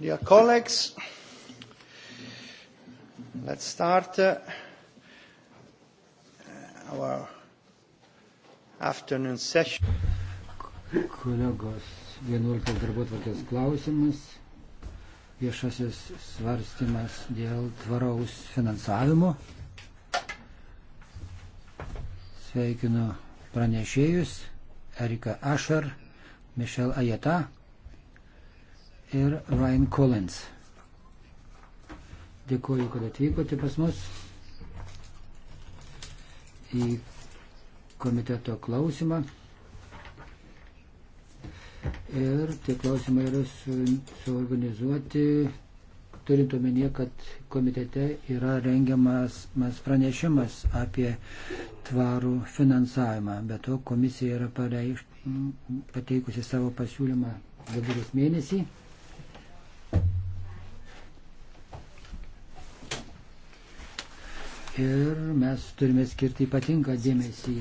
Dear colleagues, let's start uh, our afternoon session. Kolegos, 11 darbotvarkės klausimas, viešasis svarstymas dėl tvaraus finansavimo. Sveikinu pranešėjus Erika Ašar, Mišel Ajeta ir Ryan Collins. Dėkuoju, kad atvykote pas mus į komiteto klausimą. Ir tie klausimai yra su, suorganizuoti, turint omenyje, kad komitete yra rengiamas pranešimas apie tvarų finansavimą. Be to, komisija yra pareiš, pateikusi savo pasiūlymą gegužės mėnesį. ir mes turime skirti ypatingą dėmesį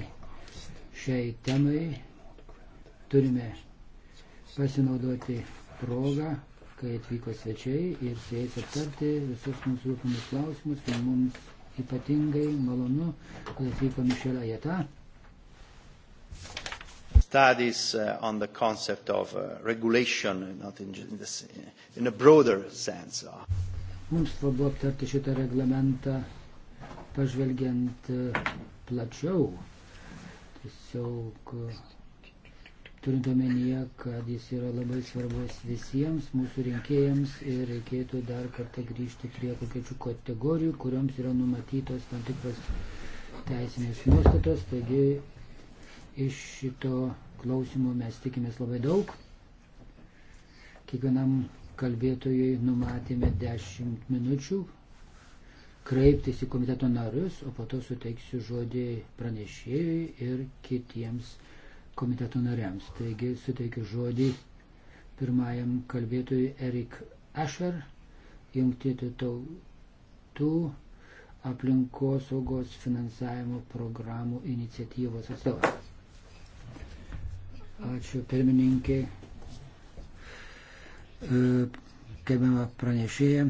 šiai temai. Turime pasinaudoti progą, kai atvyko svečiai ir su jais aptarti visus mums rūpimus klausimus. Tai mums ypatingai malonu, kad atvyko Mišelė Jeta. Studies uh, on the concept of uh, regulation, not in, in, this, in a broader sense. Mums svarbu aptarti šitą reglamentą pažvelgiant e, plačiau. Tiesiog turint omenyje, kad jis yra labai svarbus visiems mūsų rinkėjams ir reikėtų dar kartą grįžti prie konkrečių kategorijų, kuriams yra numatytos tam tikros teisinės nuostatos. Taigi iš šito klausimo mes tikimės labai daug. Kiekvienam kalbėtojui numatėme 10 minučių, kreiptis į komiteto narius, o po to suteiksiu žodį pranešėjui ir kitiems komiteto nariams. Taigi suteikiu žodį pirmajam kalbėtojui Erik Asher, jungtinių tautų aplinkosaugos finansavimo programų iniciatyvos atstovas. Ačiū pirmininkė, e, gerbiamą pranešėją.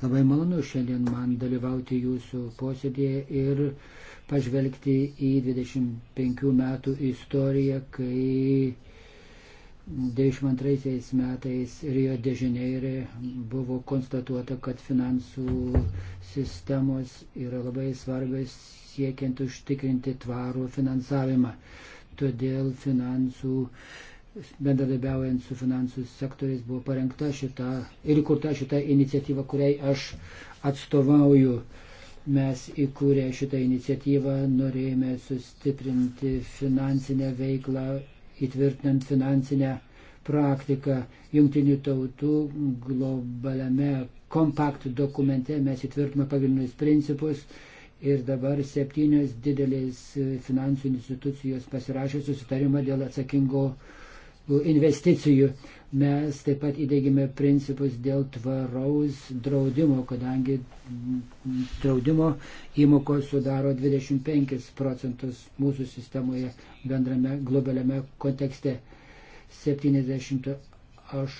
Labai malonu šiandien man dalyvauti jūsų posėdėje ir pažvelgti į 25 metų istoriją, kai 92 metais Rio de Janeire buvo konstatuota, kad finansų sistemos yra labai svarbios siekiant užtikrinti tvarų finansavimą. Todėl finansų uh, bendradarbiaujant su finansų sektoriais buvo parengta šita ir įkurta šita iniciatyva, kuriai aš atstovauju. Mes įkūrę šitą iniciatyvą norėjome sustiprinti finansinę veiklą, įtvirtinant finansinę praktiką. Jungtinių tautų globaliame kompakt dokumente mes įtvirtume pagrindinius principus ir dabar septynios didelės finansų institucijos pasirašė susitarimą dėl atsakingo uh, investicijų. Mes taip pat įdėgėme principus dėl tvaraus draudimo, kadangi draudimo įmokos sudaro 25 procentus mūsų sistemoje bendrame globaliame kontekste. 78 uh,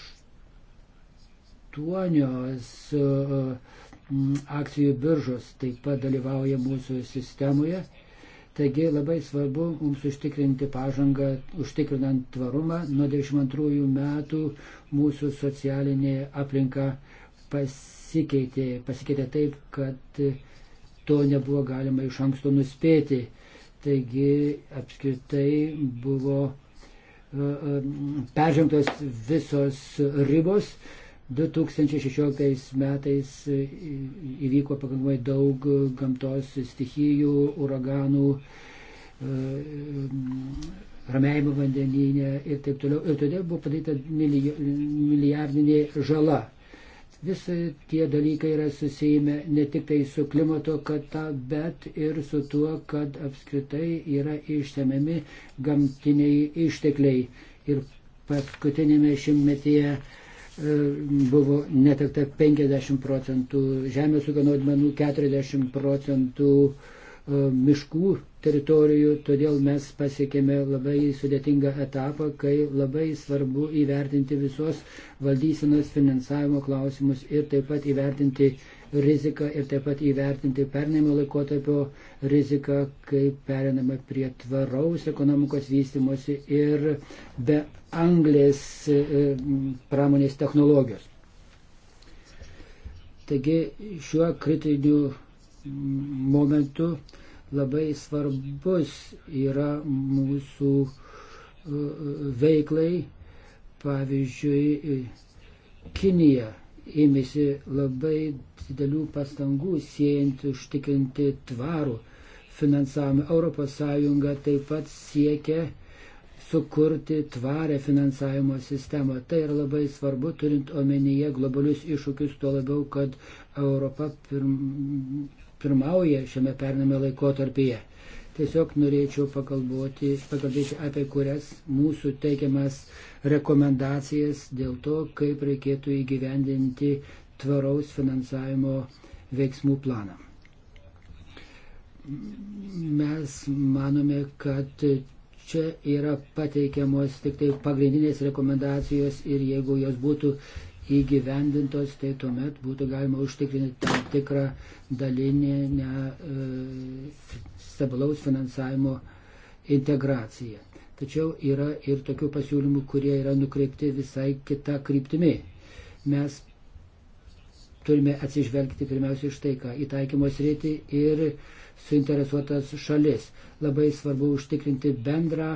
mm, akcijų biržos taip pat dalyvauja mūsų sistemoje Taigi labai svarbu mums užtikrinti pažangą, užtikrinant tvarumą. Nuo 92 metų mūsų socialinė aplinka pasikeitė, pasikeitė taip, kad to nebuvo galima iš anksto nuspėti. Taigi apskritai buvo e, e, peržengtos visos ribos 2016 metais e, įvyko pakankamai daug gamtos stichijų, uraganų, e, ramėjimo vandenyne ir taip toliau. Ir todėl buvo padaryta milijardinė žala. Visi tie dalykai yra susijęme ne tik tai su klimato kata, bet ir su tuo, kad apskritai yra išsemiami gamtiniai ištekliai. Ir paskutinėme šimtmetyje uh, E, buvo netekta 50 procentų žemės ūkio naudmenų, 40 procentų e, miškų teritorijų, todėl mes pasiekėme labai sudėtingą etapą, kai labai svarbu įvertinti visos valdysenos finansavimo klausimus ir taip pat įvertinti riziką ir taip pat įvertinti pernėmio laikotarpio riziką, kai periname prie tvaraus ekonomikos vystimosi ir be anglės e, pramonės technologijos. Taigi šiuo kritiniu momentu labai svarbus yra mūsų e, veiklai. Pavyzdžiui, Kinija ėmėsi labai didelių pastangų siejant užtikrinti tvarų finansavimą. ES taip pat siekia sukurti tvarę finansavimo sistemą. Tai yra labai svarbu, turint omenyje globalius iššūkius, tuo labiau, kad Europa pirm, pirmauja šiame pername laikotarpyje. Tiesiog norėčiau pakalbėti, pakalbėti apie kurias mūsų teikiamas rekomendacijas dėl to, kaip reikėtų įgyvendinti tvaraus finansavimo veiksmų planą. Mes manome, kad Čia yra pateikiamos tik tai pagrindinės rekomendacijos ir jeigu jos būtų įgyvendintos, tai tuomet būtų galima užtikrinti tam tikrą dalinį ne, e, stabilaus finansavimo integraciją. Tačiau yra ir tokių pasiūlymų, kurie yra nukreipti visai kita kryptimi. Mes turime atsižvelgti pirmiausiai iš tai, ką įtaikymos rėti ir suinteresuotas šalis. Labai svarbu užtikrinti bendrą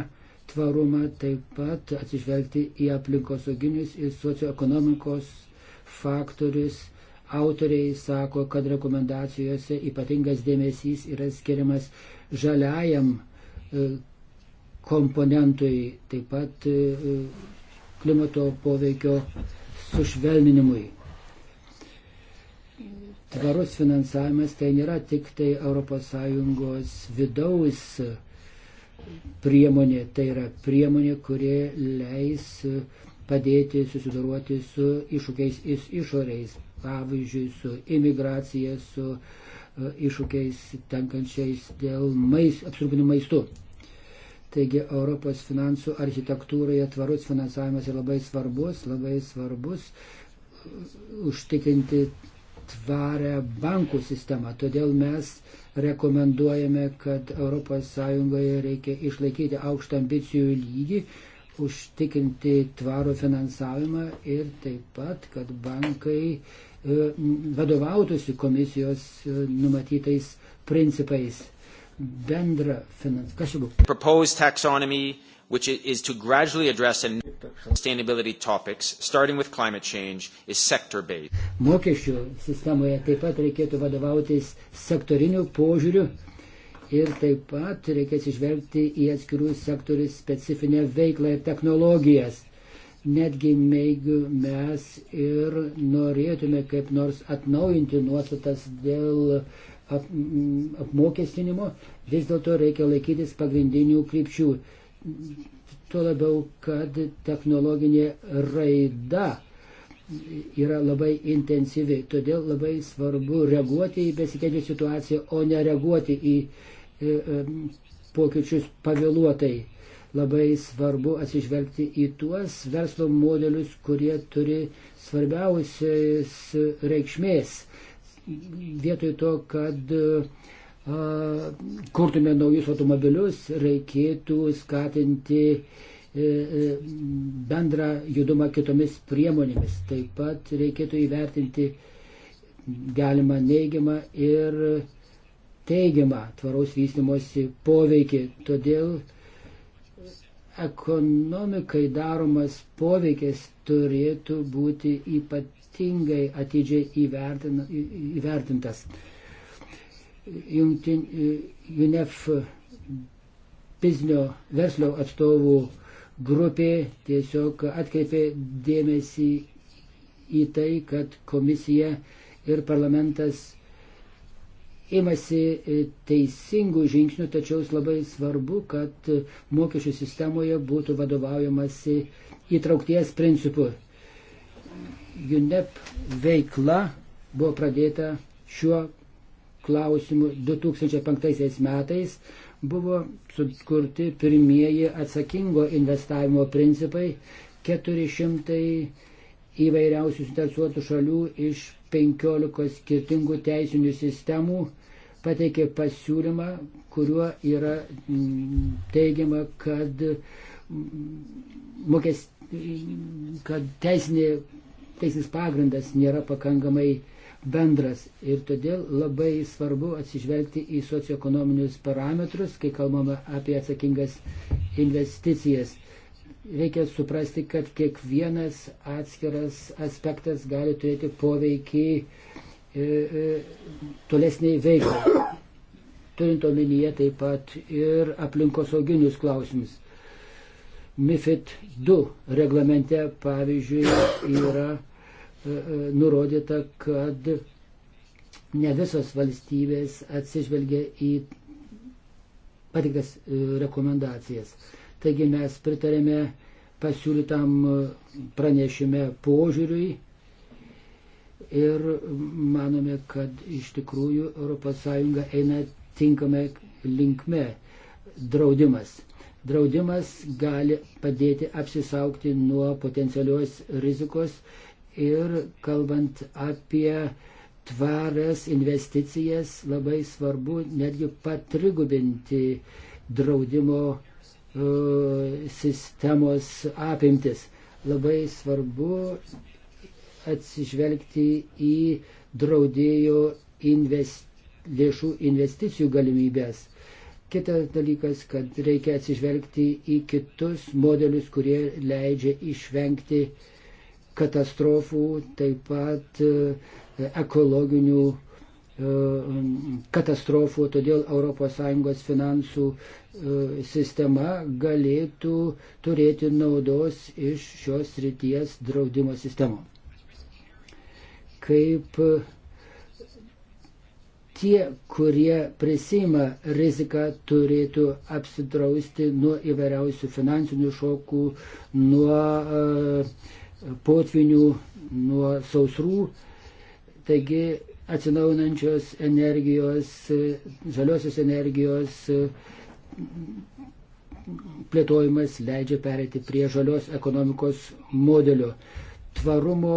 tvarumą, taip pat atsižvelgti į aplinkosauginius ir socioekonomikos faktorius. Autoriai sako, kad rekomendacijose ypatingas dėmesys yra skiriamas žaliajam e, komponentui, taip pat e, klimato poveikio sušvelninimui tvarus finansavimas tai nėra tik tai ES vidaus priemonė, tai yra priemonė, kurie leis padėti susidoroti su iššūkiais iš išoriais, pavyzdžiui, su imigracija, su e, iššūkiais tenkančiais dėl mais, apsirūpinimo maistu. Taigi Europos finansų architektūroje tvarus finansavimas yra labai svarbus, labai svarbus e, užtikrinti tvarę bankų sistemą. Todėl mes rekomenduojame, kad ES reikia išlaikyti aukštą ambicijų lygį, užtikrinti tvaro finansavimą ir taip pat, kad bankai e, vadovautųsi komisijos e, numatytais principais. Bendra finansavimas which is to gradually address and sustainability topics, starting with climate change, is sector-based. Mokesčių sistemoje taip pat reikėtų vadovautis sektoriniu požiūriu ir taip pat reikės išvelgti į atskirų sektorių specifinę veiklą ir technologijas. Netgi jeigu mes ir norėtume kaip nors atnaujinti nuostatas dėl ap, apmokestinimo, vis dėlto reikia laikytis pagrindinių krypčių tuo labiau, kad technologinė raida yra labai intensyvi. Todėl labai svarbu reaguoti į besikeičiančią situaciją, o ne reaguoti į e, e, pokyčius pavėluotai. Labai svarbu atsižvelgti į tuos verslo modelius, kurie turi svarbiausias reikšmės. Vietoj to, kad uh, kurtume naujus automobilius, reikėtų skatinti e, e, bendrą judumą kitomis priemonėmis. Taip pat reikėtų įvertinti galimą neigiamą ir teigiamą tvaraus vystimosi poveikį. Todėl ekonomikai daromas poveikis turėtų būti ypatingai atidžiai įvertintas. E, UNEF biznio verslo atstovų grupė tiesiog atkreipė dėmesį į tai, kad komisija ir parlamentas imasi e, teisingų žingsnių, tačiau labai svarbu, kad mokesčių sistemoje būtų vadovaujamasi įtraukties principu. UNEP veikla buvo pradėta šiuo klausimų 2005 metais buvo sukurti pirmieji atsakingo investavimo principai 400 įvairiausių suinteresuotų šalių iš 15 skirtingų teisinių sistemų pateikė pasiūlymą, kuriuo yra mm, teigiama, kad, mm, mokės, kad teisinė, teisinis pagrindas nėra pakankamai bendras ir todėl labai svarbu atsižvelgti į socioekonominius parametrus, kai kalbame apie atsakingas investicijas. Reikia suprasti, kad kiekvienas atskiras aspektas gali turėti poveikį e, e, tolesniai veiklai, turint omenyje taip pat ir aplinkosauginius klausimus. MIFID 2 reglamente, pavyzdžiui, yra E, e, nurodyta, kad ne visos valstybės atsižvelgia į patiktas e, rekomendacijas. Taigi mes pritarėme pasiūlytam pranešime požiūriui ir manome, kad iš tikrųjų ES eina tinkame linkme draudimas. Draudimas gali padėti apsisaukti nuo potencialios rizikos, ir kalbant apie tvarias investicijas labai svarbu netgi patrigubinti draudimo uh, sistemos apimtis. Labai svarbu atsižvelgti į draudėjo invest, lėšų investicijų galimybės. Kitas dalykas, kad reikia atsižvelgti į kitus modelius, kurie leidžia išvengti uh, katastrofų, taip pat e, ekologinių e, katastrofų, todėl ES finansų e, sistema galėtų turėti naudos iš šios ryties draudimo sistemo. Kaip tie, kurie prisima riziką, turėtų apsidrausti nuo įvairiausių finansinių šokų, nuo uh, potvinių, nuo sausrų. Taigi atsinaujinančios energijos, žaliosios energijos plėtojimas leidžia perėti prie žalios ekonomikos modelio. Tvarumo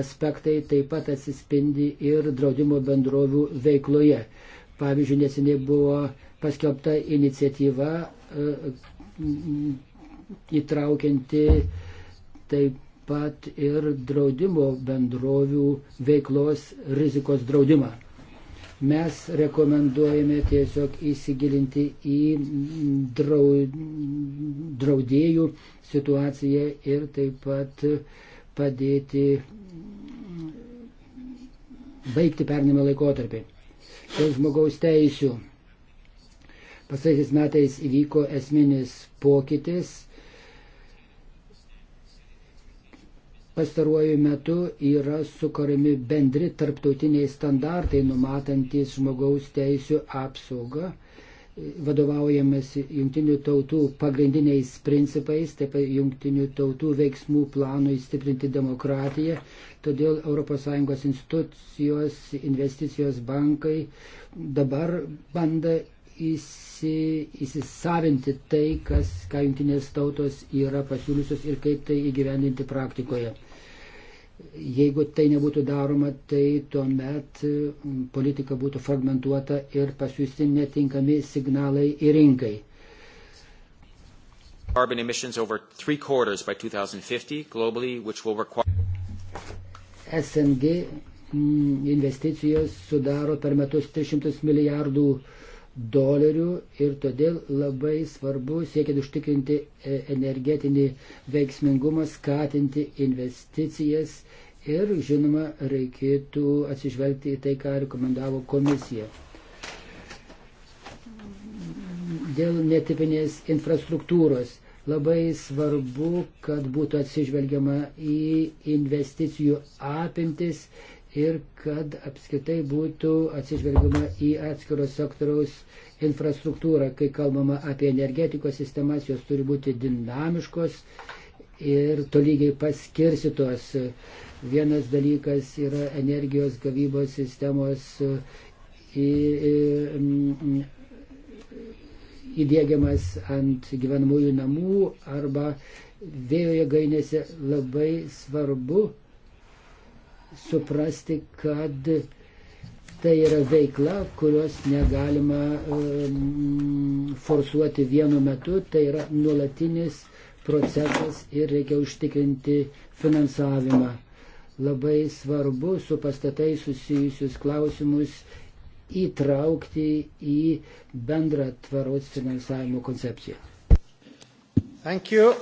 aspektai taip pat atsispindi ir draudimo bendrovių veikloje. Pavyzdžiui, neseniai buvo paskelbta iniciatyva e, įtraukianti taip pat ir draudimo bendrovių veiklos rizikos draudimą. Mes rekomenduojame tiesiog įsigilinti į draudėjų situaciją ir taip pat padėti baigti pernimą laikotarpį. Dėl žmogaus teisių. Pasaisiais metais įvyko esminis pokytis pastaruoju metu yra sukariami bendri tarptautiniai standartai numatantys žmogaus teisų apsaugą, vadovaujamas jungtinių tautų pagrindiniais principais, taip pat jungtinių tautų veiksmų planui stiprinti demokratiją. Todėl ES institucijos, investicijos bankai dabar banda įsi, įsisavinti tai, kas, ką jungtinės tautos yra pasiūliusios ir kaip tai įgyvendinti praktikoje. Jeigu tai nebūtų daroma, tai tuomet mm, politika būtų fragmentuota ir pasiūsti netinkami signalai į rinkai. Carbon emissions over three quarters by 2050 globally, which will require. SNG mm, investicijos sudaro per metus 300 milijardų uh, dolerių ir todėl labai svarbu siekiant užtikrinti e, energetinį veiksmingumą, skatinti investicijas ir, žinoma, reikėtų atsižvelgti į tai, ką rekomendavo komisija. Dėl netipinės infrastruktūros labai svarbu, kad būtų atsižvelgiama į investicijų apimtis ir kad apskritai būtų atsižvelgiama į atskiros sektoriaus infrastruktūrą, kai kalbama apie energetikos sistemas, jos turi būti dinamiškos ir tolygiai paskirsitos. Vienas dalykas yra energijos gavybos sistemos e, e, įdėgiamas ant gyvenamųjų namų arba vėjo jėgainėse labai svarbu suprasti, kad tai yra veikla, kurios negalima um, forsuoti vienu metu, tai yra nuolatinis procesas ir reikia užtikrinti finansavimą. Labai svarbu su pastatai susijusius klausimus įtraukti į bendrą tvaros finansavimo koncepciją. Thank you.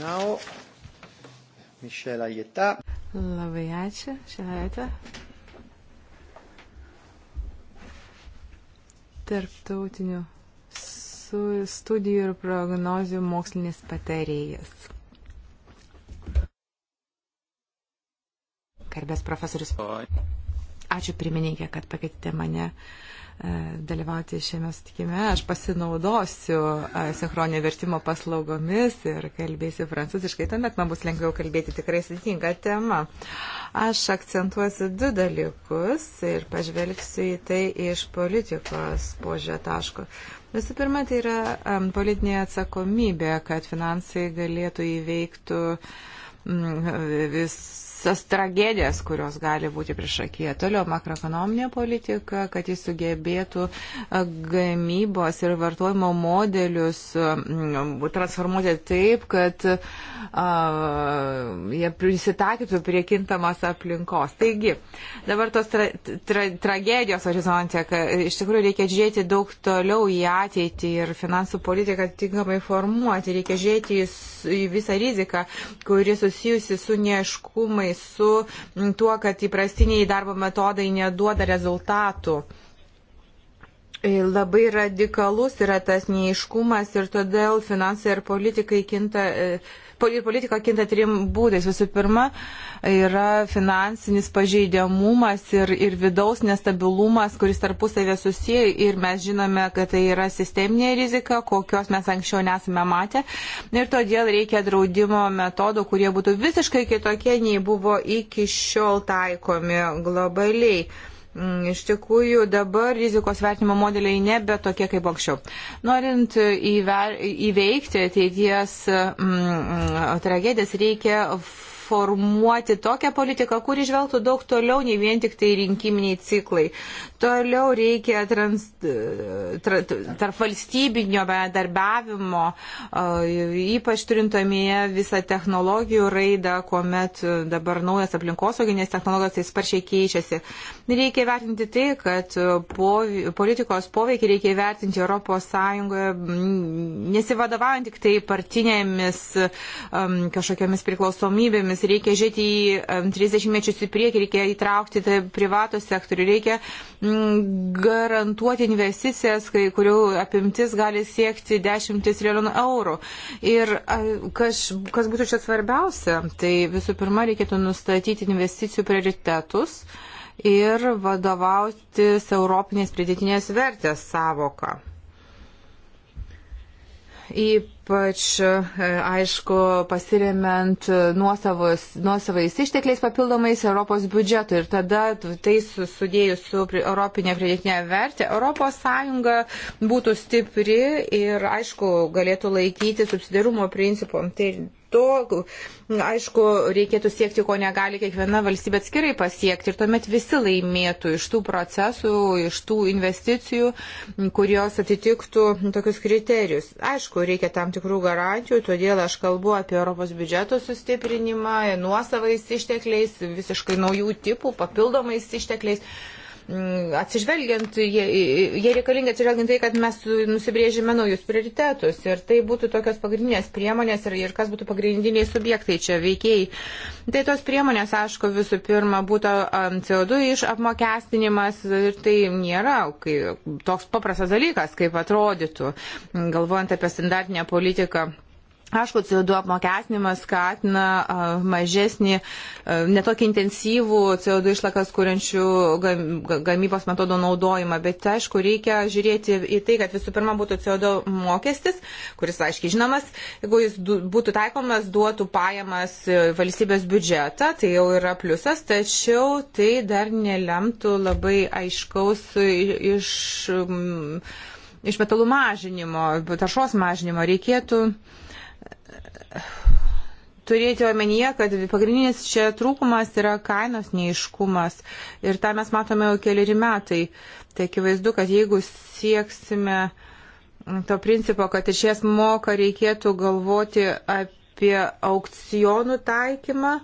Now, Michel Ayeta. Labai ačiū. Šiandien tarptautinių studijų ir prognozių mokslinis patarėjas. Karbės profesorius. Ačiū pirmininkė, kad pakeitėte mane. Uh, E, dalyvauti šiame sutikime. Aš pasinaudosiu e, sinchroninio vertimo paslaugomis ir kalbėsiu prancūziškai, tuomet man bus lengviau kalbėti tikrai sudėtinga tema. Aš akcentuosiu du dalykus ir pažvelgsiu į tai iš politikos požiūrio taško. Visų pirma, tai yra um, politinė atsakomybė, kad finansai galėtų įveiktų um, vis visas tragedijas, kurios gali būti priešakyje. Toliau makroekonominė politika, kad jis sugebėtų gamybos ir vartojimo modelius transformuoti taip, kad a, jie prisitaikytų prie kintamos aplinkos. Taigi, dabar tos tra tra tragedijos horizonte, kad iš tikrųjų reikia žiūrėti daug toliau į ateitį ir finansų politiką tinkamai formuoti, reikia žiūrėti į, į visą riziką, kuri susijusi su neaiškumai problemai su tuo, kad įprastiniai darbo metodai neduoda rezultatų. E, labai radikalus yra tas neiškumas ir todėl finansai ir politikai kinta. E, politika kinta trim būdais. Visų pirma, yra finansinis pažeidiamumas ir, ir vidaus nestabilumas, kuris tarpusavė susiję ir mes žinome, kad tai yra sisteminė rizika, kokios mes anksčiau nesame matę. Ir todėl reikia draudimo metodų, kurie būtų visiškai kitokie nei buvo iki šiol taikomi globaliai. Mm, iš tikrųjų, dabar rizikos vertinimo modeliai nebe tokie kaip anksčiau. Norint įver, įveikti ateities mm, tragedijas, reikia formuoti tokią politiką, kuri žvelgtų daug toliau nei vien tik tai rinkiminiai ciklai. Toliau reikia trans, tra, tarp valstybinio bendarbiavimo, ypač turint omenyje visą technologijų raidą, kuomet dabar naujas aplinkosauginės technologijos tai sparčiai keičiasi. Reikia vertinti tai, kad po, politikos poveikį reikia vertinti ES nesivadovaujant tik tai partinėmis um, kažkokiamis priklausomybėmis. Reikia žiūrėti į um, 30 mečius į priekį, reikia įtraukti tai privatų sektorių, reikia. Um, garantuoti investicijas, kai kurių apimtis gali siekti dešimtis milijonų eurų. Ir kas, kas būtų čia svarbiausia, tai visų pirma reikėtų nustatyti investicijų prioritetus ir vadovautis Europinės pridėtinės vertės savoką. Į ypač, e, aišku, pasiremiant nuosavais ištekliais papildomais Europos biudžetu. Ir tada tai sudėjus su Europinė pridėtinė vertė, ES būtų stipri ir, aišku, galėtų laikyti subsidarumo principom. Tai to, aišku, reikėtų siekti, ko negali kiekviena valstybė atskirai pasiekti. Ir tuomet visi laimėtų iš tų procesų, iš tų investicijų, kurios atitiktų tokius kriterijus. Aišku, reikia tam tikrų garantijų, todėl aš kalbu apie Europos biudžeto sustiprinimą, nuosavais ištekliais, visiškai naujų tipų, papildomais ištekliais. Mm, atsižvelgiant, jie, jie reikalingi atsižvelgiant tai, kad mes nusibrėžime naujus prioritetus ir tai būtų tokios pagrindinės priemonės ir, ir kas būtų pagrindiniai subjektai čia veikėjai. Tai tos priemonės, aišku, visų pirma, būtų um, CO2 iš apmokestinimas ir tai nėra kai, toks paprastas dalykas, kaip atrodytų, galvojant apie standartinę politiką. Aišku, CO2 apmokesnimas skatina mažesnį, netokį intensyvų CO2 išlakas kūrenčių gamybos metodo naudojimą, bet aišku, reikia žiūrėti į tai, kad visų pirma būtų CO2 mokestis, kuris aiškiai žinomas, jeigu jis būtų taikomas, duotų pajamas e, valstybės biudžetą, tai jau yra pliusas, tačiau tai dar nelemtų labai aiškaus iš, iš metalų mažinimo, taršos mažinimo reikėtų turėti omenyje, kad pagrindinis čia trūkumas yra kainos neiškumas. Ir tą mes matome jau keliari metai. Tai akivaizdu, kad jeigu sieksime to principo, kad iš jas moka, reikėtų galvoti apie aukcionų taikymą,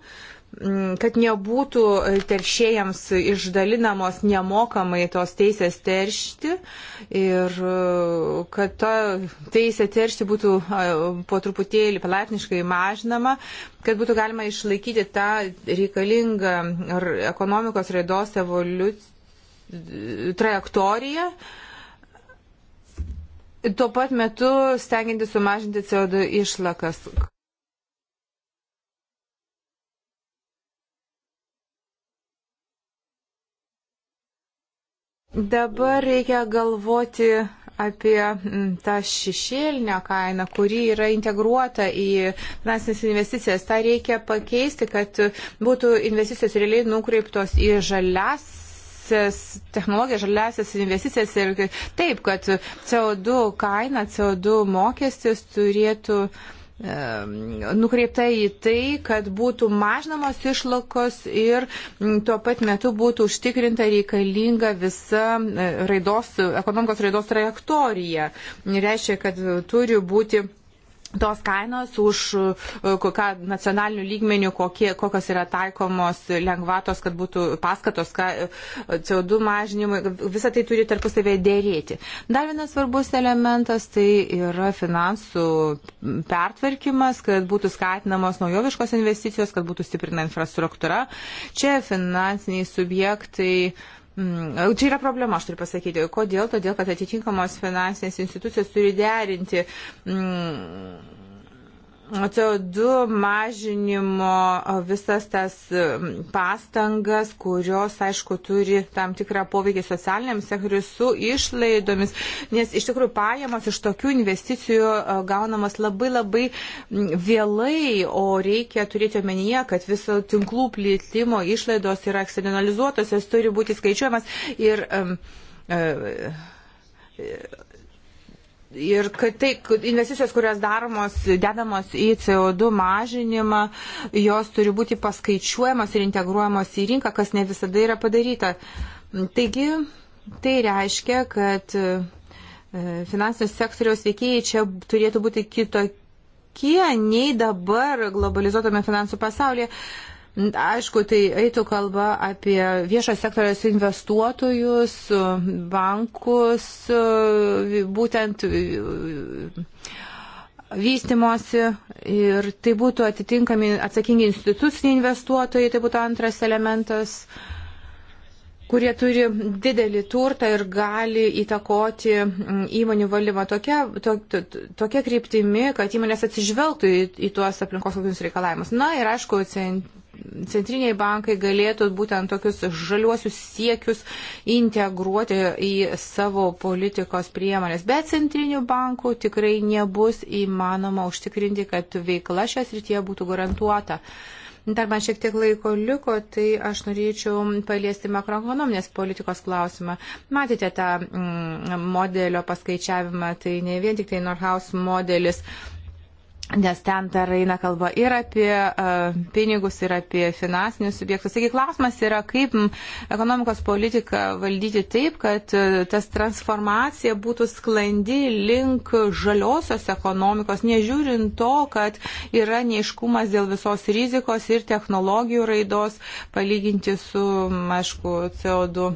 Mm, kad nebūtų e, teršėjams išdalinamos nemokamai tos teisės teršti ir e, kad ta teisė teršti būtų e, po truputėlį palaipsniškai mažinama, kad būtų galima išlaikyti tą reikalingą ekonomikos raidos evoliuciją trajektoriją, tuo pat metu stengiantis sumažinti CO2 išlakas. Dabar reikia galvoti apie mm, tą šešėlinę kainą, kuri yra integruota į finansinės investicijas. Ta reikia pakeisti, kad būtų investicijos realiai nukreiptos į žalias technologijas, žaliasias investicijas ir taip, kad CO2 kaina, CO2 mokestis turėtų uh, nukreipta į tai, kad būtų mažinamos išlakos ir tuo pat metu būtų užtikrinta reikalinga visa e, raidos, ekonomikos raidos trajektorija. Reiškia, kad turi būti tos kainos už e, ką nacionalinių lygmenių, kokie, kokios yra taikomos lengvatos, kad būtų paskatos, ką e, CO2 mažinimui, visą tai turi tarpusavėje dėrėti. Dar vienas svarbus elementas tai yra finansų pertvarkymas, kad būtų skatinamos naujoviškos investicijos, kad būtų stiprina infrastruktūra. Čia finansiniai subjektai uh, Mm, čia yra problema, aš turiu pasakyti. Kodėl? Todėl, kad atitinkamos finansinės institucijos turi derinti. Mm, CO2 mažinimo visas tas pastangas, kurios, aišku, turi tam tikrą poveikį socialiniam sektoriui su išlaidomis, nes iš tikrųjų pajamos iš tokių investicijų gaunamas labai labai vėlai, o reikia turėti omenyje, kad viso tinklų plėtimo išlaidos yra eksternalizuotos, jos turi būti skaičiuojamas ir um, uh, Ir kad tai, kad investicijos, kurios daromos, dedamos į CO2 mažinimą, jos turi būti paskaičiuojamos ir integruojamos į rinką, kas ne visada yra padaryta. Taigi, tai reiškia, kad e, finansinio sektoriaus veikėjai čia turėtų būti kitokie nei dabar globalizuotame finansų pasaulyje. Aišku, tai eitų kalba apie viešo sektoriaus investuotojus, bankus, būtent vystimosi ir tai būtų atitinkami atsakingi instituciniai investuotojai, tai būtų antras elementas kurie turi didelį turtą ir gali įtakoti mm, įmonių valdymą tokia, to, to, tokia kryptimi, kad įmonės atsižvelgtų į, į tuos aplinkosauginius reikalavimus. Na ir aišku, cent, centriniai bankai galėtų būtent tokius žaliuosius siekius integruoti į savo politikos priemonės. Bet centrinių bankų tikrai nebus įmanoma užtikrinti, kad veikla šias rytie būtų garantuota. Dar man šiek tiek laiko liko, tai aš norėčiau paliesti makroekonominės politikos klausimą. Matėte tą mm, modelio paskaičiavimą, tai ne vien tik tai Norhaus modelis. Mm, nes ten dar eina kalba ir apie uh, pinigus, ir apie finansinius subjektus. Taigi klausimas yra, kaip ekonomikos politiką valdyti taip, kad uh, tas transformacija būtų sklandi link žaliosios ekonomikos, nežiūrint to, kad yra neiškumas dėl visos rizikos ir technologijų raidos palyginti su, aišku, CO2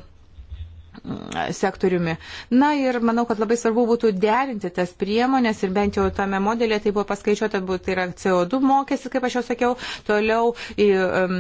sektoriumi. Na ir manau, kad labai svarbu būtų derinti tas priemonės ir bent jau tame modelė tai buvo paskaičiuota, tai yra CO2 mokestis, kaip aš jau sakiau, toliau į, um,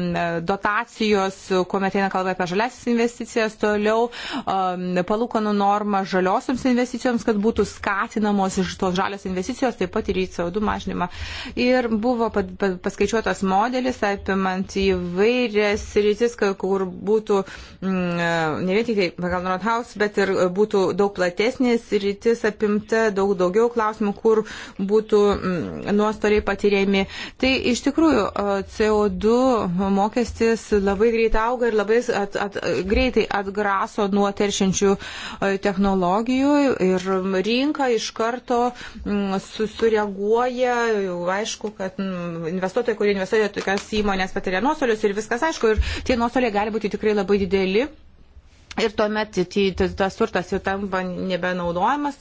dotacijos, kuomet eina kalba apie žaliasis investicijas, toliau um, palūkanų normą žaliosioms investicijoms, kad būtų skatinamos iš tos žalios investicijos, taip pat ir į CO2 mažinimą. Ir buvo paskaičiuotas modelis apimant įvairias rytis, kur būtų mm, ne vien tik tai Van Rothaus, bet ir e, būtų daug platesnis rytis apimta, daug daugiau klausimų, kur būtų mm, nuostoliai patiriami. Tai iš tikrųjų e, CO2 mokestis labai greitai auga ir labai at, at, greitai atgraso nuo teršinčių e, technologijų ir rinka iš karto mm, susireaguoja, aišku, kad mm, investuotojai, kurie investuoja tokias įmonės patiria nuostolius ir viskas aišku, ir tie nuostoliai gali būti tikrai labai dideli ir tuomet tas turtas jau tampa nebenaudojamas.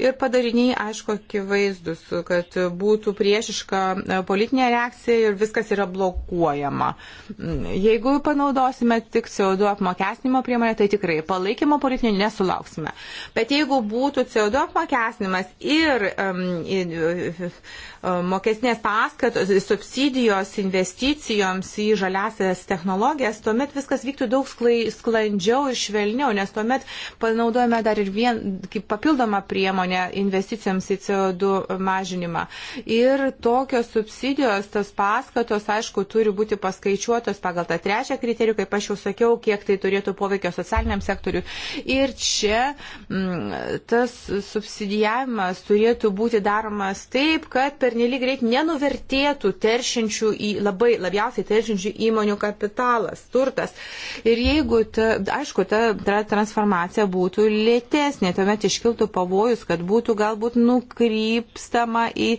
Ir padariniai, aišku, akivaizdus, kad būtų priešiška e, politinė reakcija ir viskas yra blokuojama. Mm, jeigu panaudosime tik CO2 apmokesnimo priemonę, tai tikrai palaikymo politinio nesulauksime. Bet jeigu būtų CO2 apmokesnimas ir um, E, mokesnės paskatos, subsidijos investicijoms į žaliasias technologijas, tuomet viskas vyktų daug sklandžiau ir švelniau, nes tuomet panaudojame dar ir vien, kaip papildomą priemonę investicijoms į CO2 mažinimą. Ir tokios subsidijos, tos paskatos, aišku, turi būti paskaičiuotos pagal tą trečią kriterijų, kaip aš jau sakiau, kiek tai turėtų poveikio socialiniam sektoriu. Ir čia m, mm, tas subsidijavimas turėtų būti daromas taip, kad per pernelyg greit nenuvertėtų teršinčių į labai labiausiai teršinčių įmonių kapitalas, turtas. Ir jeigu, ta, aišku, ta, ta transformacija būtų lėtesnė, tuomet iškiltų pavojus, kad būtų galbūt nukrypstama į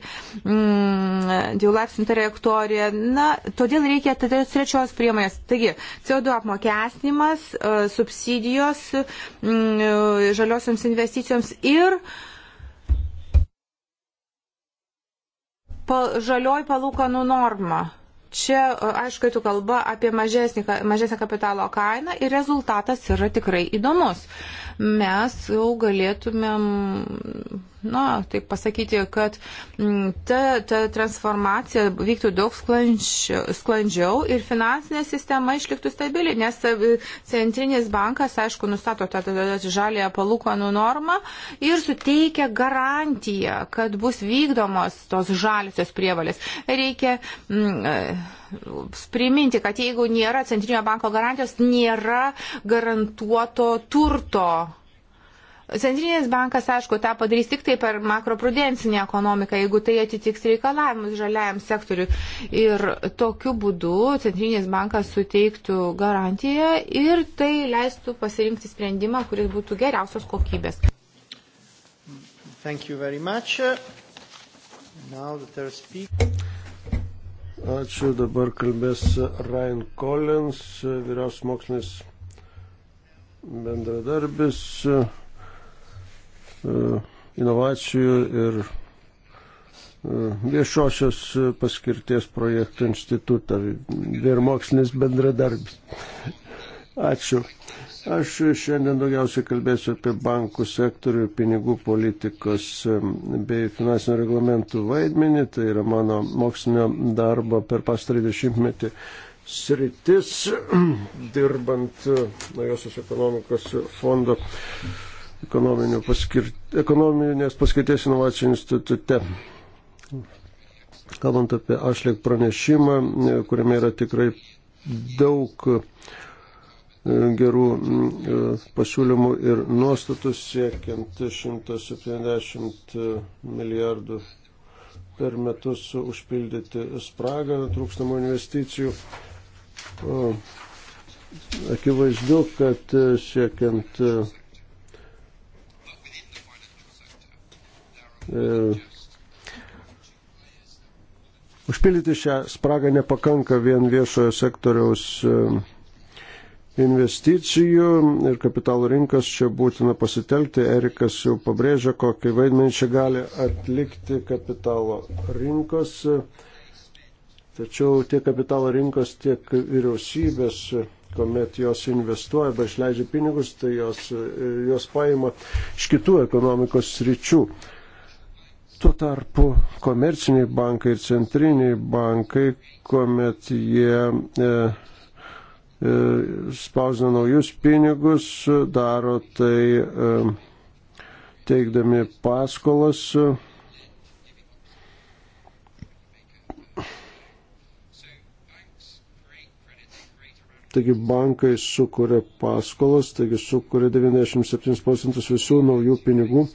mm, dviejų laipsnių trajektoriją. Na, todėl reikia tada trečios priemonės. Taigi, CO2 apmokestinimas, e, subsidijos mm, žaliosioms investicijoms ir uh, pa, žalioji palūkanų norma. Čia, e, aišku, tu kalba apie mažesnį, mažesnę kapitalo kainą ir rezultatas yra tikrai įdomus mes jau galėtumėm, na, taip pasakyti, kad mm, ta, ta transformacija vyktų daug sklandžiau, sklandžiau ir finansinė sistema išliktų stabili, nes e, centrinis bankas, aišku, nustato tą, tą, tą žalę palūkanų normą ir suteikia garantiją, kad bus vykdomos tos žaliosios prievalės. Reikia. Mm, e, priminti, kad jeigu nėra centrinio banko garantijos, nėra garantuoto turto. Centrinis bankas, aišku, tą padarys tik tai per makroprudencinę ekonomiką, jeigu tai atitiks reikalavimus žaliajam sektoriu. Ir tokiu būdu Centrinis bankas suteiktų garantiją ir tai leistų pasirinkti sprendimą, kuris būtų geriausios kokybės. Thank you very much. Now the third speaker. Ačiū, dabar kalbės Ryan Collins, vyriaus mokslinis bendradarbis e, inovacijų ir e, viešosios paskirties projektų institutą ir mokslinis bendradarbis. Ačiū. Aš šiandien daugiausiai kalbėsiu apie bankų sektorių, pinigų politikos bei finansinio reglamentų vaidmenį. Tai yra mano mokslinio darbo per pastarį dešimtmetį sritis, dirbant e, naujosios ekonomikos fondo paskir... ekonominės paskirties inovacijų institute. Kalbant apie Ašlėk pranešimą, e, kuriame yra tikrai daug uh, E, gerų e, pasiūlymų ir nuostatų siekiant 170 e, milijardų per metus užpildyti spragą trūkstamų investicijų. Akivaizdu, kad siekiant Užpildyti šią spragą nepakanka vien viešojo sektoriaus investicijų ir kapitalų rinkas čia būtina pasitelkti. Erikas jau pabrėžia, kokį vaidmenį čia gali atlikti kapitalo rinkos. Tačiau tiek kapitalo rinkos, tiek vyriausybės, kuomet jos investuoja arba išleidžia pinigus, tai jos, jos paima iš kitų ekonomikos sričių. Tuo tarpu komerciniai bankai ir centriniai bankai, kuomet jie e, E, spausina naujus pinigus, daro tai e, teikdami paskolas. Taigi bankai sukuria paskolas, taigi sukuria 97 procentus visų naujų pinigų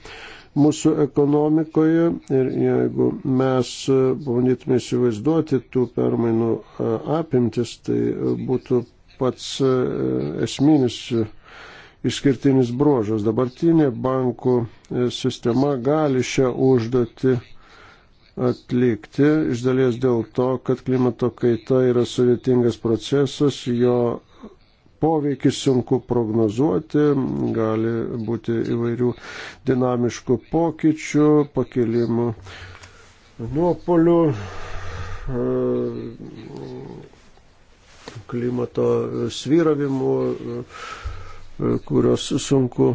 mūsų ekonomikoje. Ir jeigu mes bandytume įsivaizduoti tų permainų e, apimtis, tai būtų pats e, esminis e, išskirtinis bruožas. Dabartinė bankų e, sistema gali šią užduotį atlikti iš dalies dėl to, kad klimato kaita yra sudėtingas procesas, jo poveikį sunku prognozuoti, gali būti įvairių dinamiškų pokyčių, pakilimų, nuopolių, klimato svyravimų, e, kurios sunku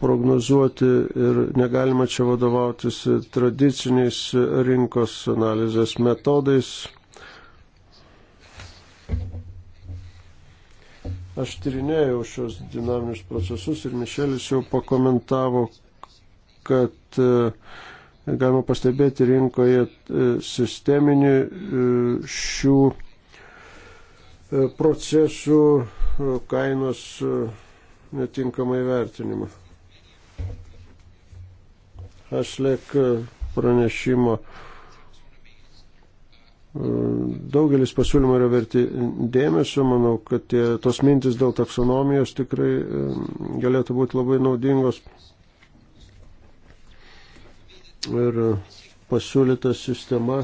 prognozuoti ir negalima čia vadovautis tradiciniais rinkos analizės metodais. Aš tyrinėjau šios dinaminius procesus ir Mišelis jau pakomentavo, kad e, galima pastebėti rinkoje e, sisteminį šių E, procesų e, kainos e, netinkamai vertinimą. Hašlek pranešimo. Daugelis pasiūlymų yra verti dėmesio, manau, kad tie, tos mintis dėl taksonomijos tikrai galėtų būti labai naudingos. Ir pasiūlyta sistema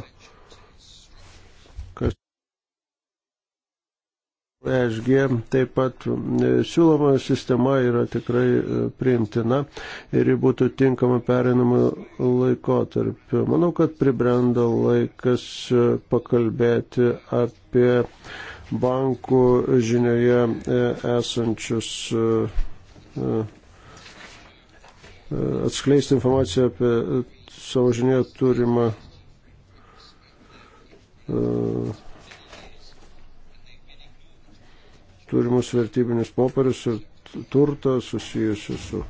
ESG taip pat e, siūloma sistema yra tikrai e, priimtina ir ji būtų tinkama perinamu laikotarpiu. Manau, kad pribrendo laikas e, pakalbėti apie bankų žinioje esančius atskleisti informaciją apie savo žinioje turimą uh, turimus vertybinius popierius ir turtą susijusiu su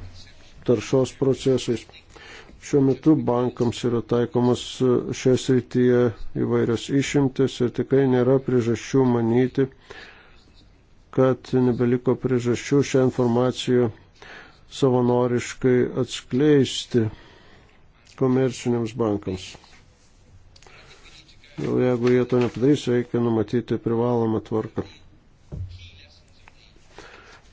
taršos procesais. Šiuo metu bankams yra taikomas e, šioje srityje įvairios išimtis ir tikrai nėra priežasčių manyti, kad nebeliko priežasčių šią informaciją savanoriškai atskleisti komerciniams bankams. Jau jeigu jie to nepadarys, reikia numatyti privalomą tvarką.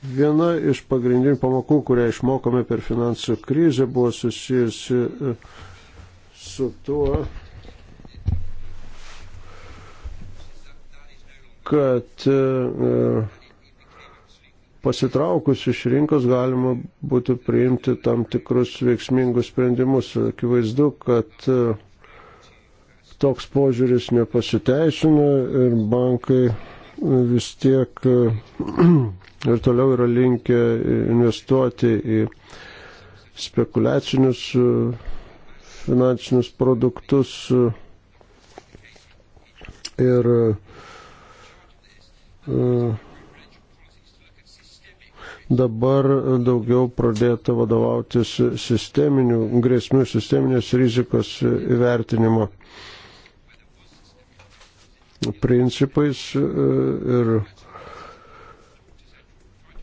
Viena iš pagrindinių pamokų, kurią išmokome per finansų krizę, buvo susijusi e, su tuo, kad e, e, pasitraukus iš rinkos galima būtų priimti tam tikrus veiksmingus sprendimus. Akivaizdu, kad toks požiūris nepasiteisino ir bankai vis tiek e, ir toliau yra linkę investuoti į spekuliacinius e, finansinius produktus e, ir dabar daugiau pradėta vadovautis sisteminių grėsmių, sisteminės rizikos įvertinimo principais e, ir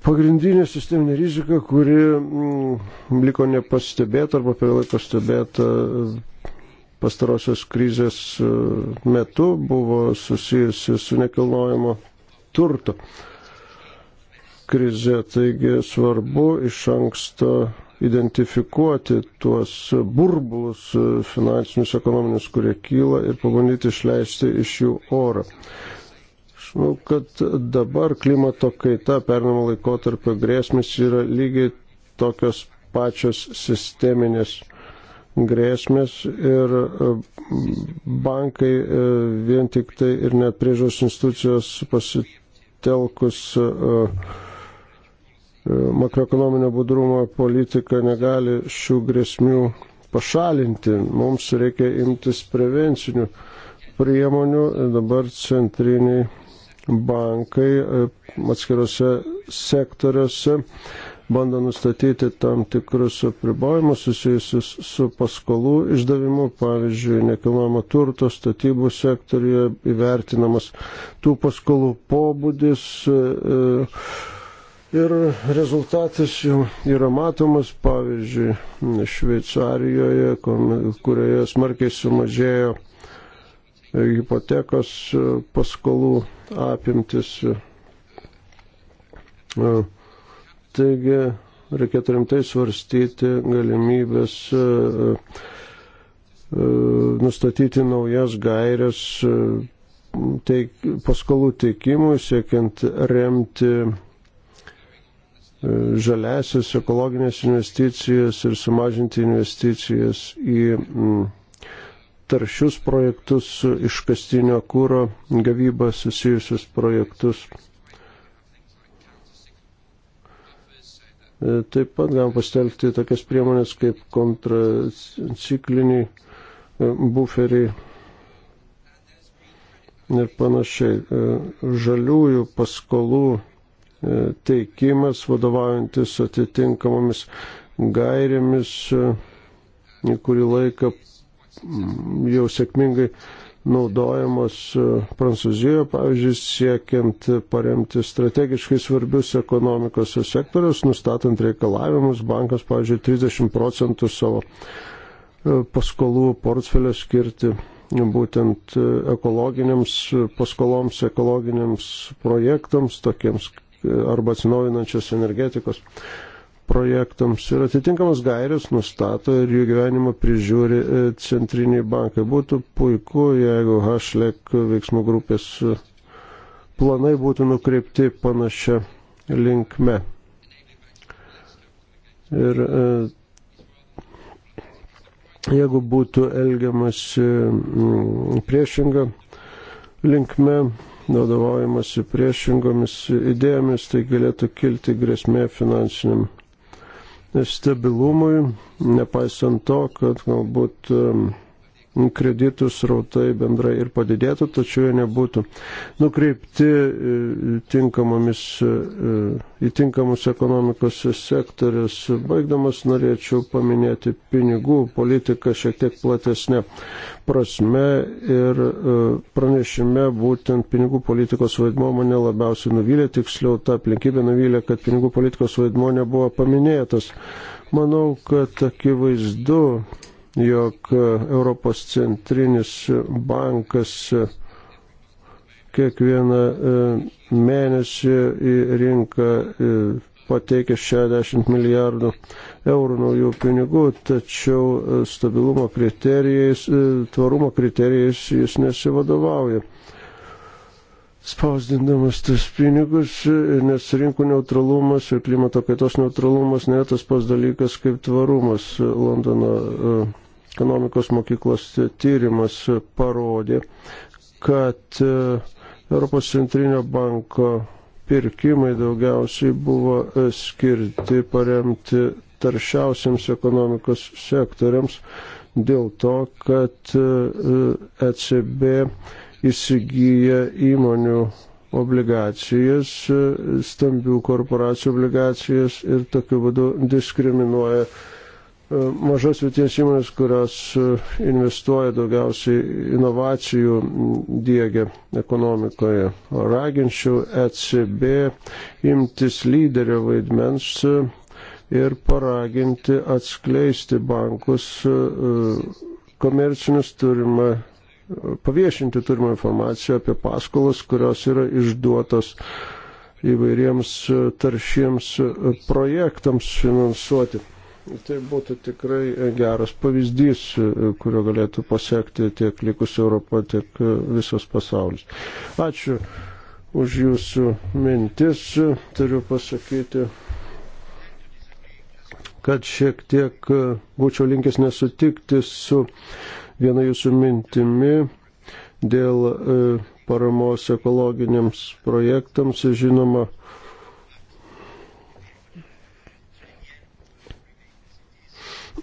pagrindinė sisteminė rizika, kuri mm, liko nepastebėta arba per laiką pastebėta e, pastarosios krizės e, metu buvo susijusi su nekilnojamo turto krize. Taigi svarbu iš anksto identifikuoti tuos burbulus e, finansinius, ekonominius, kurie kyla ir pabandyti išleisti iš jų orą. Aš manau, kad dabar klimato kaita pernamo laikotarpio grėsmės yra lygiai tokios pačios sisteminės grėsmės ir e, bankai e, vien tik tai ir net priežos institucijos pasitelkus uh, E, makroekonominio budrumo politika negali šių grėsmių pašalinti. Mums reikia imtis prevencinių priemonių. Dabar centriniai bankai e, atskirose sektoriuose bando nustatyti tam tikrus apribojimus susijusius su paskolų išdavimu, pavyzdžiui, nekilnojamo turto statybų sektorijoje įvertinamas tų paskolų pobūdis. E, Ir rezultatas jau yra matomas, pavyzdžiui, Šveicarijoje, kurioje smarkiai sumažėjo hipotekos e, paskolų apimtis. E, taigi reikėtų rimtai svarstyti galimybės e, nustatyti naujas gairias teik, paskolų teikimui, siekiant remti žaliasias ekologinės investicijas ir sumažinti investicijas į mm, taršius projektus su iškastinio kūro gavybą susijusius projektus. E, taip pat galim pastelgti tokias priemonės kaip kontracikliniai e, buferiai ir panašiai. E, žaliųjų paskolų E, teikimas, vadovaujantis atitinkamomis gairėmis, e, kurį laiką mm, jau sėkmingai naudojamos e, Prancūzijoje, pavyzdžiui, siekiant paremti strategiškai svarbius ekonomikos sektorius, nustatant reikalavimus, bankas, pavyzdžiui, 30 procentų savo paskolų portfelio skirti būtent ekologiniams paskoloms, ekologiniams projektams, tokiems arba atsinaujinančios energetikos projektams ir atitinkamas gairės nustato ir jų gyvenimą prižiūri e, centriniai bankai. Būtų puiku, jeigu HLEC veiksmų grupės planai būtų nukreipti panašia linkme. Ir e, jeigu būtų elgiamasi priešinga linkme, naudojamasi priešingomis idėjomis, tai galėtų kilti grėsmė finansiniam stabilumui, nepaisant to, kad galbūt um, kreditų srautai bendrai ir padidėtų, tačiau jie nebūtų nukreipti e, e, į tinkamus ekonomikos sektorius. Baigdamas norėčiau paminėti pinigų politiką šiek tiek platesnė prasme ir e, pranešime būtent pinigų politikos vaidmo mane labiausiai nuvylė, tiksliau ta aplinkybė nuvylė, kad pinigų politikos vaidmo nebuvo paminėtas. Manau, kad akivaizdu, jog e, Europos centrinis bankas kiekvieną e, mėnesį į rinką e, pateikia 60 milijardų eurų naujų pinigų, tačiau stabilumo kriterijais, tvarumo kriterijais jis nesivadovauja. Spausdindamas tas pinigus, nes rinkų neutralumas ir klimato kaitos neutralumas nėra tas pats dalykas kaip tvarumas Londono uh, ekonomikos mokyklos tyrimas parodė, kad e, Europos centrinio banko pirkimai daugiausiai buvo e, skirti paremti taršiausiams ekonomikos sektoriams dėl to, kad ECB e, įsigyja įmonių obligacijas, stambių korporacijų obligacijas ir tokiu būdu diskriminuoja uh, E, mažas vietinės įmonės, kurios e, investuoja daugiausiai inovacijų dėgia ekonomikoje. Raginčiau ECB imtis lyderio vaidmens e, ir paraginti atskleisti bankus komercinius turimą, paviešinti turimą informaciją apie paskolas, kurios yra išduotos įvairiems taršiems projektams finansuoti. Tai būtų tikrai geras pavyzdys, kurio galėtų pasiekti tiek likusi Europa, tiek visas pasaulis. Ačiū už jūsų mintis. Turiu pasakyti, kad šiek tiek būčiau linkęs nesutikti su viena jūsų mintimi dėl e, paramos ekologiniams projektams. Žinoma,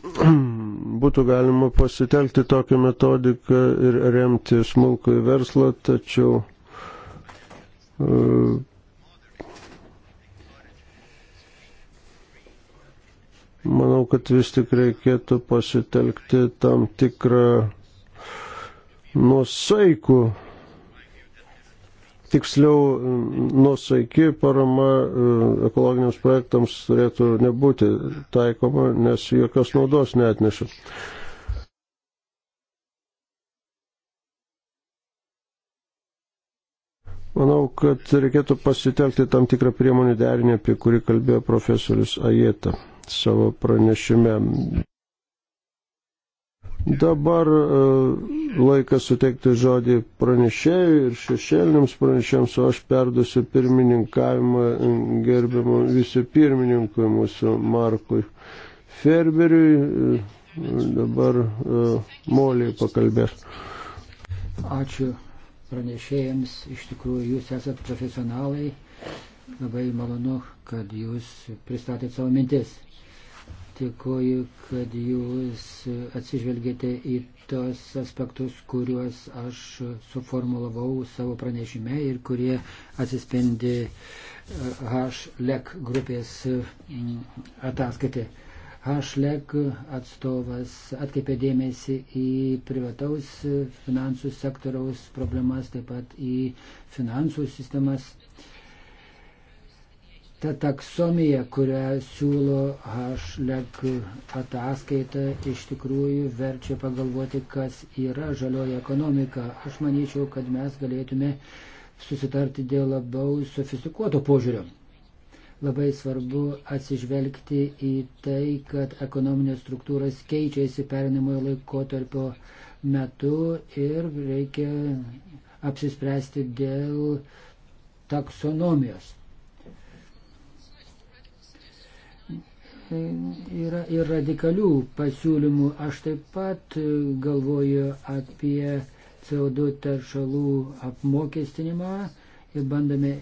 būtų galima pasitelkti tokią metodiką ir remti smulkų į verslą, tačiau e, manau, kad vis tik reikėtų pasitelkti tam tikrą nusaikų tiksliau nusaiki parama e, ekologiniams projektams turėtų nebūti taikoma, nes jokios naudos neatneša. Manau, kad reikėtų pasitelkti tam tikrą priemonių derinį, apie kurį kalbėjo profesorius Ajeta savo pranešime. Dabar e, laikas suteikti žodį pranešėjui ir šešėliniams pranešėjams, o aš perduosiu pirmininkavimą e, gerbiamam visi pirmininkui mūsų Markui Ferberiui. E, dabar moliai pakalbės. Ačiū pranešėjams, iš tikrųjų jūs esat profesionalai. Labai malonu, kad jūs pristatėt savo mintis. Tikuoju, kad jūs atsižvelgėte į tos aspektus, kuriuos aš suformulavau savo pranešime ir kurie atsispindi e, HLEC grupės ataskaitė. HLEC atstovas atkaipė dėmesį į privataus finansų sektoriaus problemas, taip pat į finansų sistemas ta taksomija, kurią siūlo Hašlek ataskaita, iš tikrųjų verčia pagalvoti, kas yra žalioji ekonomika. Aš manyčiau, kad mes galėtume susitarti dėl labiau sofistikuoto požiūrio. Labai svarbu atsižvelgti į tai, kad ekonominės struktūros keičiasi perinamojo laikotarpio metu ir reikia apsispręsti dėl taksonomijos. Tai yra ir radikalių pasiūlymų. Aš taip pat e, galvoju apie CO2 taršalų apmokestinimą ir bandome,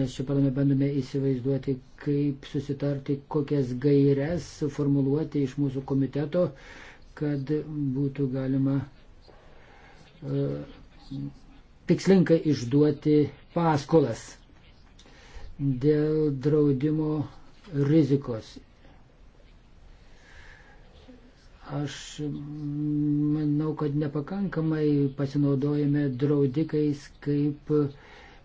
mes čia palame bandome įsivaizduoti, kaip susitarti, kokias gairias suformuluoti iš mūsų komiteto, kad būtų galima uh, e, tikslinkai išduoti paskolas dėl draudimo rizikos Aš manau, kad nepakankamai pasinaudojame draudikais kaip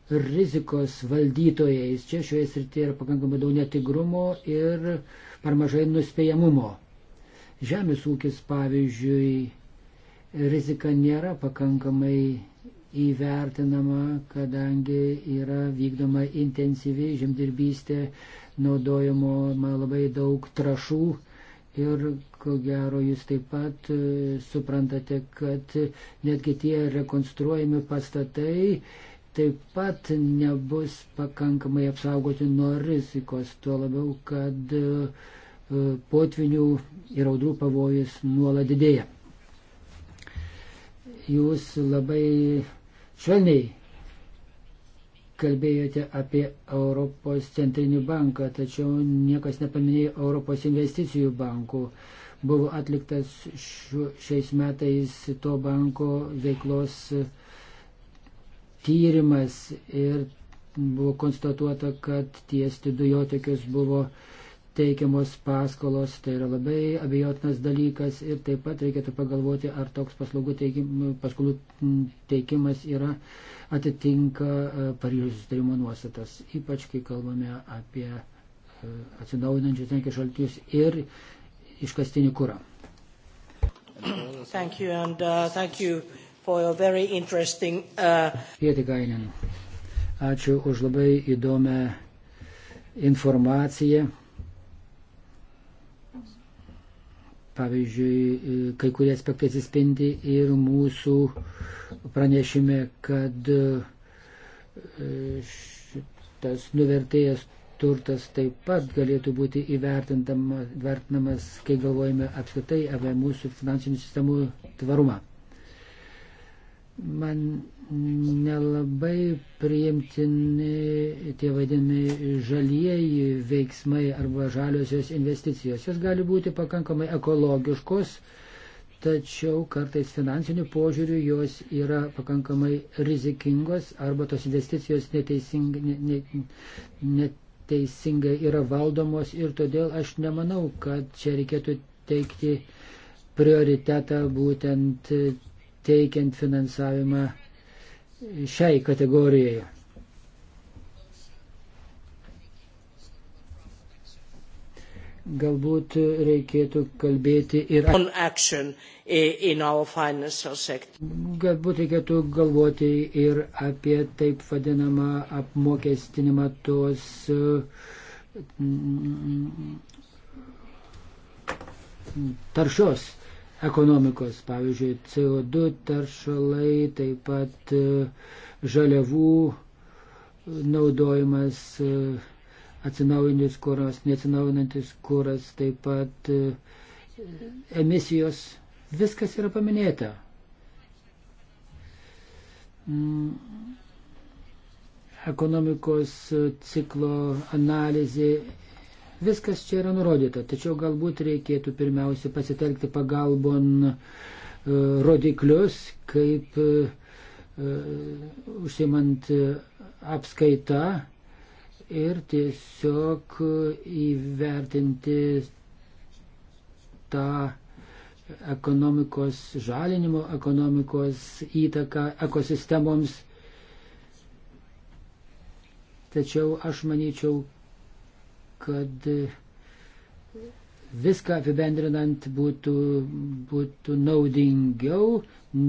rizikos valdytojais. Čia šioje srityje yra pakankamai daug netigrumo ir per mažai nuspėjamumo. Žemės ūkis, pavyzdžiui, rizika nėra pakankamai įvertinama, kadangi yra vykdoma intensyvi žemdirbystė, naudojama labai daug trašų ir Ko gero, jūs taip pat e, suprantate, kad netgi tie rekonstruojami pastatai taip pat nebus pakankamai apsaugoti nuo rizikos, tuo labiau, kad e, potvinių ir audrų pavojus nuolat didėja. Jūs labai švelniai kalbėjote apie Europos centrinį banką, tačiau niekas nepaminėjo Europos investicijų bankų buvo atliktas šiuo, šiais metais to banko veiklos tyrimas ir buvo konstatuota, kad tiesti dujotekius buvo teikiamos paskolos, tai yra labai abejotinas dalykas ir taip pat reikėtų pagalvoti, ar toks paslaugų teikim, paskolų teikimas yra atitinka e, Paryžiaus sutarimo nuostatas, ypač kai kalbame apie e, atsinaujinančius tenkės šaltinius ir iškastinį kūrą. Thank you and uh, thank you for your very interesting. Uh... Pietikainen, ačiū už labai įdomią informaciją. Pavyzdžiui, kai kurie aspektai atsispindi ir mūsų pranešime, kad e, šitas nuvertėjas turtas taip pat galėtų būti įvertinamas, kai galvojame apskritai apie mūsų finansinių sistemų tvarumą. Man nelabai priimtini tie vadinami žalieji veiksmai arba žaliosios investicijos. Jos gali būti pakankamai ekologiškos, tačiau kartais finansiniu požiūriu jos yra pakankamai rizikingos arba tos investicijos neteisingai. Ne, ne, ne, teisingai yra valdomos ir todėl aš nemanau, kad čia reikėtų teikti prioritetą būtent teikiant finansavimą šiai kategorijai. Galbūt reikėtų kalbėti ir eh, Galbūt reikėtų galvoti ir apie taip vadinamą apmokestinimą tos mm, taršos ekonomikos, pavyzdžiui, CO2 taršalai, taip pat eh, žaliavų naudojimas. Uh, atsinaujantis kuras, neatsinaujinantis kuras, taip pat e, emisijos, viskas yra paminėta. Mm. Ekonomikos ciklo analizė, viskas čia yra nurodyta, tačiau galbūt reikėtų pirmiausia pasitelkti pagalbon e, rodiklius, kaip e, užsimant apskaitą ir tiesiog įvertinti tą ekonomikos žalinimo, ekonomikos įtaką ekosistemoms. Tačiau aš manyčiau, kad viską apibendrinant būtų, būtų naudingiau,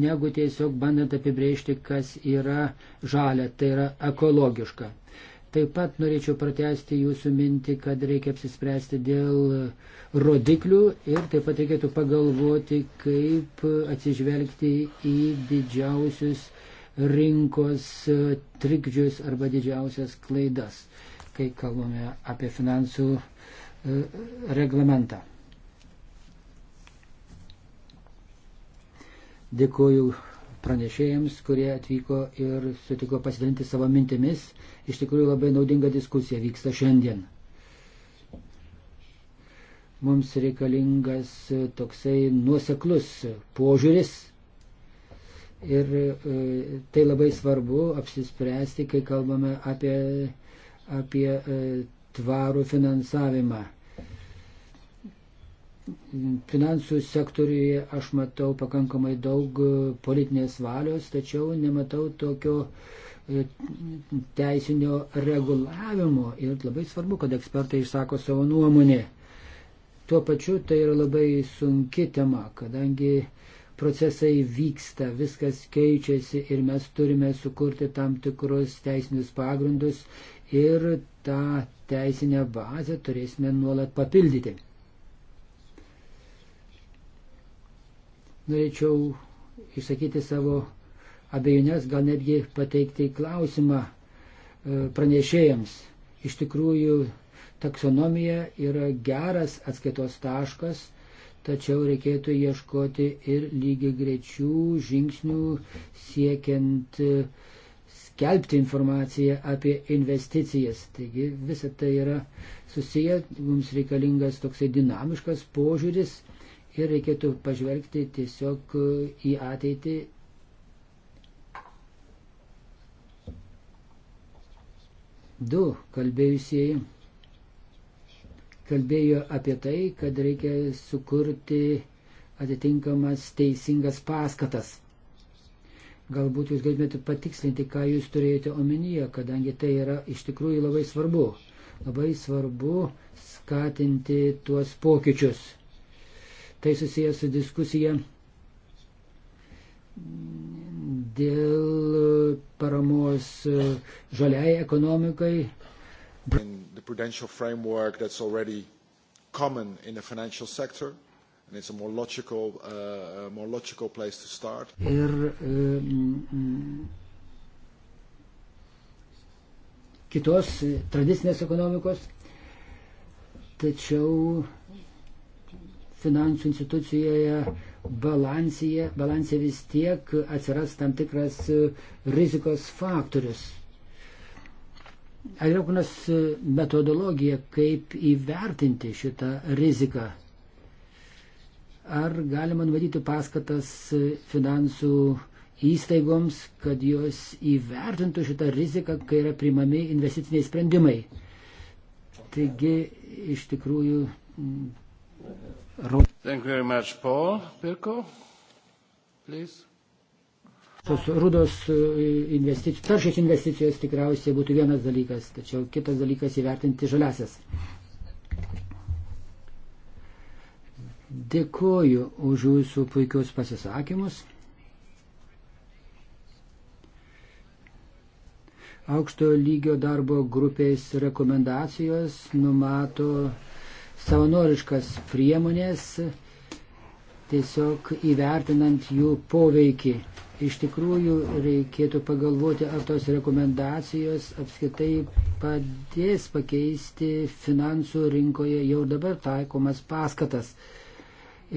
negu tiesiog bandant apibrėžti, kas yra žalia, tai yra ekologiška. Taip pat norėčiau pratesti jūsų mintį, kad reikia apsispręsti dėl rodiklių ir taip pat reikėtų pagalvoti, kaip atsižvelgti į didžiausius rinkos trikdžius arba didžiausias klaidas, kai kalbame apie finansų e, reglamentą. Dėkuoju pranešėjams, kurie atvyko ir sutiko pasidalinti savo mintimis. Iš tikrųjų labai naudinga diskusija vyksta šiandien. Mums reikalingas toksai nuoseklus požiūris ir e, tai labai svarbu apsispręsti, kai kalbame apie, apie e, tvarų finansavimą finansų sektoriuje aš matau pakankamai daug e, politinės valios, tačiau nematau tokio e, teisinio reguliavimo ir labai svarbu, kad ekspertai išsako savo nuomonę. Tuo pačiu tai yra labai sunki tema, kadangi procesai vyksta, viskas keičiasi ir mes turime sukurti tam tikrus teisinius pagrindus ir tą teisinę bazę turėsime nuolat papildyti. norėčiau išsakyti savo abejonės, gal netgi pateikti klausimą e, pranešėjams. Iš tikrųjų, taksonomija yra geras atskaitos taškas, tačiau reikėtų ieškoti ir lygiai grečių žingsnių siekiant e, skelbti informaciją apie investicijas. Taigi visa tai yra susiję, mums reikalingas toksai dinamiškas požiūris ir reikėtų pažvelgti tiesiog į ateitį. Du kalbėjusieji kalbėjo apie tai, kad reikia sukurti atitinkamas teisingas paskatas. Galbūt jūs galėtumėte patikslinti, ką jūs turėjote omenyje, kadangi tai yra iš tikrųjų labai svarbu. Labai svarbu skatinti tuos pokyčius. Tai susijęs su diskusija dėl paramos žaliai ekonomikai. The prudential framework that's already common in the financial sector. And it's a more logical, uh, more logical place to start. Ir um, kitos tradicinės ekonomikos, tačiau finansų institucijoje balansėje, balansė vis tiek atsiras tam tikras e, rizikos faktorius. Ar yra kokios e, metodologija, kaip įvertinti šitą riziką? Ar galima numatyti paskatas e, finansų įstaigoms, kad jos įvertintų šitą riziką, kai yra primami investiciniai sprendimai? Taigi, iš tikrųjų, Tos rudos e, investicijos, taršos investicijos tikriausiai būtų vienas dalykas, tačiau kitas dalykas įvertinti žaliasias. Dėkoju už jūsų puikius pasisakymus. Aukšto lygio darbo grupės rekomendacijos numato savanoriškas priemonės, tiesiog įvertinant jų poveikį. Iš tikrųjų reikėtų pagalvoti, ar tos rekomendacijos apskritai padės pakeisti finansų rinkoje jau dabar taikomas paskatas.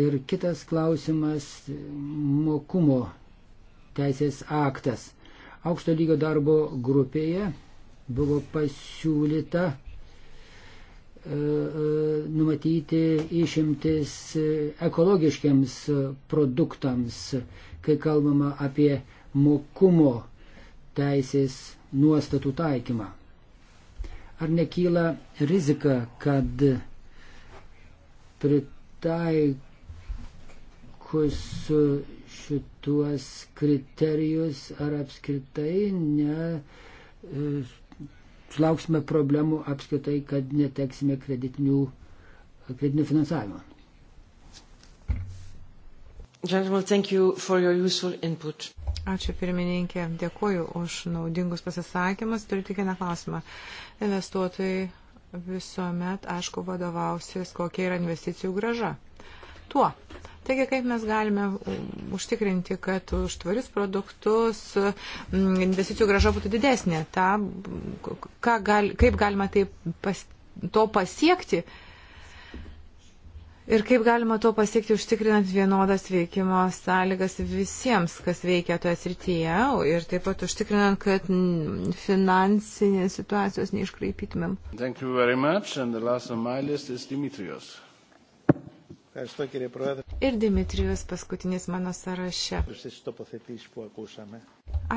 Ir kitas klausimas - mokumo teisės aktas. Aukšto lygio darbo grupėje buvo pasiūlyta E, e, numatyti išimtis ekologiškiams produktams, kai kalbama apie mokumo teisės nuostatų taikymą. Ar nekyla rizika, kad pritaikus šituos kriterijus ar apskritai ne e, sulauksime problemų apskritai, kad neteksime kreditinių, kreditinių finansavimo. Ačiū pirmininkė, dėkuoju už naudingus pasisakymus. Turiu tik vieną klausimą. Investuotojai visuomet, aišku, vadovausis, kokia yra investicijų graža tuo. Taigi, kaip mes galime um, užtikrinti, kad už tvarius produktus mm, investicijų graža būtų didesnė? Ta, gal, kaip galima tai pas, to pasiekti? Ir kaip galima to pasiekti užtikrinant vienodas veikimo sąlygas visiems, kas veikia toje srityje ir taip pat užtikrinant, kad finansinės situacijos neiškraipytumėm. Dimitrios. Ευχαριστώ κύριε Πρόεδρε. Ir Dimitrijus paskutinis mano sąraše.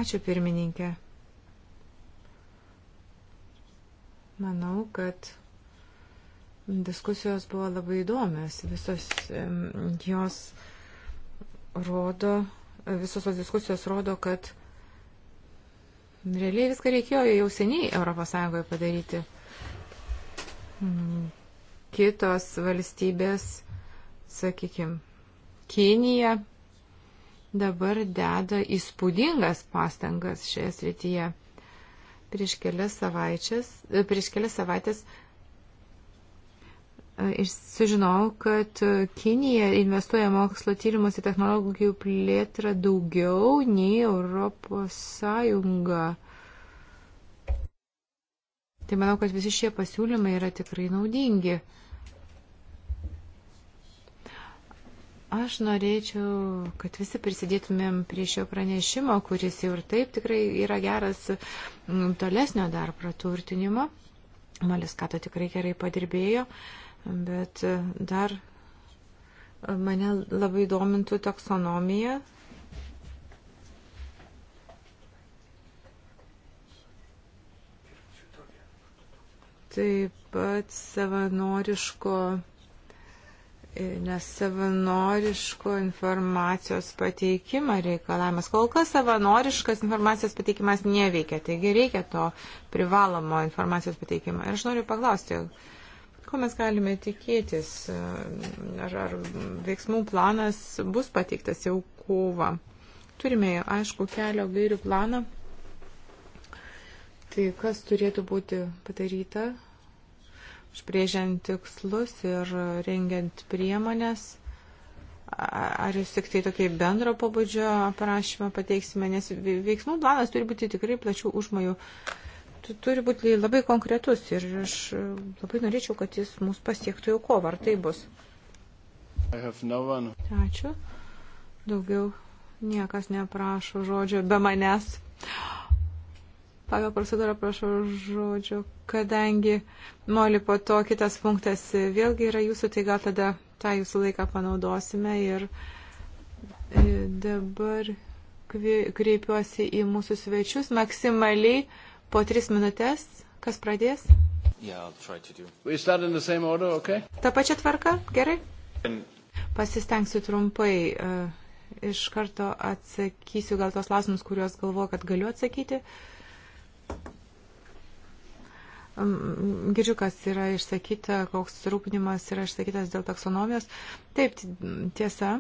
Ačiū pirmininkė. Manau, kad diskusijos buvo labai įdomios. Visos jos rodo, visos tos diskusijos rodo, kad realiai viską reikėjo jau seniai ES padaryti. Kitos valstybės sakykime, Kinija dabar deda įspūdingas pastangas šioje srityje. Prieš kelias, e, prieš kelias savaitės e, sužinojau, kad Kinija investuoja mokslo tyrimus ir technologijų plėtrą daugiau nei Europos Sąjunga. Tai manau, kad visi šie pasiūlymai yra tikrai naudingi. Aš norėčiau, kad visi prisidėtumėm prie šio pranešimo, kuris jau ir taip tikrai yra geras mm, tolesnio dar praturtinimo. Maliskato tikrai gerai padirbėjo, bet dar mane labai domintų taksonomija. Taip pat savanoriško nes savanoriško informacijos pateikimą reikalavimas. Kol kas savanoriškas informacijos pateikimas neveikia, taigi reikia to privalomo informacijos pateikimo. Ir aš noriu paklausti, ko mes galime tikėtis, ar, ar veiksmų planas bus pateiktas jau kovą. Turime, aišku, kelio gairių planą. Tai kas turėtų būti padaryta išpriežiant tikslus ir rengiant priemonės. Ar jūs tik tai tokį bendro pobūdžio aprašymą pateiksime, nes veiksmų planas turi būti tikrai plačių užmojų, turi būti labai konkretus ir aš labai norėčiau, kad jis mus pasiektų jau kovo, ar tai bus. No Ačiū. Daugiau niekas neprašo žodžio be manęs pagal procedūrą prašau žodžio, kadangi moli po to kitas punktas vėlgi yra jūsų, tai gal tada tą jūsų laiką panaudosime ir e, dabar kreipiuosi į mūsų svečius maksimaliai po tris minutės. Kas pradės? Yeah, order, okay? Ta pačia tvarka, gerai? Pasistengsiu trumpai. E, iš karto atsakysiu gal tos klausimus, kuriuos galvoju, kad galiu atsakyti. Uh, girdžiu, kas yra išsakyta, koks rūpinimas yra išsakytas dėl taksonomijos. Taip, tiesa,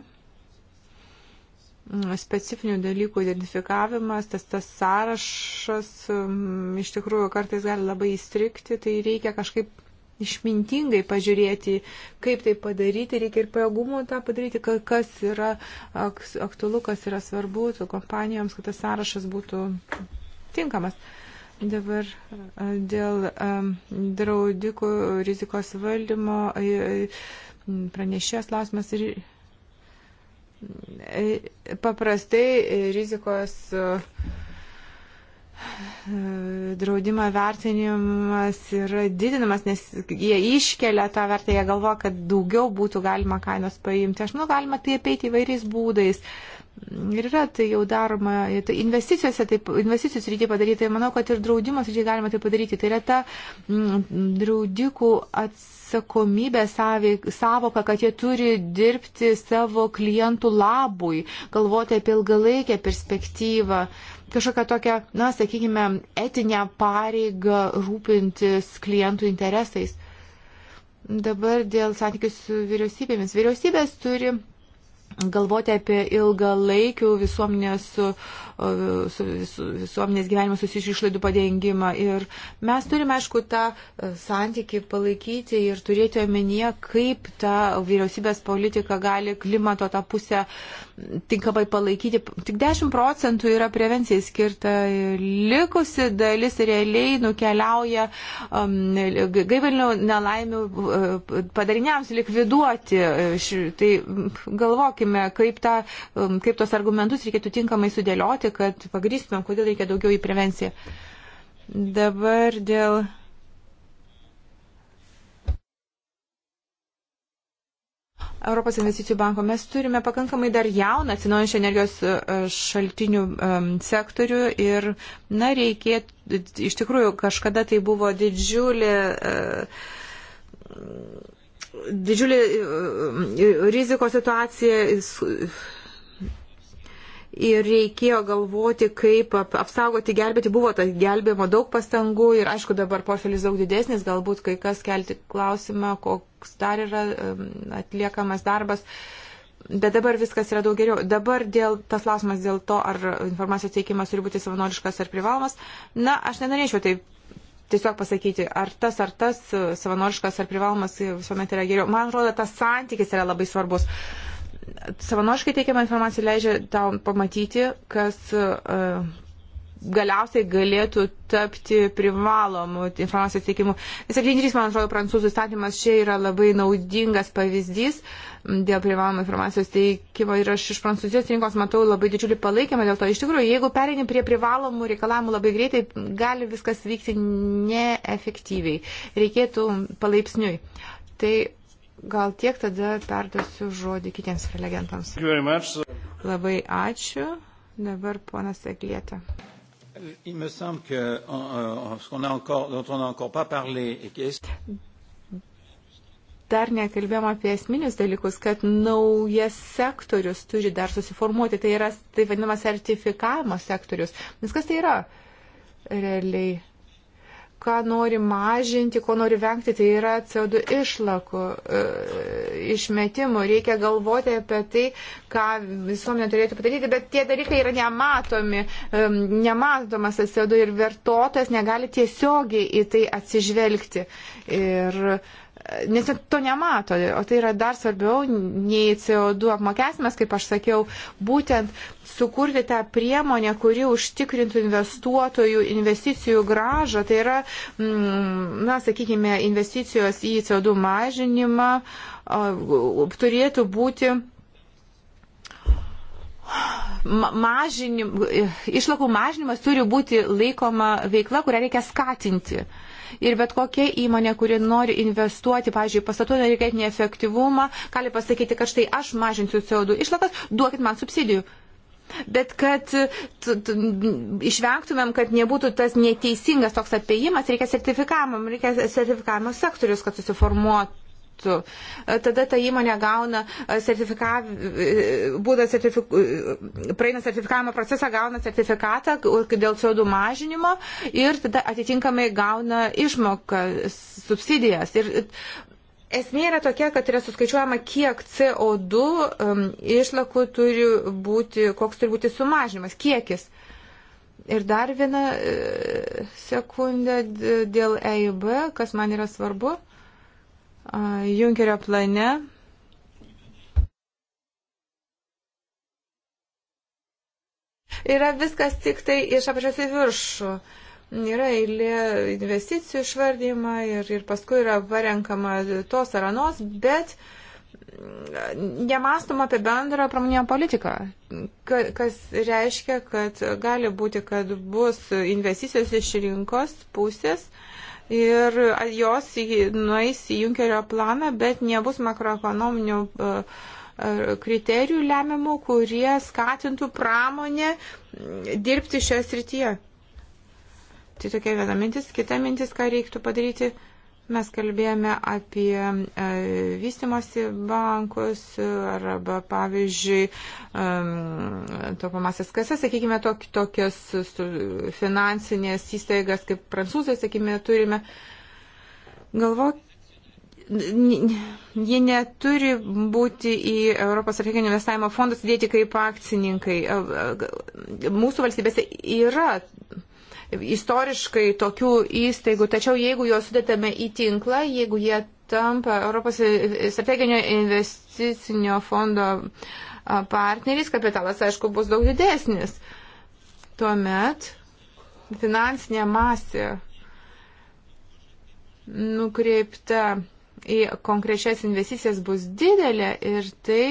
mm, specifinių dalykų identifikavimas, tas, tas sąrašas mm, iš tikrųjų kartais gali labai įstrikti, tai reikia kažkaip išmintingai pažiūrėti, kaip tai padaryti, reikia ir pajėgumų tą padaryti, kas yra aktualu, kas yra svarbu kompanijoms, kad tas sąrašas būtų tinkamas. Uh, Dabar dėl draudikų rizikos valdymo pranešės klausimas ir paprastai rizikos draudimą vertinimas yra didinamas, nes jie iškelia tą vertę, jie galvoja, kad daugiau būtų galima kainos paimti. Aš manau, galima tai apeiti įvairiais būdais. Uh, Ir yra tai jau daroma, tai investicijose, taip, investicijų srityje padaryta, tai manau, kad ir draudimo srityje galima tai padaryti. Tai yra ta mm, draudikų atsakomybė savoka, kad jie turi dirbti savo klientų labui, galvoti apie ilgalaikę perspektyvą, kažkokią tokią, na, sakykime, etinę pareigą rūpintis klientų interesais. Dabar dėl santykių su vyriausybėmis. Vyriausybės turi galvoti apie ilgalaikių visuomenės, su, su, su, visuomenės gyvenimo susijusių išlaidų padengimą. Ir mes turime, aišku, tą e, santykį palaikyti ir turėti omenyje, kaip ta vyriausybės politika gali klimato tą pusę tinkamai palaikyti. Tik 10 procentų yra prevencijai skirta, likusi dalis realiai nukeliauja um, gaivalinių nelaimių uh, padariniams likviduoti. Tai galvokime, kaip, ta, um, kaip tos argumentus reikėtų tinkamai sudėlioti, kad pagrįstumėm, kodėl reikia daugiau į prevenciją. Dabar dėl Europos investicijų banko. Mes turime pakankamai dar jauną atsinaujančią energijos e, šaltinių e, sektorių ir, na, reikėtų, iš tikrųjų, kažkada tai buvo didžiulė. E, didžiulė riziko situacija, ir reikėjo galvoti, kaip apsaugoti, gelbėti. Buvo tas gelbėjimo daug pastangų ir aišku dabar profilis daug didesnis, galbūt kai kas kelti klausimą, koks dar yra atliekamas darbas. Bet dabar viskas yra daug geriau. Dabar dėl, tas klausimas dėl to, ar informacijos teikimas turi būti savanoriškas ar privalomas, na, aš nenorėčiau taip tiesiog pasakyti, ar tas, ar tas e, savanoriškas, ar privalomas e, visuomet yra geriau. Man atrodo, tas santykis yra labai svarbus. Uh, savanoriškai teikiama informacija leidžia tau pamatyti, kas e, galiausiai galėtų tapti privalomų informacijos teikimu. 73, man atrodo, prancūzų įstatymas čia yra labai naudingas pavyzdys dėl privalomų informacijos teikimo ir aš iš prancūzijos rinkos matau labai didžiulį palaikymą dėl to. Iš tikrųjų, jeigu pereini prie privalomų reikalavimų labai greitai, gali viskas vykti neefektyviai. Reikėtų palaipsniui. Tai Gal tiek tada perduosiu žodį kitiems prelegentams. Labai ačiū. Dabar ponas Eglietė. Il me semble que en, euh, en, euh, ce qu'on a encore, dont on n'a encore pas parlé et qui est dar nekalbėjom apie esminius dalykus, kad naujas sektorius turi dar susiformuoti, tai yra tai vadinamas sertifikavimo sektorius. Nes kas tai yra realiai? ką nori mažinti, ko nori vengti, tai yra CO2 išlakų e, išmetimų. Reikia galvoti apie tai, ką visuomenė turėtų padaryti, bet tie dalykai yra nematomi, e, nematomas CO2 ir vartotojas negali tiesiogiai į tai atsižvelgti. Ir uh, nes to nemato, o tai yra dar svarbiau nei CO2 apmokesmės, kaip aš sakiau, būtent sukurti tą priemonę, kuri užtikrintų investuotojų investicijų gražą, tai yra, mm, na, sakykime, investicijos į CO2 mažinimą turėtų būti mažinim, išlakų mažinimas turi būti laikoma veikla, kurią reikia skatinti. Uh, ir bet kokia įmonė, kuri nori investuoti, pažiūrėjau, pastatų energetinį efektyvumą, gali pasakyti, kad štai aš mažinsiu CO2 išlakas, duokit man subsidijų. Bet kad išvengtumėm, kad nebūtų tas neteisingas toks apėjimas, reikia sertifikavimo, reikia sertifikavimo sektorius, kad susiformuotų metų. Tada ta įmonė gauna sertifikav... būdą sertifiku... praeina sertifikavimo procesą, gauna sertifikatą dėl CO2 mažinimo ir tada atitinkamai gauna išmoką, subsidijas. Ir Esmė yra tokia, kad yra suskaičiuojama, kiek CO2 um, išlakų turi būti, koks turi būti sumažinimas, kiekis. Ir dar viena e, sekundė dėl EIB, kas man yra svarbu. E, Junkerio plane yra viskas tik tai iš apačios į viršų. Yra eilė investicijų išvardyma ir, ir paskui yra parenkama tos ar anos, bet nemastoma apie bendrą pramoninę politiką, kas reiškia, kad gali būti, kad bus investicijos iš rinkos pusės, uh, ir jos nueis į Junkerio planą, bet nebus makroekonominių e, e, kriterijų lemiamų, kurie skatintų pramonę dirbti šioje srityje. Tai tokia viena mintis, kita mintis, ką reiktų padaryti Mes kalbėjome apie e, vystimosi bankus arba, pavyzdžiui, topamasis kasas, sakykime, tok, tokias finansinės įstaigas, kaip prancūzai, sakykime, turime. Galvok, jie neturi būti į Europos strateginio investavimo fondus dėti kaip akcininkai. E, e, mūsų valstybėse yra istoriškai tokių įstaigų, tačiau jeigu juos sudėtame į tinklą, jeigu jie tampa Europos strateginio investicinio fondo partneriais, kapitalas, aišku, bus daug didesnis. Tuomet finansinė masė nukreipta į konkrečias investicijas bus didelė ir tai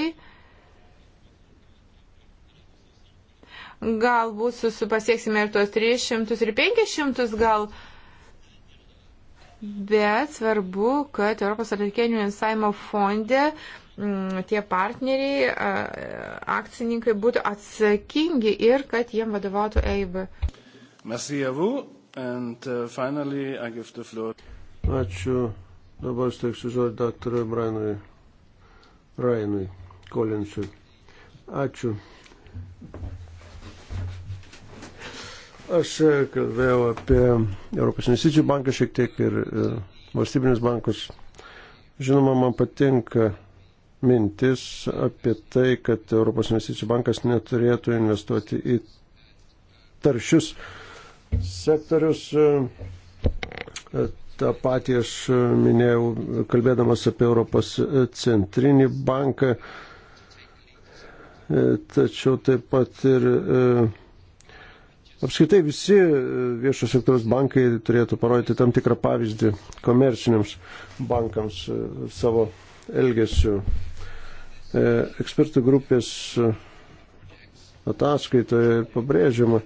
galbūt susipasieksime ir tuos 300 ir 500 gal. Bet svarbu, kad Europos atlikėjų investavimo fonde mm, tie partneriai, akcininkai būtų atsakingi ir kad jiem vadovautų EIB. Uh, Ačiū. Dabar steiksiu žodį daktarui Brainui, Rainui Kolinčiui. Ačiū. Aš kalbėjau apie Europos investicijų banką šiek tiek ir e, valstybinius bankus. Žinoma, man patinka mintis apie tai, kad Europos investicijų bankas neturėtų investuoti į taršius sektorius. E, Ta pati aš minėjau, kalbėdamas apie Europos centrinį banką, e, tačiau taip pat ir Apskritai visi e, viešo sektoriaus bankai turėtų parodyti tam tikrą pavyzdį komerciniams bankams e, savo elgesiu. E, ekspertų grupės ataskaitoje pabrėžiama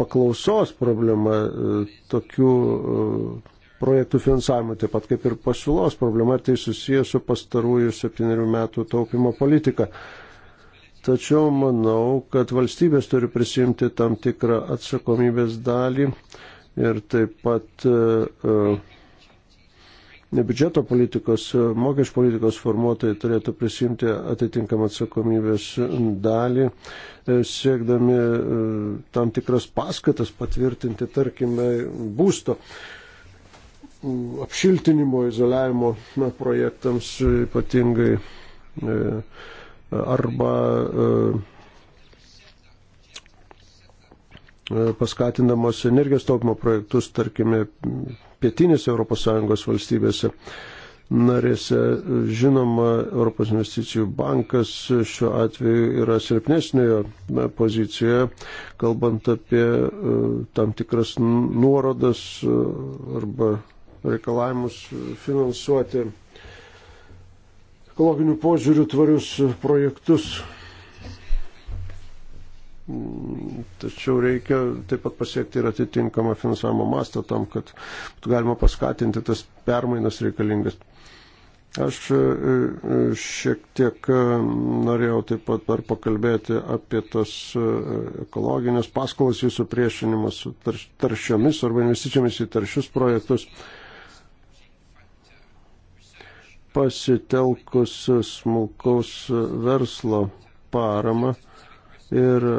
paklausos problema tokių projektų finansavimo, taip pat kaip ir pasiūlos problema, tai susijęs su pastarųjų septyniarių metų taupimo politika. Tačiau manau, kad valstybės turi prisimti tam tikrą atsakomybės dalį ir taip pat e, e, ne biudžeto politikos, e, mokesčių politikos formuotojai turėtų prisimti atitinkamą atsakomybės dalį, siekdami tam tikras paskatas patvirtinti, tarkime, būsto apšiltinimo, izoliavimo na, projektams ypatingai arba e, e, paskatindamos energijos taupimo projektus, tarkime, pietinėse ES valstybėse narėse. Žinoma, Europos investicijų bankas šiuo atveju yra silpnesnėje pozicijoje, kalbant apie e, tam tikras nuorodas arba reikalavimus finansuoti ekologinių požiūrių tvarius projektus. Tačiau reikia taip pat pasiekti ir atitinkamą finansavimo mastą tam, kad būtų galima paskatinti tas permainas reikalingas. Aš e, e, šiek tiek e, norėjau taip pat dar pakalbėti apie tas ekologinės paskolas jūsų priešinimas su taršiomis arba investicijomis į taršius projektus pasitelkus smulkaus verslo paramą ir e,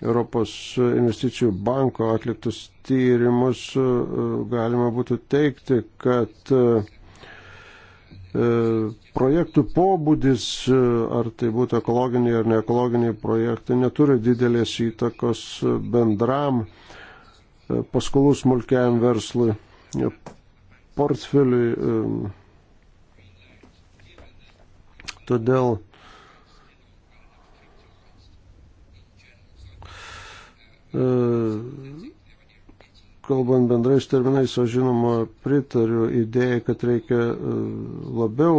Europos investicijų banko atliktus tyrimus e, galima būtų teikti, kad e, projektų pobūdis, ar tai būtų ekologiniai ar neekologiniai projektai, neturi didelės įtakos bendram paskolų smulkiam verslui portfeliui Todėl e, kalbant bendrais terminais, aš žinoma pritariu idėjai, kad reikia e, labiau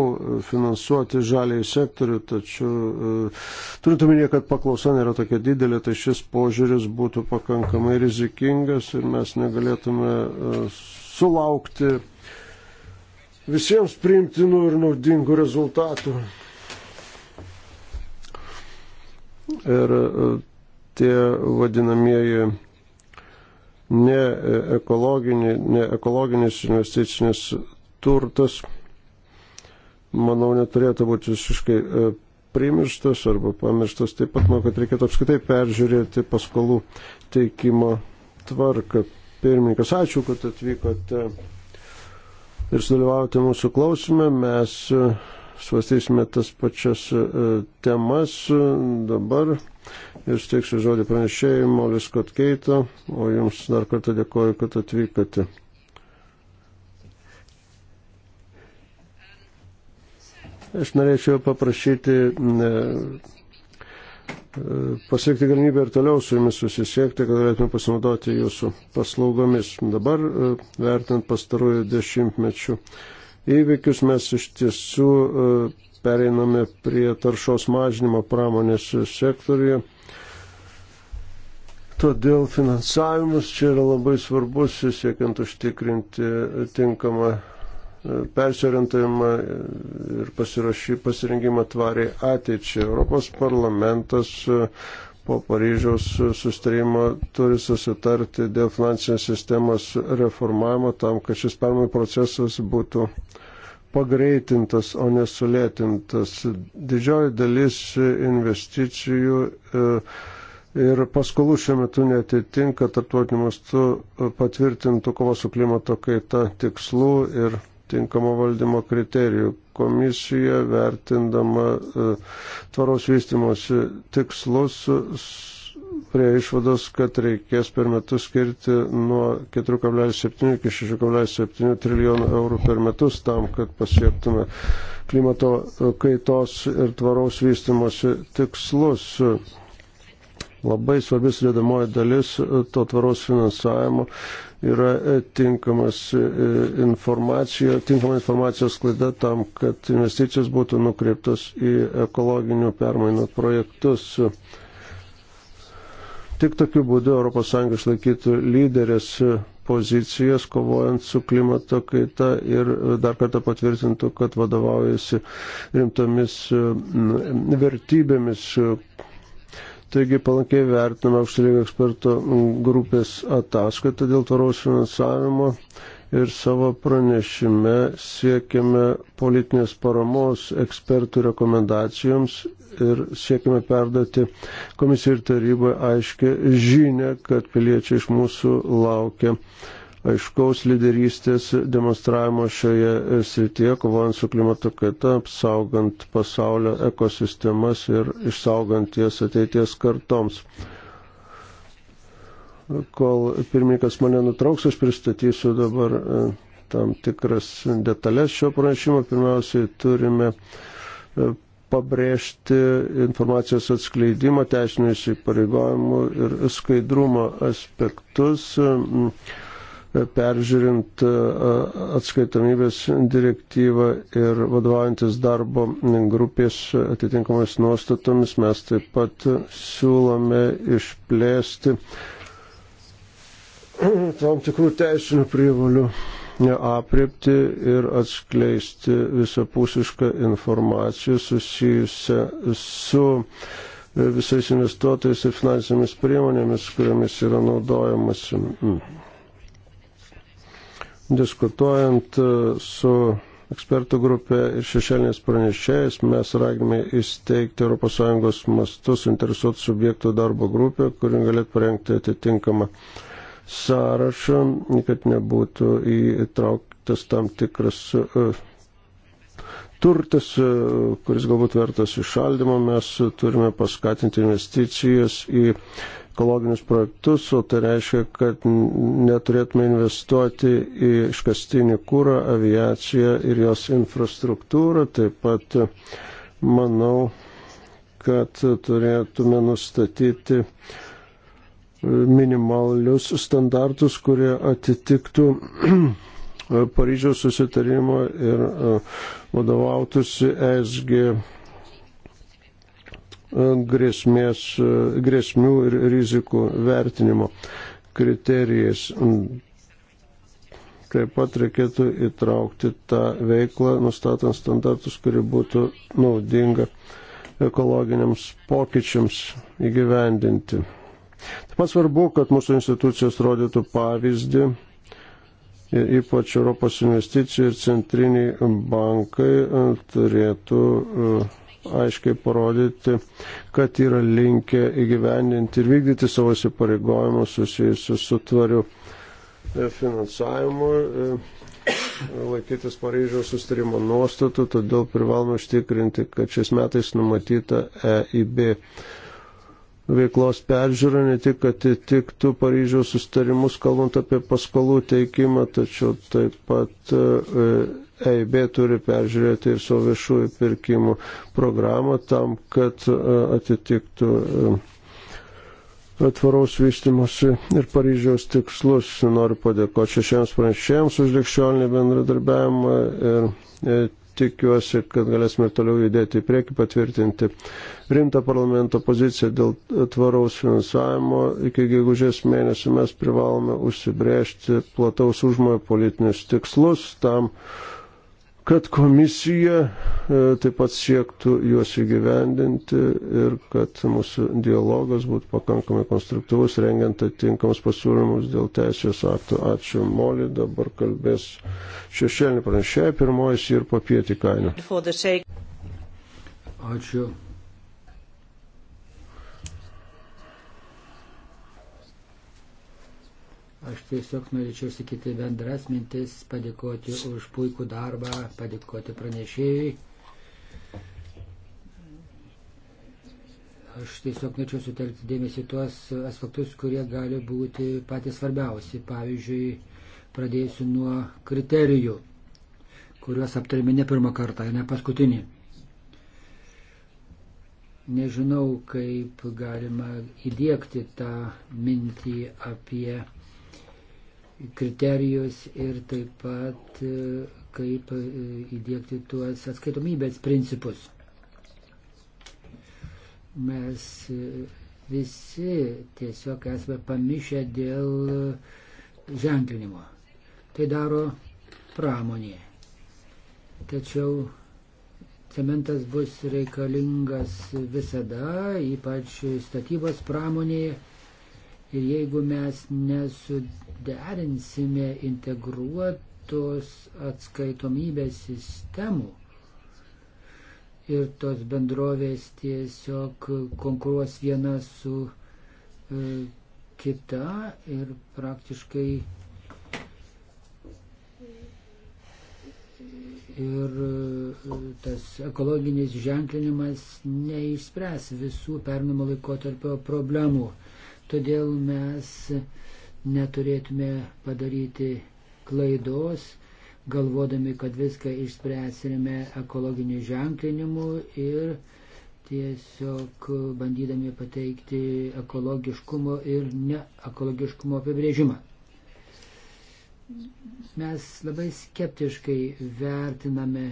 finansuoti žaliai sektorių, tačiau e, turint omenyje, kad paklausa nėra tokia didelė, tai šis požiūris būtų pakankamai rizikingas ir mes negalėtume sulaukti visiems priimtinų ir naudingų rezultatų ir e, tie vadinamieji ne, e, ekologinė, ne ekologinis investicinis turtas, manau, neturėtų būti visiškai e, primirštas arba pamirštas. Taip pat manau, kad reikėtų apskaitai peržiūrėti paskolų teikimo tvarką. Pirmininkas, ačiū, kad atvykote ir sudalyvaujate mūsų klausime. Mes svarstysime tas pačias e, temas e, dabar ir steiksiu žodį pranešėjai Molis Kotkeito, o jums dar kartą dėkoju, kad atvykote. Aš norėčiau paprašyti e, pasiekti galimybę ir toliau su jumis susisiekti, kad galėtume pasinaudoti jūsų paslaugomis. Dabar, vertinant pastarųjų dešimtmečių įvykius, mes iš tiesų e, pereiname prie taršos mažinimo pramonės sektoriuje. Todėl finansavimas čia yra labai svarbus, siekiant užtikrinti tinkamą e, persiorientavimą ir pasirengimą tvariai ateičiai. Europos parlamentas e, po Paryžiaus sustarimo turi susitarti dėl finansinės sistemos reformavimo tam, kad šis permainų procesas būtų pagreitintas, o nesulėtintas. Didžioji dalis investicijų e, ir paskolų šiuo metu netitinka tarptautiniu mastu patvirtintų kovos su klimato kaita tikslų ir tinkamo valdymo kriterijų komisija vertindama e, tvaros vystimosi tikslus prie išvados, kad reikės per metus skirti nuo 4,7 iki 6,7 trilijonų eurų per metus tam, kad pasiektume klimato kaitos ir tvaraus vystimosi tikslus labai svarbis sudėdamoji dalis e, to tvaros finansavimo yra e, tinkamas e, informacija, tinkama informacijos klaida tam, kad investicijos būtų nukreiptos į ekologinių permainų projektus. Tik tokiu būdu ES išlaikytų lyderės pozicijas, kovojant su klimato kaita ir dar kartą patvirtintų, kad vadovaujasi rimtomis vertybėmis, Taigi palankiai vertiname aukštelygio ekspertų grupės ataskaitą dėl tvaraus finansavimo ir savo pranešime siekiame politinės paramos ekspertų rekomendacijoms ir siekime perduoti komisijai ir tarybai aiškę žinę, kad piliečiai iš mūsų laukia aiškaus lyderystės demonstravimo šioje e, srityje, kovojant su klimato kaita, apsaugant pasaulio ekosistemas ir išsaugant jas ateities kartoms. Kol pirmininkas mane nutrauks, aš pristatysiu dabar e, tam tikras detalės šio pranešimo. Pirmiausiai turime e, pabrėžti informacijos atskleidimo, teisinių įsipareigojimų ir skaidrumo aspektus. Mm peržiūrint atskaitomybės direktyvą ir vadovaujantis darbo grupės atitinkamais nuostatomis, mes taip pat siūlome išplėsti tam tikrų teisinių prievalių aprepti ir atskleisti visapusišką informaciją susijusią su visais investuotojais ir finansinėmis priemonėmis, kuriamis yra naudojamas. Diskutuojant e, su ekspertų grupė ir šešėlinės pranešėjais mes raginame įsteigti ES mastu suinteresuotų subjektų darbo grupę, kuri galėtų parengti atitinkamą sąrašą, kad nebūtų įtrauktas tam tikras uh, turtas, uh, kuris galbūt vertas išaldymo. Mes turime paskatinti investicijas į uh, ekologinius projektus, o tai reiškia, kad neturėtume investuoti į iškastinį kūrą, aviaciją ir jos infrastruktūrą. Taip pat manau, kad turėtume nustatyti e, minimalius standartus, kurie atitiktų e, Paryžiaus susitarimo ir e, vadovautųsi ESG grėsmės, grėsmių ir rizikų vertinimo kriterijais. Taip pat reikėtų įtraukti tą veiklą, nustatant standartus, kuri būtų naudinga ekologiniams pokyčiams įgyvendinti. Taip pat svarbu, kad mūsų institucijos rodytų pavyzdį ir ypač Europos investicijų ir centriniai bankai turėtų uh, aiškiai parodyti, kad yra linkę įgyvendinti ir vykdyti savo įsipareigojimus susijusius su tvariu e, finansavimu, e, laikytis Paryžiaus sustarimo nuostatų, todėl privalome užtikrinti, kad šiais metais numatyta EIB veiklos peržiūra ne tik atitiktų Paryžiaus sustarimus, kalbant apie paskolų teikimą, tačiau taip pat e, EIB turi peržiūrėti ir savo viešųjų pirkimų programą tam, kad e, atitiktų e, tvaraus vystimosi ir Paryžiaus tikslus. Noriu padėkoti šešiems pranešėjams už likščiolinį bendradarbiavimą ir e, tikiuosi, kad galėsime ir toliau judėti į priekį, patvirtinti rimtą parlamento poziciją dėl tvaraus finansavimo. Iki gegužės mėnesio mes privalome užsibrėžti plataus užmojo politinius tikslus tam, kad komisija e, taip pat siektų juos įgyvendinti ir kad mūsų dialogas būtų pakankamai konstruktyvus, rengiant atitinkamus pasiūlymus dėl teisės aktų. Ačiū, Moli, dabar kalbės šešėlinį pranešėją, pirmoji ir papieti kainą. Ačiū. Aš tiesiog norėčiau sakyti bendras mintis, padėkoti už puikų darbą, padėkoti pranešėjai. Aš tiesiog norėčiau sutelkti dėmesį tuos aspektus, kurie gali būti patys svarbiausi. Pavyzdžiui, pradėsiu nuo kriterijų, kuriuos aptarėme ne pirmą kartą, ne paskutinį. Nežinau, kaip galima įdėkti tą mintį apie kriterijus ir taip pat e, kaip e, įdėkti tuos atskaitomybės principus. Mes e, visi tiesiog esame pamišę dėl ženklinimo. Tai daro pramonė. Tačiau cementas bus reikalingas visada, ypač statybos pramonėje Ir jeigu mes nesuderinsime integruotos atskaitomybės sistemų, ir tos bendrovės tiesiog konkuruos viena su e, kita ir praktiškai ir e, tas ekologinis ženklinimas neišspręs visų pernamo laikotarpio problemų. Todėl mes neturėtume padaryti klaidos, galvodami, kad viską išspręsime ekologiniu ženklinimu ir tiesiog bandydami pateikti ekologiškumo ir neekologiškumo apibrėžimą. Mes labai skeptiškai vertiname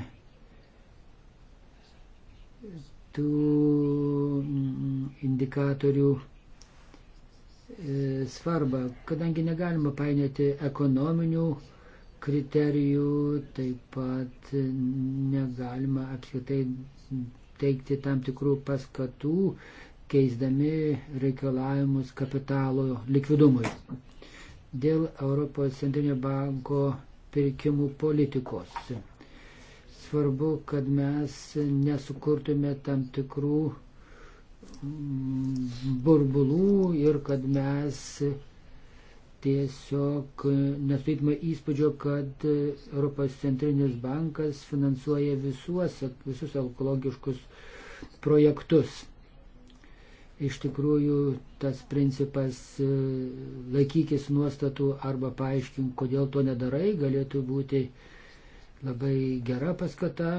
tų indikatorių E, svarbą, kadangi negalima painioti ekonominių kriterijų, taip pat negalima apskritai teikti tam tikrų paskatų, keisdami reikalavimus kapitalo likvidumui. Dėl Europos centrinio banko pirkimų politikos. Svarbu, kad mes nesukurtume tam tikrų burbulų ir kad mes tiesiog nesuitume įspūdžio, kad Europos centrinis bankas finansuoja visuos, visus ekologiškus projektus. Iš tikrųjų, tas principas laikykis nuostatų arba paaiškink, kodėl to nedarai, galėtų būti labai gera paskata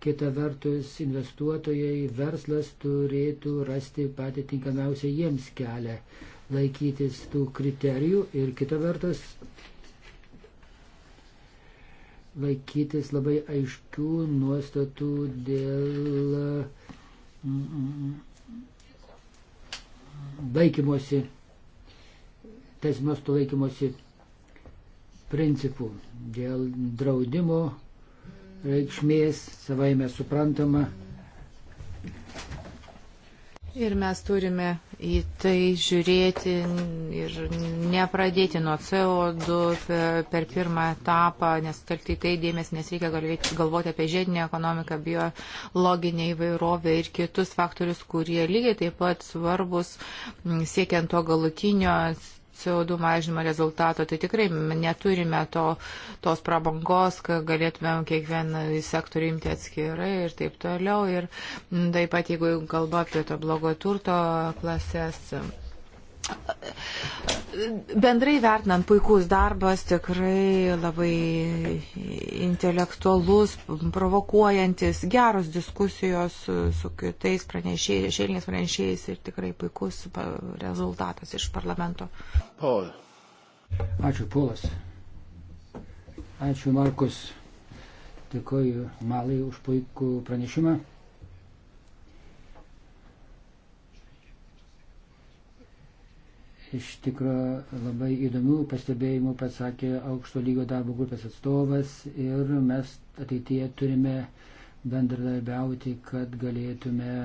Kita vertus, investuotojai, verslas turėtų rasti patį tinkamiausią jiems kelią, laikytis tų kriterijų ir kita vertus, laikytis labai aiškių nuostatų dėl laikymosi, mm, mm, mm, teismas to laikymosi principų, dėl draudimo reikšmės, savaime suprantama. Ir mes turime į tai žiūrėti ir nepradėti nuo CO2 per pirmą etapą, nes telkti tai dėmesį, nes reikia galvoti apie žiedinę ekonomiką, biologinę įvairovę ir kitus faktorius, kurie lygiai taip pat svarbus siekiant to galutinio CO2 mažinimo rezultato, tai tikrai neturime to, tos prabangos, kad galėtumėm kiekvieną sektorių imti atskirai ir taip toliau. Ir taip pat, jeigu kalba apie to blogo turto klasės, Bendrai vertinant, puikus darbas, tikrai labai intelektualus, provokuojantis, geros diskusijos su, su kitais pranešėjais, šėlinės pranešėjais ir tikrai puikus rezultatas iš parlamento. Paul. Ačiū, Paulas. Ačiū, Markus. Dėkoju Malai už puikų pranešimą. Iš tikrųjų labai įdomių pastebėjimų pasakė aukšto lygio darbo grupės atstovas ir mes ateityje turime bendradarbiauti, kad galėtume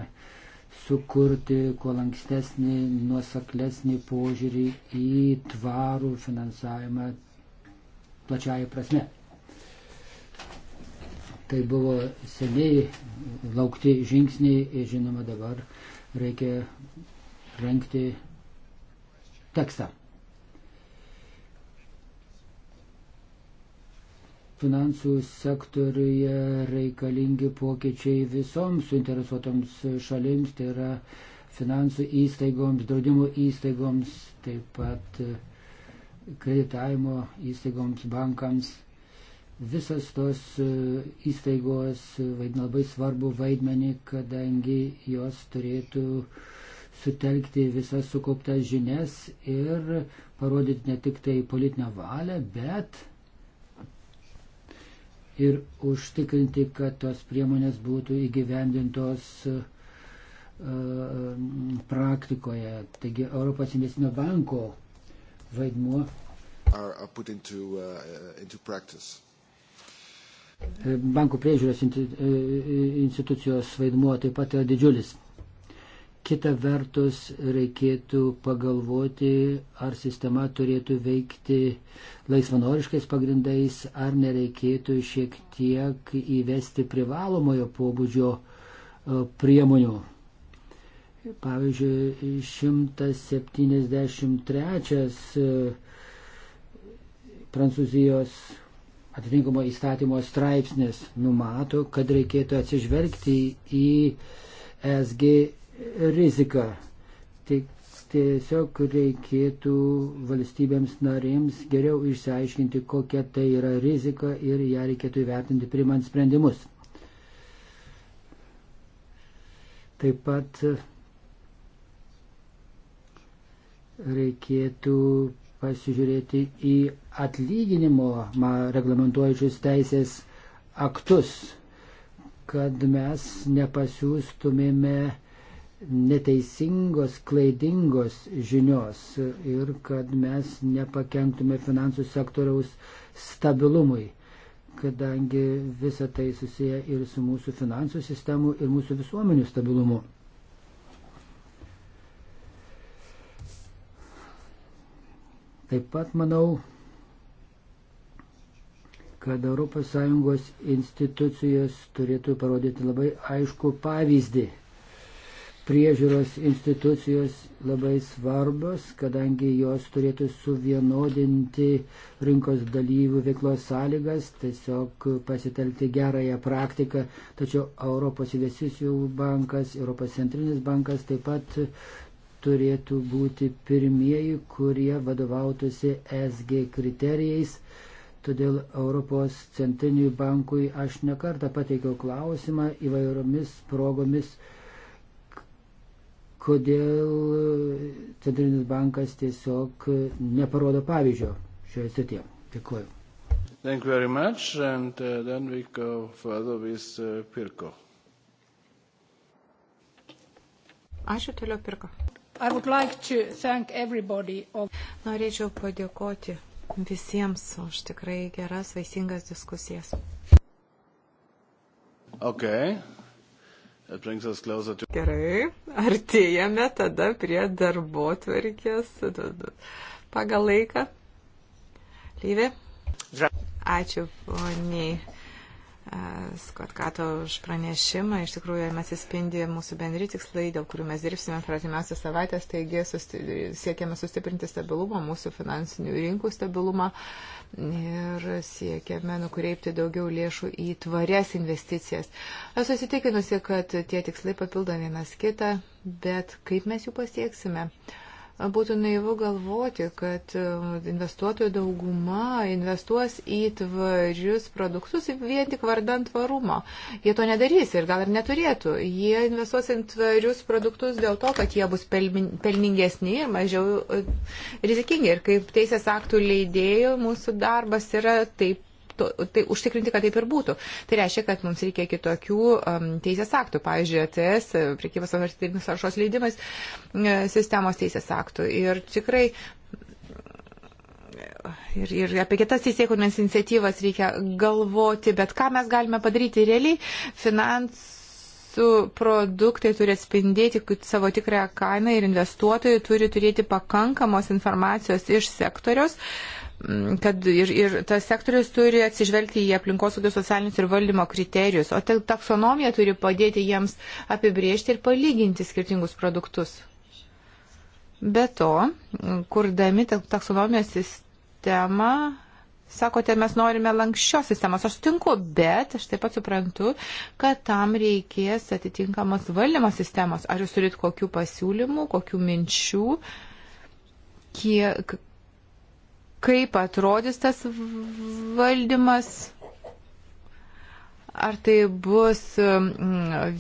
sukurti kuo lankstesnį, nuosaklesnį požiūrį į tvarų finansavimą plačiaja prasme. Tai buvo seniai laukti žingsniai ir žinoma dabar reikia renkti tekstą. Finansų sektoriuje reikalingi pokyčiai visoms suinteresuotoms šalims, tai yra finansų įstaigoms, draudimo įstaigoms, taip pat e, kreditavimo įstaigoms, bankams. Visas tos e, įstaigos vaidina labai svarbu vaidmenį, kadangi jos turėtų uh, sutelkti visas sukauptas žinias ir parodyti ne tik tai politinę valią, bet ir užtikrinti, kad tos priemonės būtų įgyvendintos e, praktikoje. Taigi Europos investicinio banko vaidmuo. Into, uh, into e, Bankų priežiūros e, institucijos vaidmuo taip pat yra didžiulis. Kita vertus, reikėtų pagalvoti, ar sistema turėtų veikti laisvanoriškais pagrindais, ar nereikėtų šiek tiek įvesti privalomojo pobūdžio e, priemonių. Pavyzdžiui, 173 e, Prancūzijos atitinkamo įstatymo straipsnis numato, kad reikėtų atsižvelgti į e SG rizika. Tik tiesiog reikėtų valstybėms narėms geriau išsiaiškinti, kokia tai yra rizika ir ją reikėtų įvertinti primant sprendimus. Taip pat reikėtų pasižiūrėti į atlyginimo reglamentuojančius teisės aktus, kad mes nepasiūstumėme neteisingos, klaidingos žinios ir kad mes nepakenktume finansų sektoriaus stabilumui, kadangi visa tai susiję ir su mūsų finansų sistemų ir mūsų visuomenių stabilumu. Taip pat manau, kad ES institucijos turėtų parodyti labai aišku pavyzdį priežiūros institucijos labai svarbios, kadangi jos turėtų suvienodinti rinkos dalyvių veiklos sąlygas, tiesiog pasitelkti gerąją praktiką. Tačiau Europos investicijų bankas, Europos centrinis bankas taip pat turėtų būti pirmieji, kurie vadovautųsi SG kriterijais. Todėl Europos centriniui bankui aš nekartą pateikiau klausimą įvairiomis progomis kodėl e, Centrinis bankas tiesiog e, neparodo pavyzdžio šioje srityje. Dėkuoju. Thank you very much and uh, then we go further with uh, Pirko. Ačiū toliau Pirko. I would like to thank everybody. Of... Norėčiau padėkoti visiems už tikrai geras, vaisingas diskusijas. Okay. Gerai, artėjame tada prie darbo tvarkės pagal laiką. Lyvė. Ačiū, poniai Skotkato už pranešimą. Iš tikrųjų, mes įspindi mūsų bendri tikslai, dėl kurių mes dirbsime per atimiausias savaitės, taigi susti siekiame sustiprinti stabilumą, mūsų finansinių rinkų stabilumą ir siekiame nukreipti daugiau lėšų į tvarias investicijas. Esu įsitikinusi, kad tie tikslai papildo vienas kitą, bet kaip mes jų pasieksime? Uh, būtų naivu galvoti, kad um, investuotojų dauguma investuos į tvarius produktus vien tik vardant tvarumo. Jie to nedarys ir gal ir neturėtų. Jie investuos į tvarius produktus dėl to, kad jie bus pelningesni ir mažiau uh, rizikingi. Ir kaip teisės aktų leidėjų mūsų darbas yra taip to, tai užtikrinti, kad taip ir būtų. Tai reiškia, kad mums reikia kitokių um, teisės aktų, pavyzdžiui, ATS, priekybos avartinius aršos leidimais e, sistemos teisės aktų. Ir tikrai ir, ir apie kitas teisėkūrinės iniciatyvas reikia galvoti, bet ką mes galime padaryti realiai finansų. Produktai turi atspindėti savo tikrąją kainą ir investuotojai turi turėti pakankamos informacijos iš sektoriaus, uh, Mm, kad ir, ir tas sektorius turi atsižvelgti į aplinkosaugos socialinius ir valdymo kriterijus, o taksonomija turi padėti jiems apibriežti ir palyginti skirtingus produktus. Be to, kurdami taksonomijos sistemą, sakote, mes norime lankščios sistemos. Aš sutinku, bet aš taip pat suprantu, kad tam reikės atitinkamos valdymo sistemos. Ar jūs turit kokių pasiūlymų, kokių minčių, kiek, kaip atrodys tas valdymas. Ar tai bus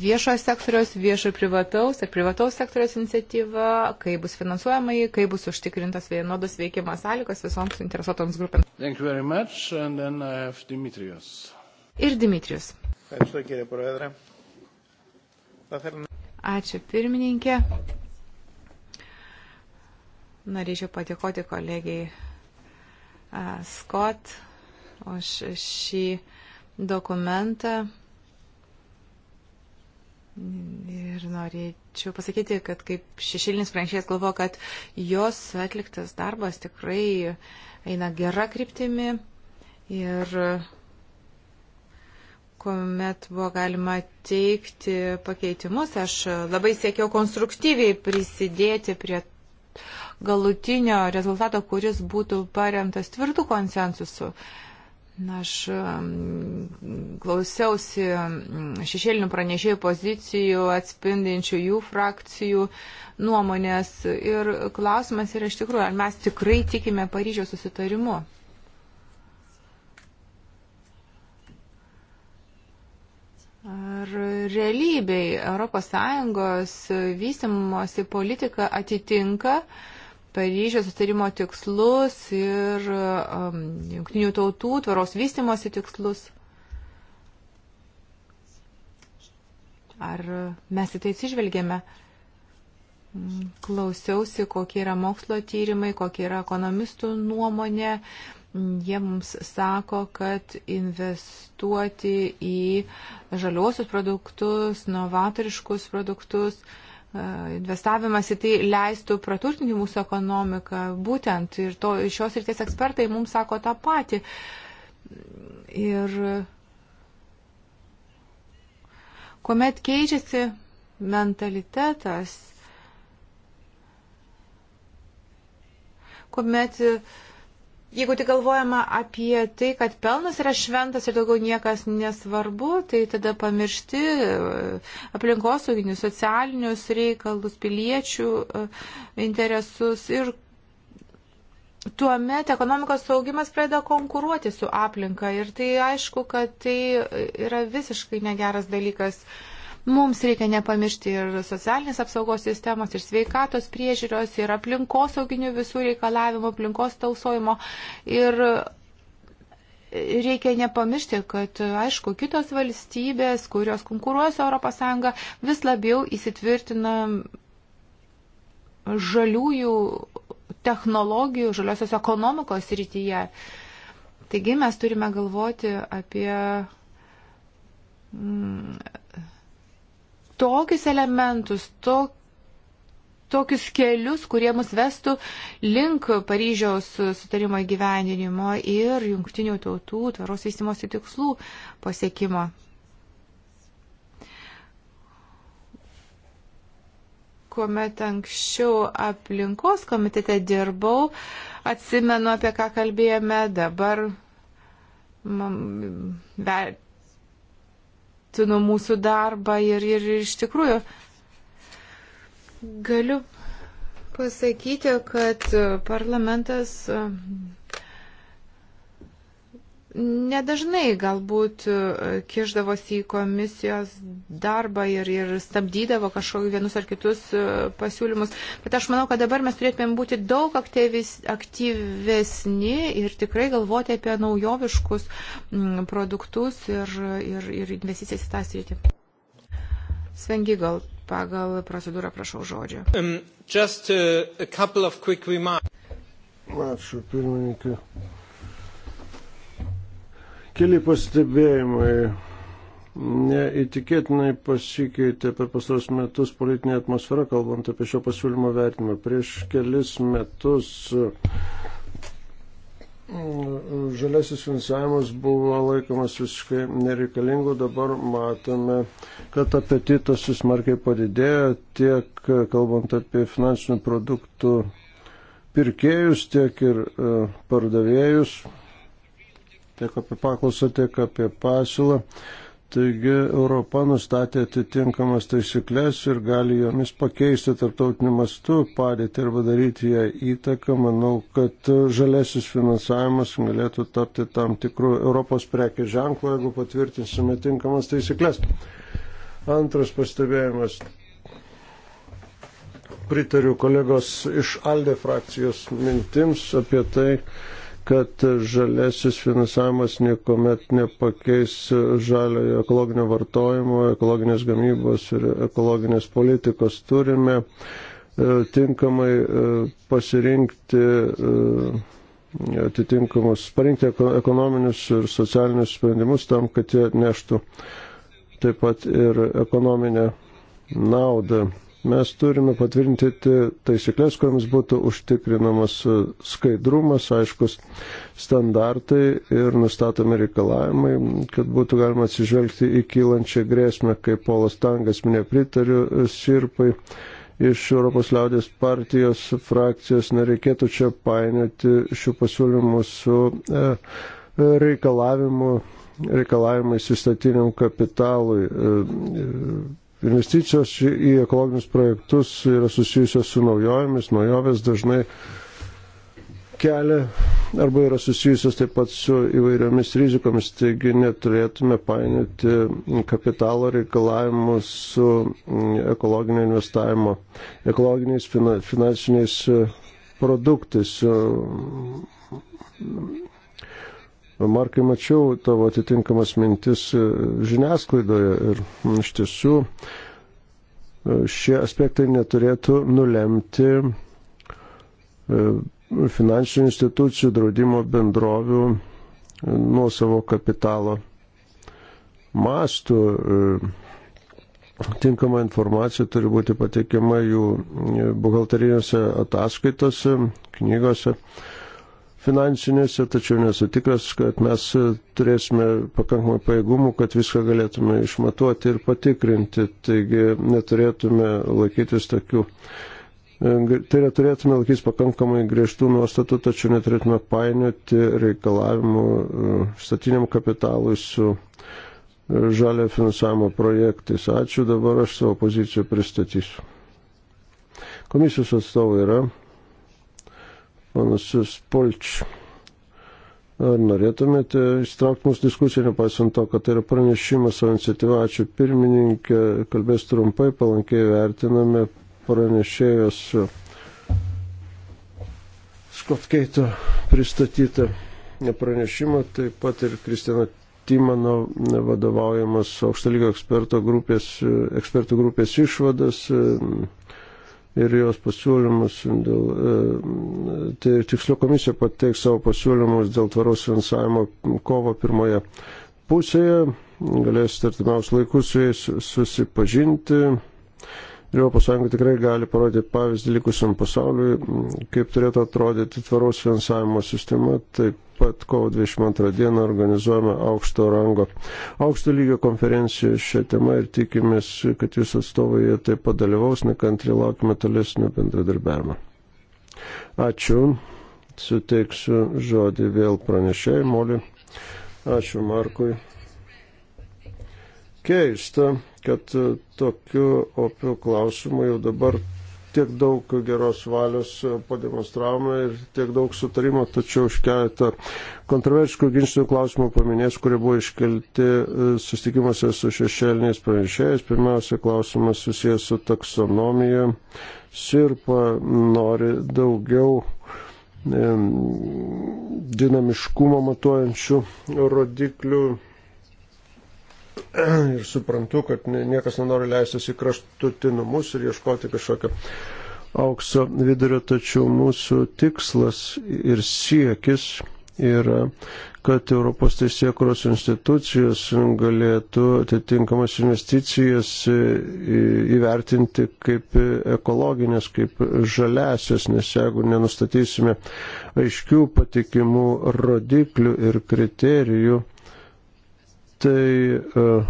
viešo sektoriaus, viešo ir privataus, ar privataus sektoriaus iniciatyva, kaip bus finansuojama jį, kaip bus užtikrintas vienodas veikimas sąlygos visoms interesuotoms grupėms. Ir Dimitrijus. Ačiū pirmininkė. Norėčiau patikoti kolegijai Scott už šį dokumentą. Ir norėčiau pasakyti, kad kaip šešilinis pranešėjas galvo, kad jos atliktas darbas tikrai eina gera kryptimi ir kuomet buvo galima teikti pakeitimus, aš labai siekiau konstruktyviai prisidėti prie galutinio rezultato, kuris būtų paremtas tvirtų konsensusu. Na, aš um, klausiausi um, šešėlinių pranešėjų pozicijų, atspindinčių jų frakcijų nuomonės ir klausimas yra iš tikrųjų, ar mes tikrai tikime Paryžiaus susitarimu. Ar realybėj ES vystimosi politika atitinka uh, Paryžiaus sustarimo tikslus ir um, jungtinių tautų tvaros vystimosi tikslus. Ar mes į tai atsižvelgėme? Mm, klausiausi, kokie yra mokslo tyrimai, kokia yra ekonomistų nuomonė. Mm, jie mums sako, kad investuoti į žaliuosius produktus, novatoriškus produktus, uh, investavimas į tai leistų praturtinti mūsų ekonomiką. Būtent ir to, šios ryties ekspertai mums sako tą patį. Ir kuomet keičiasi mentalitetas, kuomet uh, jeigu tik galvojama apie tai, kad pelnas yra šventas ir daugiau niekas nesvarbu, tai tada pamiršti e, aplinkosauginius, socialinius reikalus, piliečių e, interesus ir tuomet ekonomikos saugimas pradeda konkuruoti su aplinka ir tai aišku, kad tai yra visiškai negeras dalykas. Uh, Mums reikia nepamiršti ir socialinės apsaugos sistemos, ir sveikatos priežiūros, ir aplinkosauginių visų reikalavimų, aplinkos tausojimo. Ir reikia nepamiršti, kad, aišku, kitos valstybės, kurios konkuruoja su ES, vis labiau įsitvirtina žaliųjų technologijų, žaliosios ekonomikos rytyje. Taigi mes turime galvoti apie mm, tokius elementus, to, tokius kelius, kurie mus vestų link Paryžiaus sutarimo įgyvendinimo ir jungtinių tautų tvaros vystimosi tikslų pasiekimo. Kuomet anksčiau aplinkos komitete dirbau, atsimenu, apie ką kalbėjome dabar. Man, ver, vertinu mūsų darbą ir, ir iš tikrųjų galiu pasakyti, kad uh, parlamentas uh, nedažnai galbūt e, kiždavosi į komisijos darbą ir, ir stabdydavo kažkokius vienus ar kitus e, pasiūlymus. Bet aš manau, kad dabar mes turėtumėm būti daug aktyvis, aktyvesni ir tikrai galvoti apie naujoviškus mm, produktus ir, ir, ir investicijas į tą sritį. Svengi, gal pagal procedūrą prašau žodžio. Um, just, uh, Ačiū, pirmininkai. Keli pastebėjimai. Neįtikėtinai pasikeitė per pastaros metus politinė atmosfera, kalbant apie šio pasiūlymo vertimą. Prieš kelis metus mm, žaliasis finansavimas buvo laikomas visiškai nereikalingu, dabar matome, kad apetitas susmarkiai padidėjo tiek kalbant apie finansinių produktų pirkėjus, tiek ir e, pardavėjus tiek apie paklausą, tiek apie pasiūlą. Taigi Europa nustatė atitinkamas taisyklės ir gali jomis pakeisti tarptautiniu mastu padėti ir padaryti ją įtaką. Manau, kad žalesis finansavimas galėtų tapti tam tikrų Europos prekės ženklų, jeigu patvirtinsime tinkamas taisyklės. Antras pastebėjimas. Pritariu kolegos iš Alde frakcijos mintims apie tai, kad žalesis finansavimas niekuomet nepakeis žaliojo ekologinio vartojimo, ekologinės gamybos ir ekologinės politikos. Turime e, tinkamai e, pasirinkti e, atitinkamus, parinkti ekonominius ir socialinius sprendimus tam, kad jie neštų taip pat ir ekonominę naudą mes turime patvirtinti taisyklės, kuriams būtų užtikrinamas e, skaidrumas, aiškus standartai ir nustatomi reikalavimai, kad būtų galima atsižvelgti į kylančią grėsmę, kaip Polas Tangas minė pritariu e, sirpai. Iš Europos liaudės partijos frakcijos nereikėtų čia painioti šių pasiūlymų su e, reikalavimu, reikalavimais įstatiniam kapitalui investicijos į ekologinius projektus yra susijusios su naujovėmis, naujovės dažnai kelia arba yra susijusios taip pat su įvairiomis rizikomis, taigi neturėtume painioti kapitalo reikalavimų su ekologinio investavimo, ekologiniais finansiniais e, produktais. Markai, mačiau tavo atitinkamas mintis e, žiniasklaidoje ir iš tiesų e, šie aspektai neturėtų nulemti e, finansinių institucijų draudimo bendrovių nuo savo kapitalo mastų. Tinkama informacija turi būti pateikiama jų buhalteriniuose ataskaitose, knygose finansinėse, tačiau nesu tikras, kad mes turėsime pakankamai pajėgumų, kad viską galėtume išmatuoti ir patikrinti. Taigi neturėtume laikytis tokių. E, tai yra turėtume laikytis pakankamai griežtų nuostatų, tačiau neturėtume painioti reikalavimų e, statiniam kapitalui su e, žalio finansavimo projektais. Ačiū, dabar aš savo poziciją pristatysiu. Komisijos atstovai yra Manas Spolč. Ar norėtumėte įstraukti mūsų diskusiją, nepaisant to, kad tai yra pranešimas savo iniciatyva. Ačiū pirmininkė, kalbės trumpai, palankiai vertiname pranešėjos Skotkeito pristatytą pranešimą, taip pat ir Kristina Timano vadovaujamas aukštalygio ekspertų grupės išvadas ir jos pasiūlymus dėl, e, tai tiksliau komisija pateiks savo pasiūlymus dėl tvaros finansavimo kovo pirmoje pusėje, galėsite artimiausius laikus su jais susipažinti. ES tikrai gali parodyti pavyzdį likusiam pasauliui, mm, kaip turėtų atrodyti tvaraus finansavimo sistema. Taip pat kovo 22 dieną organizuojame aukšto rango, aukšto lygio konferenciją šią temą ir tikimės, kad jūs atstovai taip pat dalyvaus, nekantriai laukime tolesnio bendradarbiavimo. Ačiū. Suteiksiu žodį vėl pranešėjai, Moli. Ačiū Markui. Keista, kad e, tokiu opiu klausimu jau dabar tiek daug geros valios e, pademonstravome ir tiek daug sutarimo, tačiau už keletą kontroversiškų ginčių klausimų paminės, kurie buvo iškelti e, susitikimuose su šešėliniais pranešėjais. Pirmiausia, klausimas susijęs su taksonomija. Sirpa nori daugiau dinamiškumą matuojančių rodiklių ir suprantu, kad niekas nenori leistis į kraštutinumus ir ieškoti kažkokio aukso vidurio, tačiau mūsų tikslas ir siekis yra, kad Europos teisėkuros institucijos galėtų atitinkamas investicijas įvertinti kaip ekologinės, kaip žaliasias, nes jeigu nenustatysime aiškių patikimų rodiklių ir kriterijų, tai uh,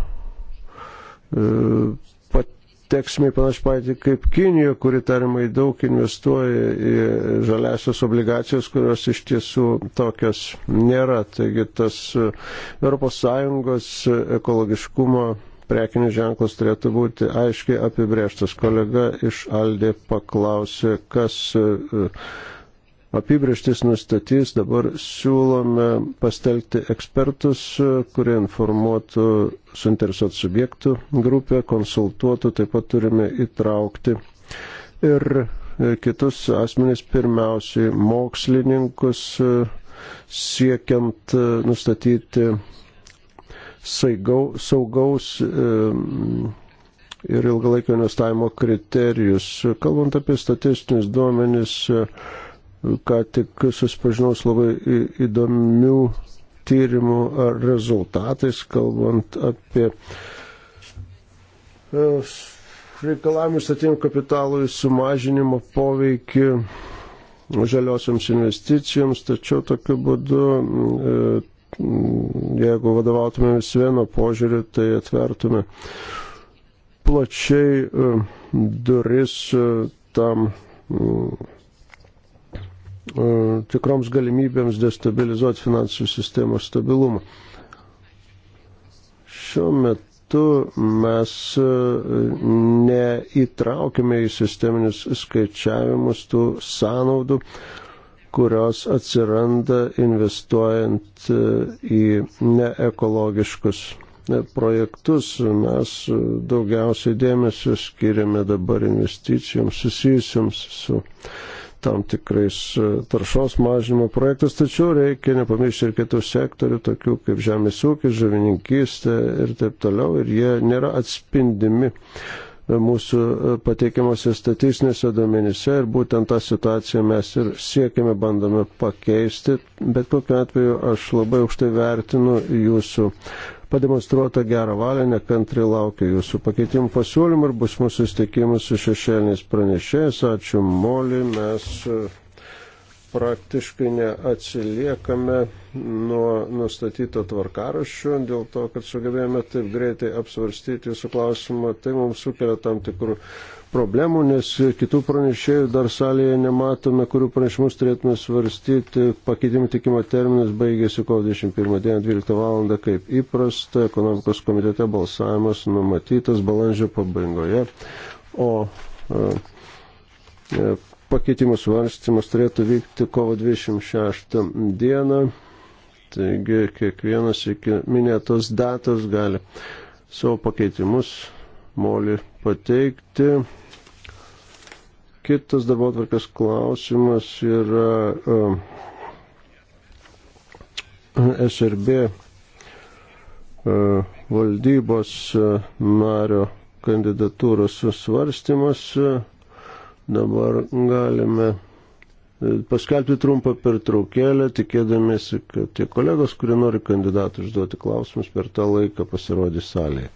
uh, pateksime į panašią patį kaip Kinija, kuri tariamai daug investuoja į žaliasios obligacijas, kurios iš tiesų tokios nėra. Taigi tas ES ekologiškumo prekinis ženklas turėtų būti aiškiai apibrėžtas. Kolega iš Aldė paklausė, kas. Uh, apibrieštis nustatys, dabar siūlome pastelgti ekspertus, kurie informuotų suinteresuotų subjektų grupę, konsultuotų, taip pat turime įtraukti ir e, kitus asmenys, pirmiausiai mokslininkus, e, siekiant e, nustatyti saigau, saugaus ir ilgalaikio investavimo kriterijus. Kalbant apie statistinius duomenis, ką tik suspažinau su labai įdomių tyrimų rezultatais, kalbant apie e, reikalavimus statymų kapitalui sumažinimo poveikį žaliosioms investicijoms, tačiau tokiu būdu, mm, e, jeigu vadovautumėmės vieno požiūriu, tai atvertume plačiai e, duris tam mm, E, tikroms galimybėms destabilizuoti finansų sistemos stabilumą. Šiuo metu mes e, neįtraukime į sisteminius skaičiavimus tų sąnaudų, kurios atsiranda investuojant e, į neekologiškus projektus. Mes daugiausiai dėmesio skiriame dabar investicijoms susijusiams su tam tikrais e, taršos mažinimo projektus, tačiau reikia nepamiršti ir kitų sektorių, tokių kaip žemės ūkis, žuvininkystė ir taip toliau, ir jie nėra atspindimi e, mūsų e, pateikiamose statistinėse duomenyse ir būtent tą situaciją mes ir siekiame, bandome pakeisti, bet kokiu atveju aš labai aukštai vertinu jūsų pademonstruotą gerą valią, nekantri laukiu jūsų pakeitimų pasiūlymų ir bus mūsų susitikimas su šešėliniais pranešėjais. Ačiū, Moli, mes e, praktiškai neatsiliekame nuo nustatyto tvarkaraščio, dėl to, kad sugebėjome taip greitai apsvarstyti jūsų klausimą, tai mums sukelia tam tikrų problemų, nes kitų pranešėjų dar salėje nematome, kurių pranešimus turėtume svarstyti. Pakeitimų tikimo terminas baigėsi kovo 21 dieną 12 val. kaip įprasta. Ekonomikos komitete balsavimas numatytas balandžio pabaigoje, o e, e pakeitimų svarstymas turėtų vykti kovo 26 dieną. Taigi kiekvienas iki minėtos datos gali savo pakeitimus molį pateikti. Kitas darbo atvarkės klausimas yra uh, um, SRB uh, valdybos uh, nario kandidatūros svarstymas. Dabar galime uh, paskelbti trumpą pertraukėlę, tikėdamėsi, kad tie kolegos, kurie nori kandidatų užduoti klausimus, per tą laiką pasirodys salėje.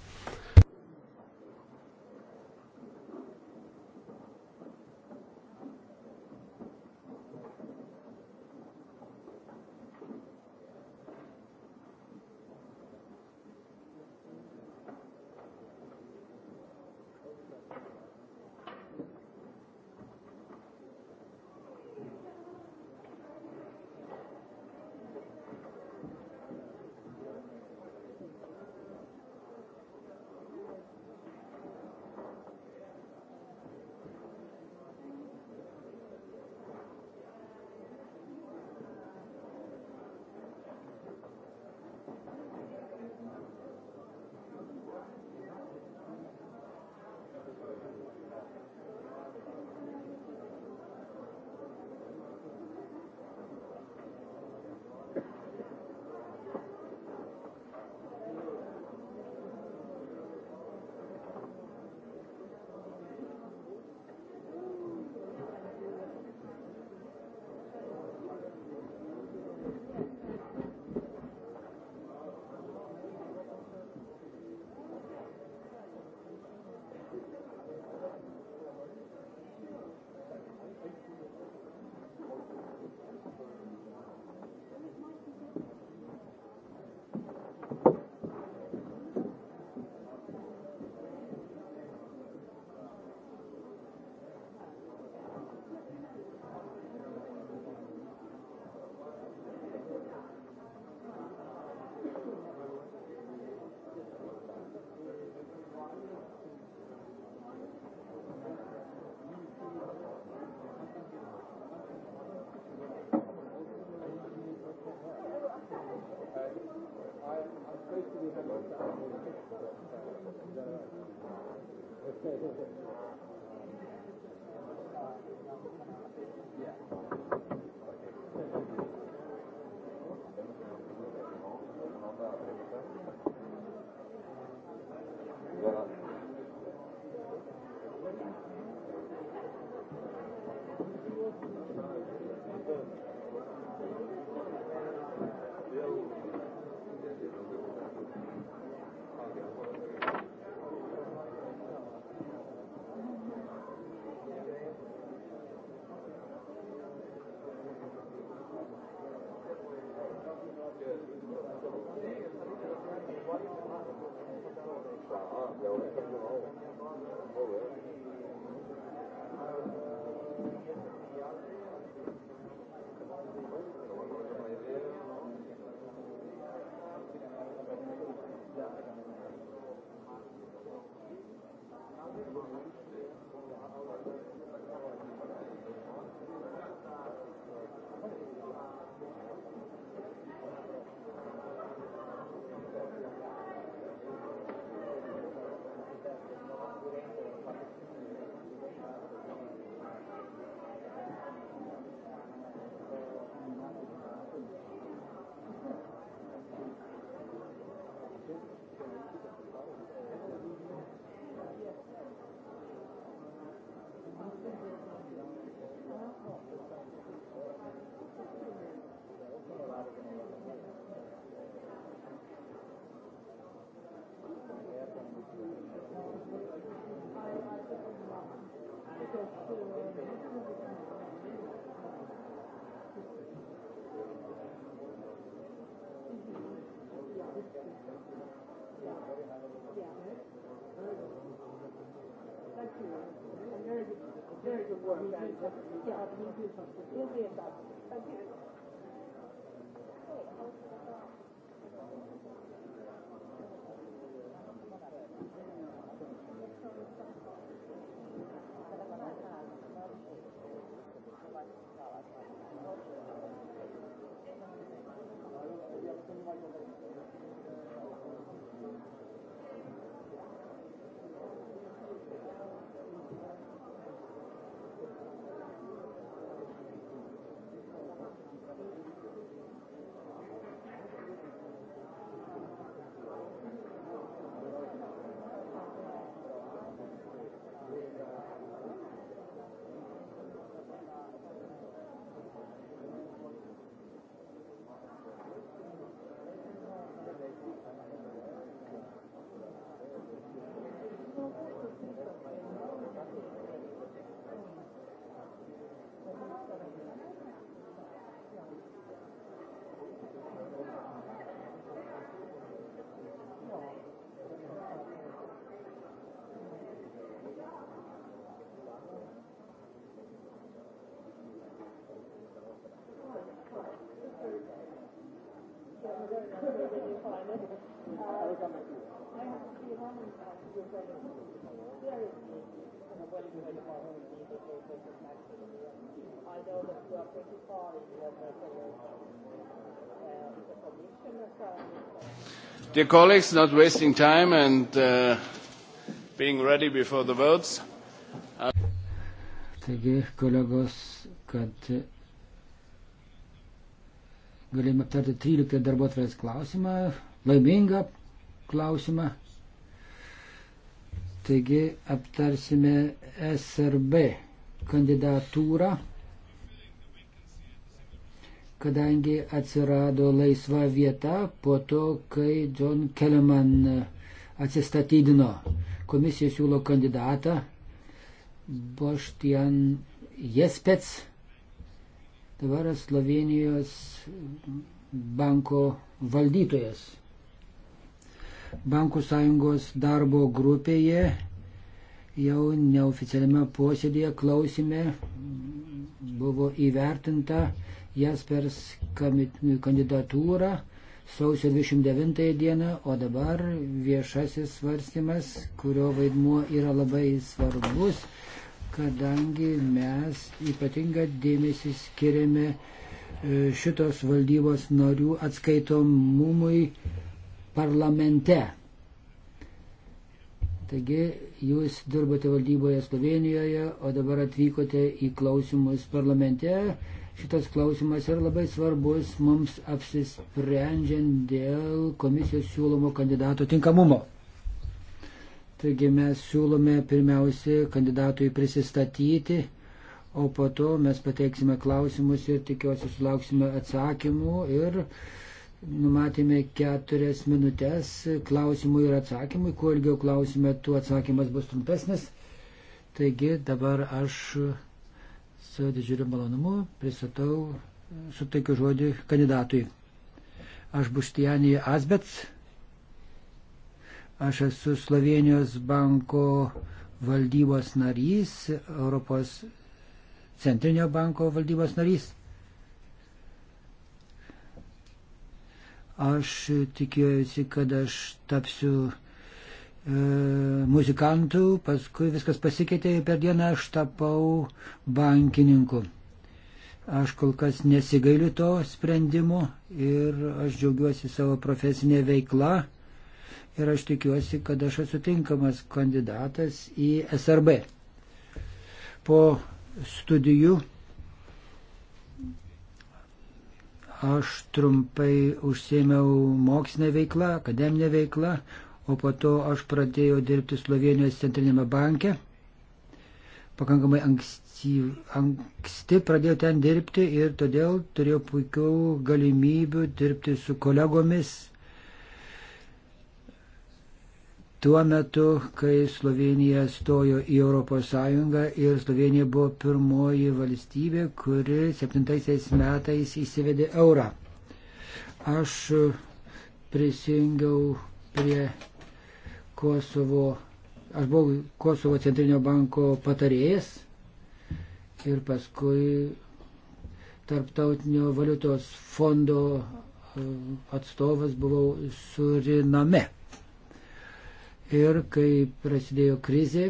Limpiezas. Limpiezas. Así es. I know that you are pretty far in your preparation. Dear colleagues, not wasting time and uh, being ready before the votes. I... Taigi, kolegos, kad galime aptarti 13 darbo klausimą, laimingą klausimą, Taigi aptarsime SRB kandidatūrą, kadangi atsirado laisva vieta po to, kai John Kellerman atsistatydino. Komisija siūlo kandidatą Boštian Jespets, dabar Slovenijos banko valdytojas. Bankų sąjungos darbo grupėje jau neoficialiame posėdėje klausime buvo įvertinta Jaspers kandidatūra sausio 29 dieną, o dabar viešasis svarstymas, kurio vaidmuo yra labai svarbus, kadangi mes ypatingą dėmesį skiriame e, šitos valdybos narių atskaitomumui parlamente. Taigi jūs dirbate valdyboje Slovenijoje, o dabar atvykote į klausimus parlamente. Šitas klausimas yra labai svarbus mums apsisprendžiant dėl komisijos siūlomo kandidato tinkamumo. Taigi mes siūlome pirmiausia kandidatui prisistatyti, o po to mes pateiksime klausimus ir tikiuosi sulauksime atsakymų ir uh, numatėme keturias minutės klausimui ir atsakymui. Kuo ilgiau klausime, tuo atsakymas bus trumpesnis. Taigi dabar aš su didžiuliu malonumu pristatau, suteikiu žodį kandidatui. Aš Buštijanį Asbets. Aš esu Slovenijos banko valdybos narys, Europos centrinio banko valdybos narys. Aš tikėjausi, kad aš tapsiu e, muzikantų, paskui viskas pasikeitė, per dieną aš tapau bankininku. Aš kol kas nesigailiu to sprendimu ir aš džiaugiuosi savo profesinė veikla ir aš tikiuosi, kad aš esu tinkamas kandidatas į SRB. Po studijų Aš trumpai užsėmiau mokslinę veiklą, akademinę veiklą, o po to aš pradėjau dirbti Slovenijos centrinėme banke. Pakankamai anksti, anksti pradėjau ten dirbti ir todėl turėjau puikių galimybių dirbti su kolegomis tuo metu, kai Slovenija stojo į ES ir Slovenija buvo pirmoji valstybė, kuri 7 metais įsivedė eurą. Aš prisijungiau prie Kosovo, aš buvau Kosovo centrinio banko patarėjas ir paskui Tarptautinio valiutos fondo e, atstovas buvau Suriname. Ir kai prasidėjo krizė,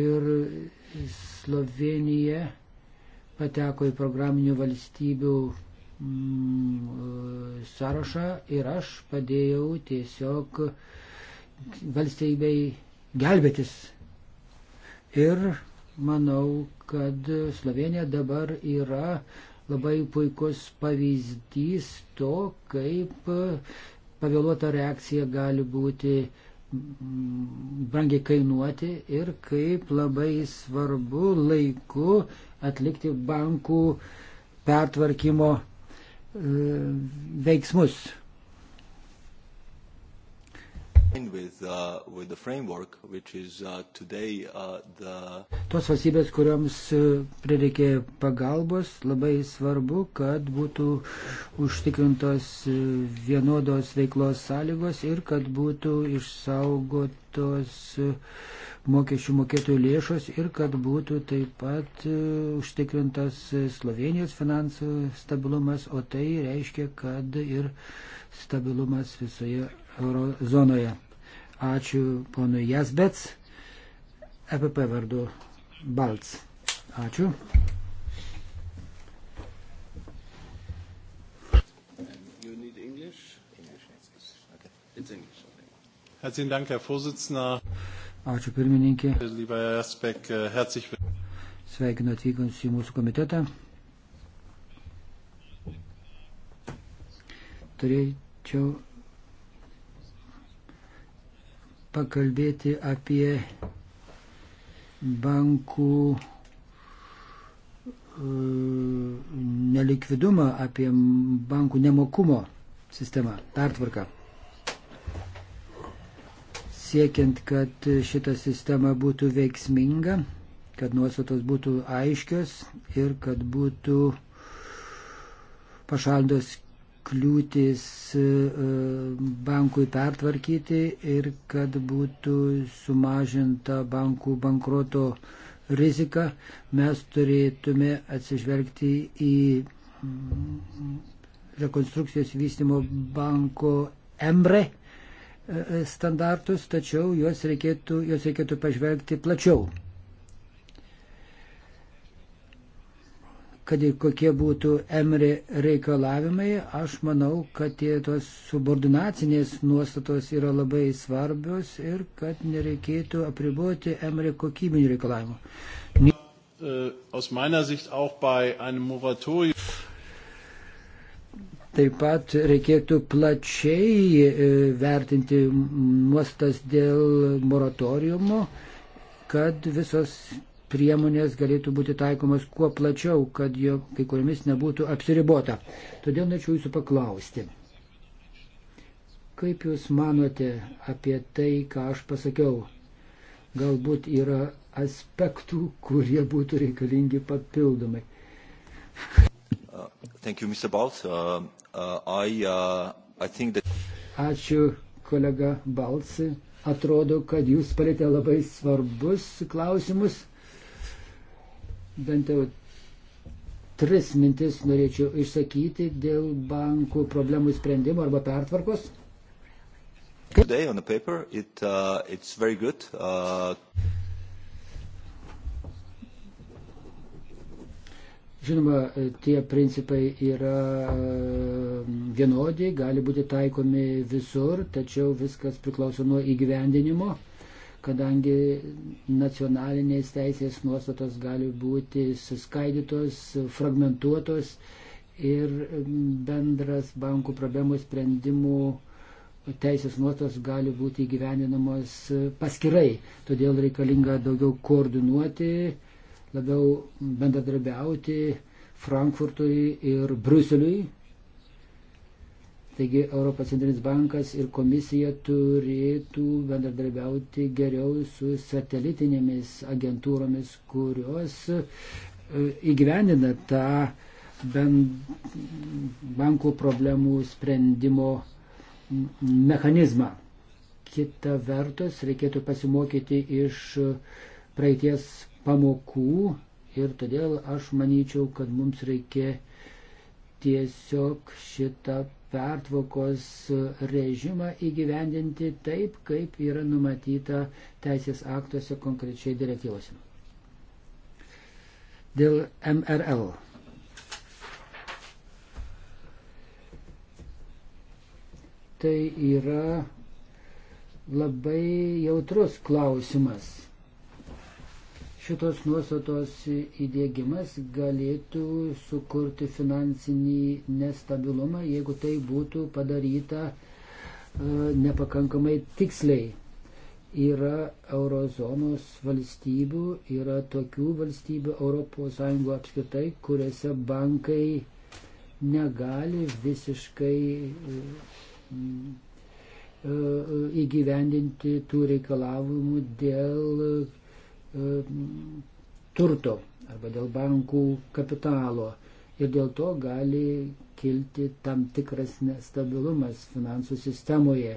ir Slovenija pateko į programinių valstybių mm, sąrašą ir aš padėjau tiesiog valstybei gelbėtis. Ir manau, kad Slovenija dabar yra labai puikus pavyzdys to, kaip pavėluota reakcija gali būti mm, brangiai kainuoti ir kaip labai svarbu laiku atlikti bankų pertvarkymo e, veiksmus. With, uh, with is, uh, today, uh, the... Tos valstybės, kuriams e, prireikė pagalbos, labai svarbu, kad būtų užtikrintos e, vienodos veiklos sąlygos ir kad būtų išsaugotos e, mokesčių mokėtojų lėšos ir kad būtų taip pat užtikrintas Slovenijos finansų stabilumas, o tai reiškia, kad ir stabilumas visoje eurozonoje. Ačiū ponui Jasbets. EPP vardu Balts. Ačiū. Herzlichen Dank, Herr Vorsitzender. Ačiū pirmininkė. Äh, Sveikinu atvykus į mūsų komitetą. Turėčiau pakalbėti apie bankų e, nelikvidumą, apie bankų nemokumo sistemą, pertvarką. Siekiant, kad šita sistema būtų veiksminga, kad nuostatos būtų aiškios ir kad būtų pašaldos kliūtis e, bankui pertvarkyti ir kad būtų sumažinta bankų bankroto rizika, mes turėtume atsižvelgti į mm, rekonstrukcijos vystimo banko embre e, e, standartus, tačiau juos reikėtų, juos reikėtų pažvelgti plačiau. kad ir kokie būtų emri reikalavimai, aš manau, kad tie tos subordinacinės nuostatos yra labai svarbios ir kad nereikėtų apriboti emri kokybinių reikalavimų. Äh, Taip pat reikėtų plačiai e, vertinti nuostas dėl moratoriumo, kad visos priemonės galėtų būti taikomas kuo plačiau, kad jo kai kuriomis nebūtų apsiribota. Todėl norėčiau jūsų paklausti. Kaip jūs manote apie tai, ką aš pasakiau? Galbūt yra aspektų, kurie būtų reikalingi papildomai. Uh, thank you, Mr. Balts. Uh, uh, I, uh, I think that... Ačiū, kolega Balsi. Atrodo, kad jūs palėtė labai svarbus klausimus bent jau tris mintis norėčiau išsakyti dėl bankų problemų sprendimo arba pertvarkos. Today on the paper, it, uh, it's very good. Uh... Žinoma, tie principai yra uh, vienodi, gali būti taikomi visur, tačiau viskas priklauso nuo įgyvendinimo kadangi nacionalinės teisės nuostatos gali būti suskaidytos, fragmentuotos ir bendras bankų problemų sprendimų teisės nuostatos gali būti įgyveninamos paskirai. Todėl reikalinga daugiau koordinuoti, labiau bendradarbiauti Frankfurtui ir Bruseliui Taigi Europos centrinis bankas ir komisija turėtų bendradarbiauti geriau su satelitinėmis agentūromis, kurios e, įgyvendina tą bankų problemų sprendimo mechanizmą. Kita vertus, reikėtų pasimokyti iš praeities pamokų ir todėl aš manyčiau, kad mums reikia tiesiog šitą pertvarkos režimą įgyvendinti taip, kaip yra numatyta teisės aktuose konkrečiai direktyvose. Dėl MRL. Tai yra labai jautrus klausimas šitos nuostatos įdėgymas galėtų sukurti finansinį nestabilumą, jeigu tai būtų padaryta e, nepakankamai tiksliai. Yra eurozonos valstybių, yra tokių valstybių ES apskritai, kuriuose bankai negali visiškai e, e, įgyvendinti tų reikalavimų dėl E, turto arba dėl bankų kapitalo. Ir dėl to gali kilti tam tikras nestabilumas finansų sistemoje.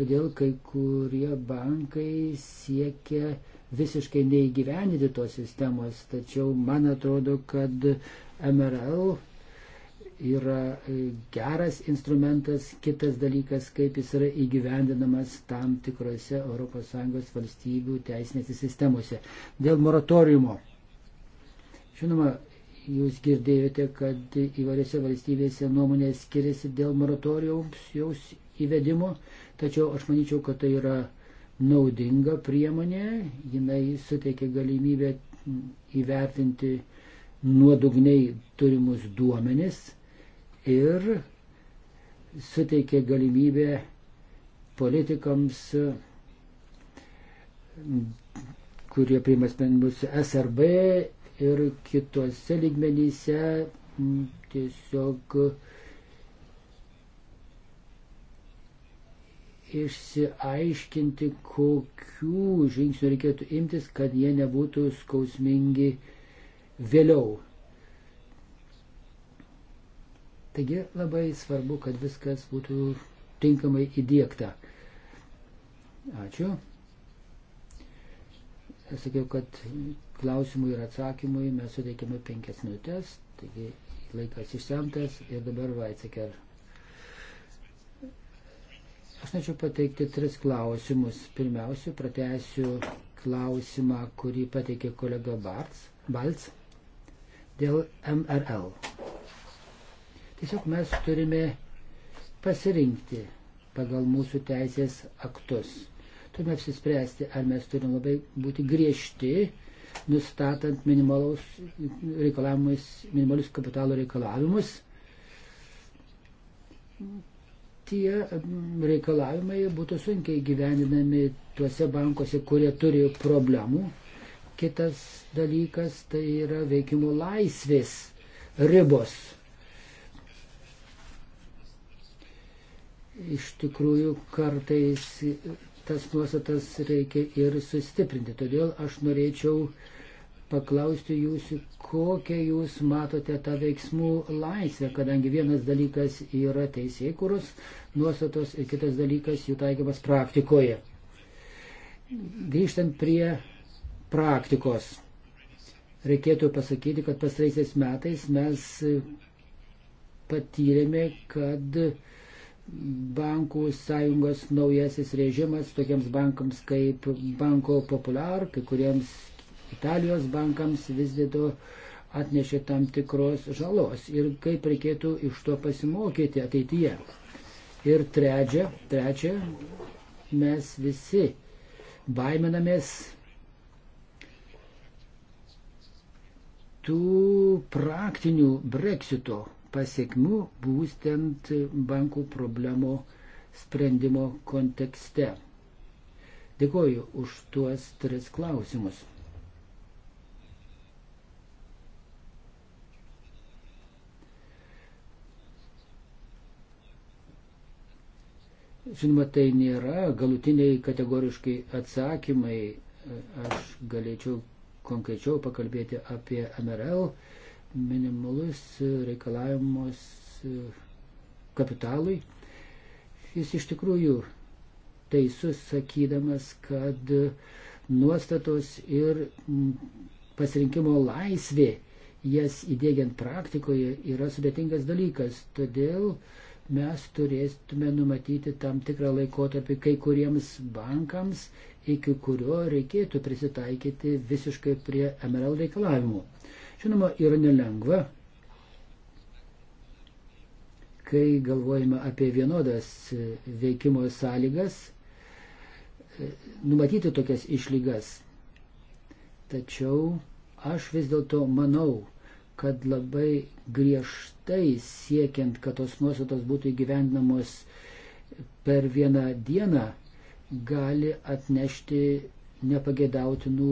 Todėl kai kurie bankai siekia visiškai neįgyvenyti tos sistemos, tačiau man atrodo, kad MRL yra e, geras instrumentas, kitas dalykas, kaip jis yra įgyvendinamas tam tikrose ES valstybių teisinėse sistemose. Dėl moratoriumo. Žinoma, jūs girdėjote, kad įvairiose valstybėse nuomonės skiriasi dėl moratorijaus jaus įvedimo, tačiau aš manyčiau, kad tai yra naudinga priemonė, jinai suteikia galimybę įvertinti nuodugniai turimus duomenis ir suteikė galimybę politikams, kurie priima sprendimus SRB ir kitose lygmenyse tiesiog išsiaiškinti, kokių žingsnių reikėtų imtis, kad jie nebūtų skausmingi vėliau. Taigi labai svarbu, kad viskas būtų tinkamai įdėkta. Ačiū. Aš sakiau, kad klausimui ir atsakymui mes suteikėme penkias minutės, taigi laikas išsemtas ir dabar Vaitseker. Aš norėčiau pateikti tris klausimus. Pirmiausia, pratęsiu klausimą, kurį pateikė kolega Barts, Balts dėl MRL. Tiesiog mes turime pasirinkti pagal mūsų teisės aktus. Turime apsispręsti, ar mes turime labai būti griežti, nustatant minimalius kapitalo reikalavimus. Tie mm, reikalavimai būtų sunkiai gyveninami tuose bankuose, kurie turi problemų. Kitas dalykas tai yra veikimo laisvės ribos iš tikrųjų kartais tas nuostatas reikia ir sustiprinti. Todėl aš norėčiau paklausti jūsų, kokią jūs matote tą veiksmų laisvę, kadangi vienas dalykas yra teisėkurus nuostatos ir kitas dalykas jų taikymas praktikoje. Grįžtant prie praktikos, reikėtų pasakyti, kad pastraisiais metais mes patyrėme, kad uh, bankų sąjungos naujasis režimas tokiems bankams kaip Banko Popular, kai kuriems Italijos bankams vis dėlto atnešė tam tikros žalos ir kaip reikėtų iš to pasimokyti ateityje. Ir trečia, trečia mes visi baiminamės tų praktinių breksito pasiekmių būtent bankų problemo sprendimo kontekste. Dėkoju už tuos tris klausimus. Žinoma, tai nėra galutiniai kategoriškai atsakymai. Aš galėčiau konkrečiau pakalbėti apie MRL minimalus reikalavimus kapitalui. Jis iš tikrųjų teisus sakydamas, kad nuostatos ir pasirinkimo laisvė jas įdėgiant praktikoje yra sudėtingas dalykas. Todėl mes turėtume numatyti tam tikrą laikotarpį kai kuriems bankams, iki kurio reikėtų prisitaikyti visiškai prie MRL reikalavimų. Žinoma, yra nelengva, kai galvojame apie vienodas e, veikimo sąlygas, e, numatyti tokias išlygas. Tačiau aš vis dėlto manau, kad labai griežtai siekiant, kad tos nuostatos būtų įgyvendinamos per vieną dieną, gali atnešti nepagėdautinų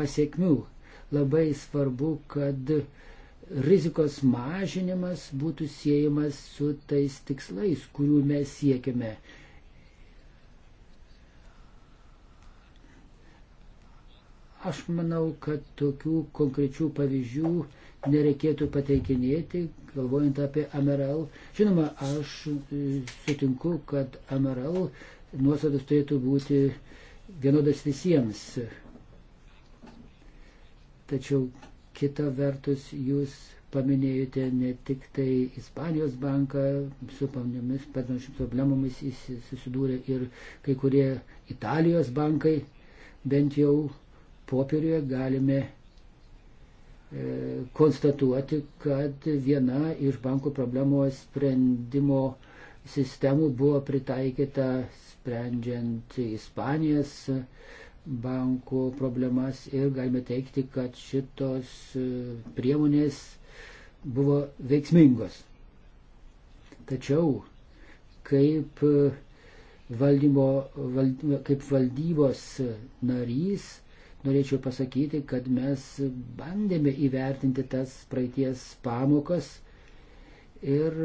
pasiekmių. Labai svarbu, kad rizikos mažinimas būtų siejamas su tais tikslais, kurių mes siekime. Aš manau, kad tokių konkrečių pavyzdžių nereikėtų pateikinėti, galvojant apie MRL. Žinoma, aš e, sutinku, kad MRL nuostatas turėtų būti vienodas visiems Tačiau kita vertus jūs paminėjote ne tik tai Ispanijos banką, su panašiomis problemomis susidūrė ir kai kurie Italijos bankai, bent jau popieriuje galime e, konstatuoti, kad viena iš bankų problemos sprendimo sistemų buvo pritaikyta sprendžiant Ispanijos e, bankų problemas ir galime teikti, kad šitos e, priemonės buvo veiksmingos. Tačiau kaip, e, valdymo, vald, kaip valdybos narys norėčiau pasakyti, kad mes bandėme įvertinti tas praeities pamokas ir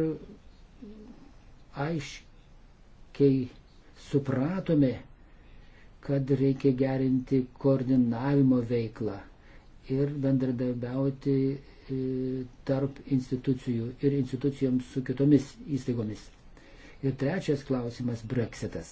aiškiai supratome, kad reikia gerinti koordinavimo veiklą ir bendradarbiauti e, tarp institucijų ir institucijoms su kitomis įstaigomis. Ir trečias klausimas - Brexitas.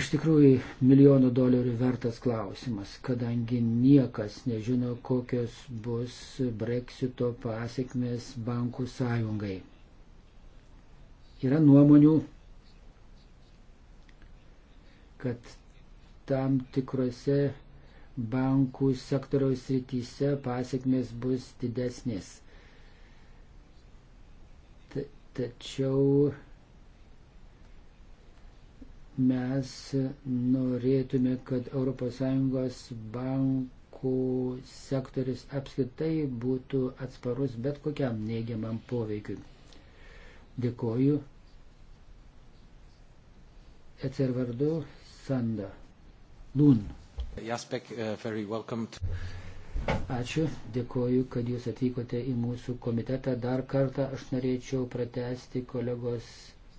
Iš tikrųjų, milijonų dolerių vertas klausimas, kadangi niekas nežino, kokios bus Brexito pasiekmes bankų sąjungai. Yra nuomonių, kad tam tikrose bankų sektoriaus rytise pasiekmes bus didesnės. Ta, tačiau mes norėtume, kad ES bankų sektorius apskritai būtų atsparus bet kokiam neigiamam poveikiui. Dėkoju. Ecervardu Sanda. Lūn. Jaspek, uh, very welcome. Ačiū, dėkoju, kad jūs atvykote į mūsų komitetą. Dar kartą aš norėčiau pratesti kolegos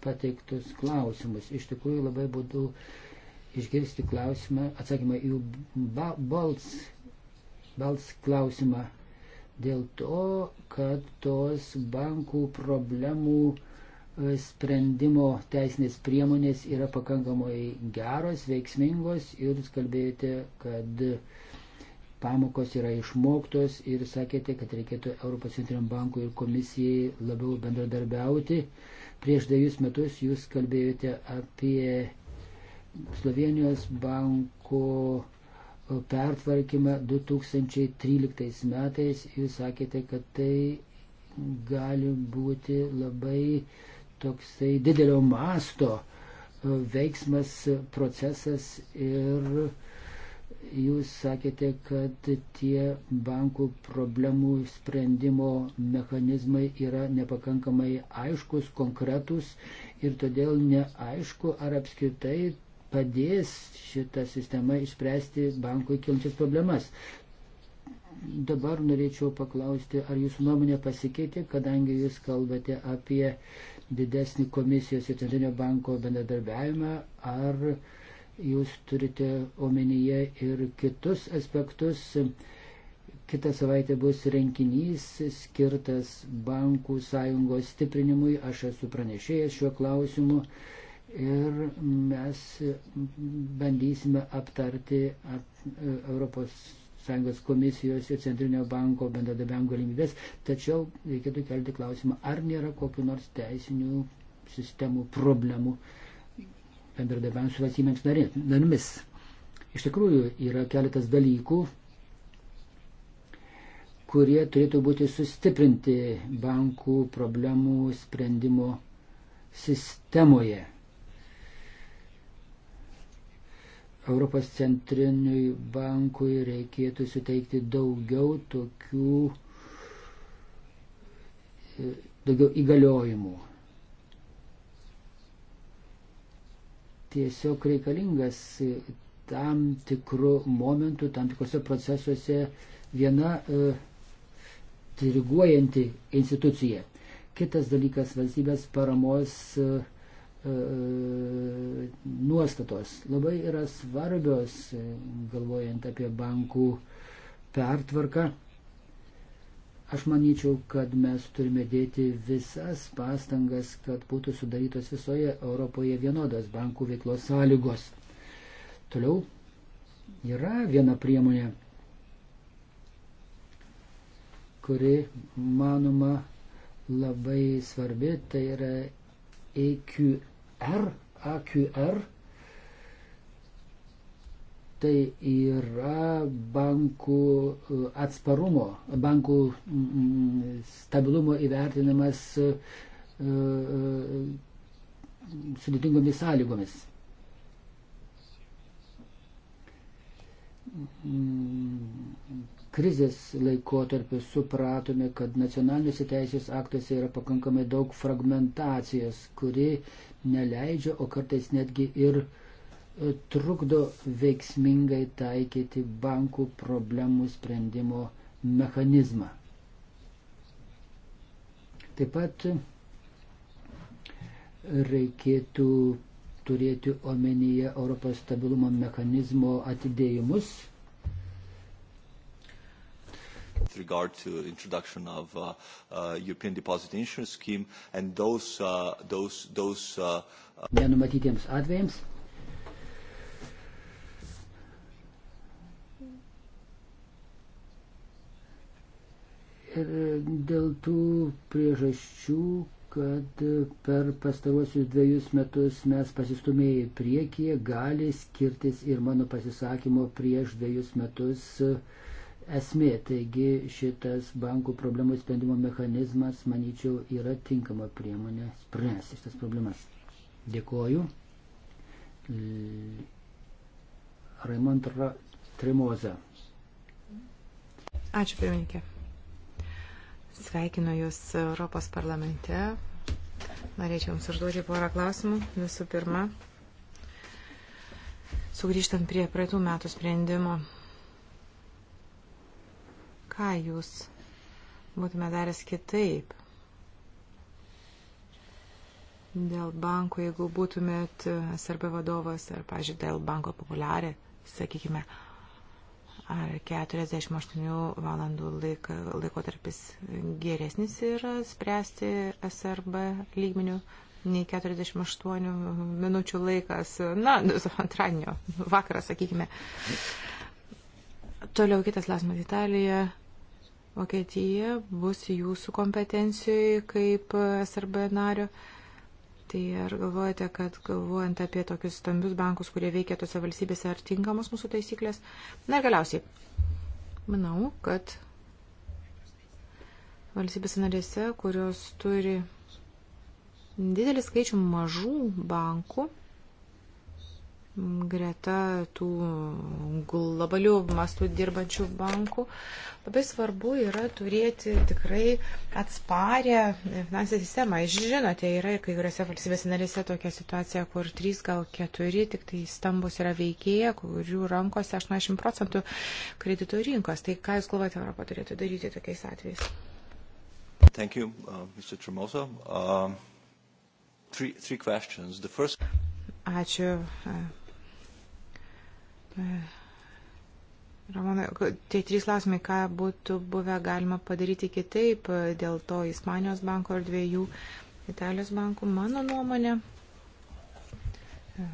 pateiktus klausimus. Iš tikrųjų labai būtų išgirsti klausimą, atsakymą į balts, balts klausimą dėl to, kad tos bankų problemų sprendimo teisinės priemonės yra pakankamai geros, veiksmingos ir jūs kalbėjote, kad pamokos yra išmoktos ir sakėte, kad reikėtų Europos centriniam bankui ir komisijai labiau bendradarbiauti. Prieš dviejus metus jūs kalbėjote apie Slovenijos banko pertvarkymą 2013 metais. Jūs sakėte, kad tai gali būti labai uh, toksai didelio masto e, veiksmas, procesas ir jūs sakėte, kad tie bankų problemų sprendimo mechanizmai yra nepakankamai aiškus, konkretus ir todėl neaišku, ar apskritai padės šita sistema išspręsti bankui kilčias problemas. Dabar norėčiau paklausti, ar jūsų nuomonė pasikeitė, kadangi jūs kalbate apie didesnį komisijos ir Centrinio banko bendradarbiavimą, ar jūs turite omenyje ir kitus aspektus. Kita savaitė bus renginys skirtas bankų sąjungos stiprinimui. Aš esu pranešėjęs šiuo klausimu ir mes bandysime aptarti Europos Sąjungos komisijos ir Centrinio banko bendradarbiavimo galimybės, tačiau reikėtų kelti klausimą, ar nėra kokiu nors teisinių sistemų problemų bendradarbiavimo su valstybėms narimis. Iš tikrųjų, yra keletas dalykų, kurie turėtų būti sustiprinti bankų problemų sprendimo sistemoje. Europos centriniui bankui reikėtų suteikti daugiau tokių e, daugiau įgaliojimų. Tiesiog reikalingas tam tikrų momentų, tam tikrose procesuose viena e, diriguojanti institucija. Kitas dalykas - valstybės paramos e, E, nuostatos labai yra svarbios, e, galvojant apie bankų pertvarką. Aš manyčiau, kad mes turime dėti visas pastangas, kad būtų sudarytos visoje Europoje vienodos bankų veiklos sąlygos. Toliau yra viena priemonė, kuri, manoma, labai svarbi, tai yra EQE R, AQR. Tai yra bankų e, atsparumo, bankų stabilumo įvertinimas e, e, sudėtingomis sąlygomis krizės laikotarpiu supratome, kad nacionaliniuose teisės aktuose yra pakankamai daug fragmentacijos, kuri neleidžia, o kartais netgi ir e, trukdo veiksmingai taikyti bankų problemų sprendimo mechanizmą. Taip pat reikėtų turėti omenyje Europos stabilumo mechanizmo atidėjimus with regard to introduction of uh, uh, European Deposit Insurance Scheme and those uh, those those. Uh, uh Nenumatytiems atvejams. Ir dėl tų priežasčių, kad per pastaruosius dviejus metus mes pasistumėjai priekyje, gali skirtis ir mano pasisakymo prieš dviejus metus uh, esmė. Taigi šitas bankų problemų sprendimo mechanizmas, manyčiau, yra tinkama priemonė spręsti šitas problemas. Dėkuoju. Raimond Tremoza. Ačiū, pirmininkė. Sveikinu Jūs Europos parlamente. Norėčiau Jums užduoti porą klausimų. Visų pirma, sugrįžtant prie praeitų metų sprendimo ką jūs būtume daręs kitaip dėl banko, jeigu būtumėt e, SRB vadovas ar, pažiūrėjau, dėl banko populiarė, sakykime, ar 48 valandų laiko, laikotarpis geresnis yra spręsti SRB lygmenių nei 48 minučių laikas, na, antradienio vakarą, sakykime. Toliau kitas lasmas Italija. Vokietija bus jūsų kompetencijoje kaip SRB nario. Tai ar galvojate, kad galvojant apie tokius stambius bankus, kurie veikia tose valstybėse, ar tinkamos mūsų taisyklės? Na ir galiausiai, manau, kad valstybės narėse, kurios turi didelį skaičių mažų bankų, greta tų globalių mastų dirbančių bankų, labai svarbu yra turėti tikrai atsparę finansinę sistemą. Žinote, yra kai kuriuose valstybės narėse tokia situacija, kur trys gal keturi tik tai stambus yra veikėja, kurių rankose 80 procentų kreditų rinkos. Tai ką Jūs galvojate, Europą turėtų daryti tokiais atvejais? Thank you, uh, Mr. Tremosa. Uh, three, three questions. The first... Ačiū. Uh, Ramona, tie trys klausimai, ką būtų buvę galima padaryti kitaip e, dėl to Ispanijos banko ir dviejų Italijos bankų, mano nuomonė,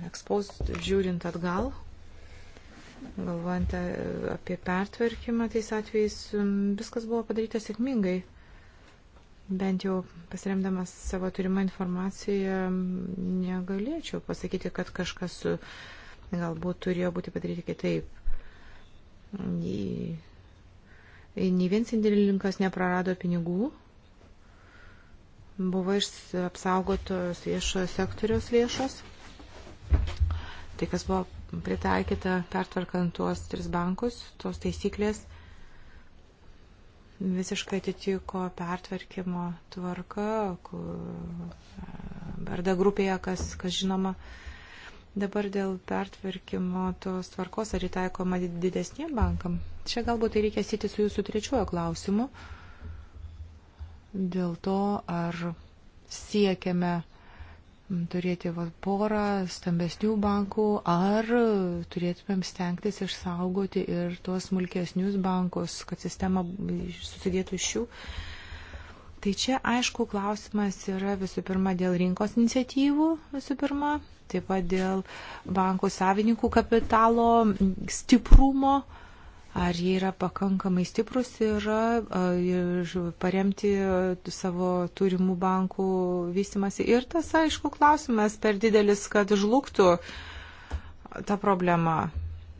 ekspost žiūrint atgal, galvojant e, apie pertvarkymą tais atvejais, viskas buvo padaryta sėkmingai. Bent jau pasiremdamas savo turimą informaciją, negalėčiau pasakyti, kad kažkas su e, galbūt turėjo būti padaryti kitaip. Nei vien sindėlininkas neprarado pinigų, buvo apsaugotos viešojo sektoriaus lėšos. Tai, kas buvo pritaikyta pertvarkant tuos tris bankus, tos taisyklės visiškai atitiko pertvarkymo tvarka, kur, barda grupėje, kas, kas žinoma, uh, Dabar dėl pertvarkymo tos tvarkos, ar įtaikoma didesniem bankam? Čia galbūt tai reikia sėti su jūsų trečiojo klausimu. Dėl to, ar siekiame turėti va, porą stambesnių bankų, ar turėtumėm stengtis išsaugoti ir tuos smulkesnius bankus, kad sistema susidėtų iš jų. Uh, Tai čia, aišku, klausimas yra visų pirma dėl rinkos iniciatyvų, visų pirma, taip pat dėl bankų savininkų kapitalo stiprumo, ar jie yra pakankamai stiprus ir, ir paremti savo turimų bankų vystimasi. Ir tas, aišku, klausimas per didelis, kad žlugtų ta problema.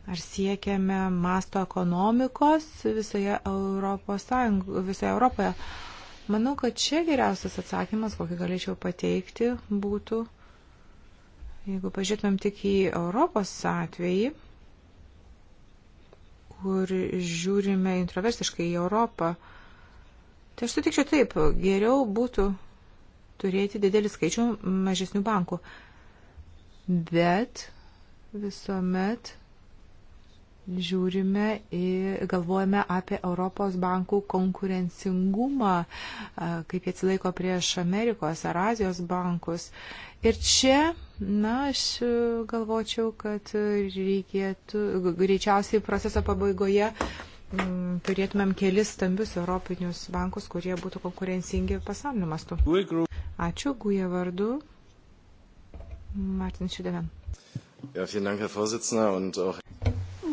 Ar siekiame masto ekonomikos visoje, Europos Sąjung, visoje Europoje? Manau, kad čia geriausias atsakymas, kokį galėčiau pateikti, būtų, jeigu pažiūrėtumėm tik į Europos atvejį, kur žiūrime introversiškai į Europą, tai aš sutikčiau taip, geriau būtų turėti didelį skaičių mažesnių bankų. Bet visuomet žiūrime ir galvojame apie Europos bankų konkurencingumą, kaip jie atsilaiko prieš Amerikos ar Azijos bankus. Ir čia, na, aš galvočiau, kad reikėtų, greičiausiai proceso pabaigoje mm, turėtumėm kelis stambius europinius bankus, kurie būtų konkurencingi pasaulio mastu. Ačiū, Guja vardu. Martin Šidevin. Ja, vielen Dank, Herr Vorsitzender, und auch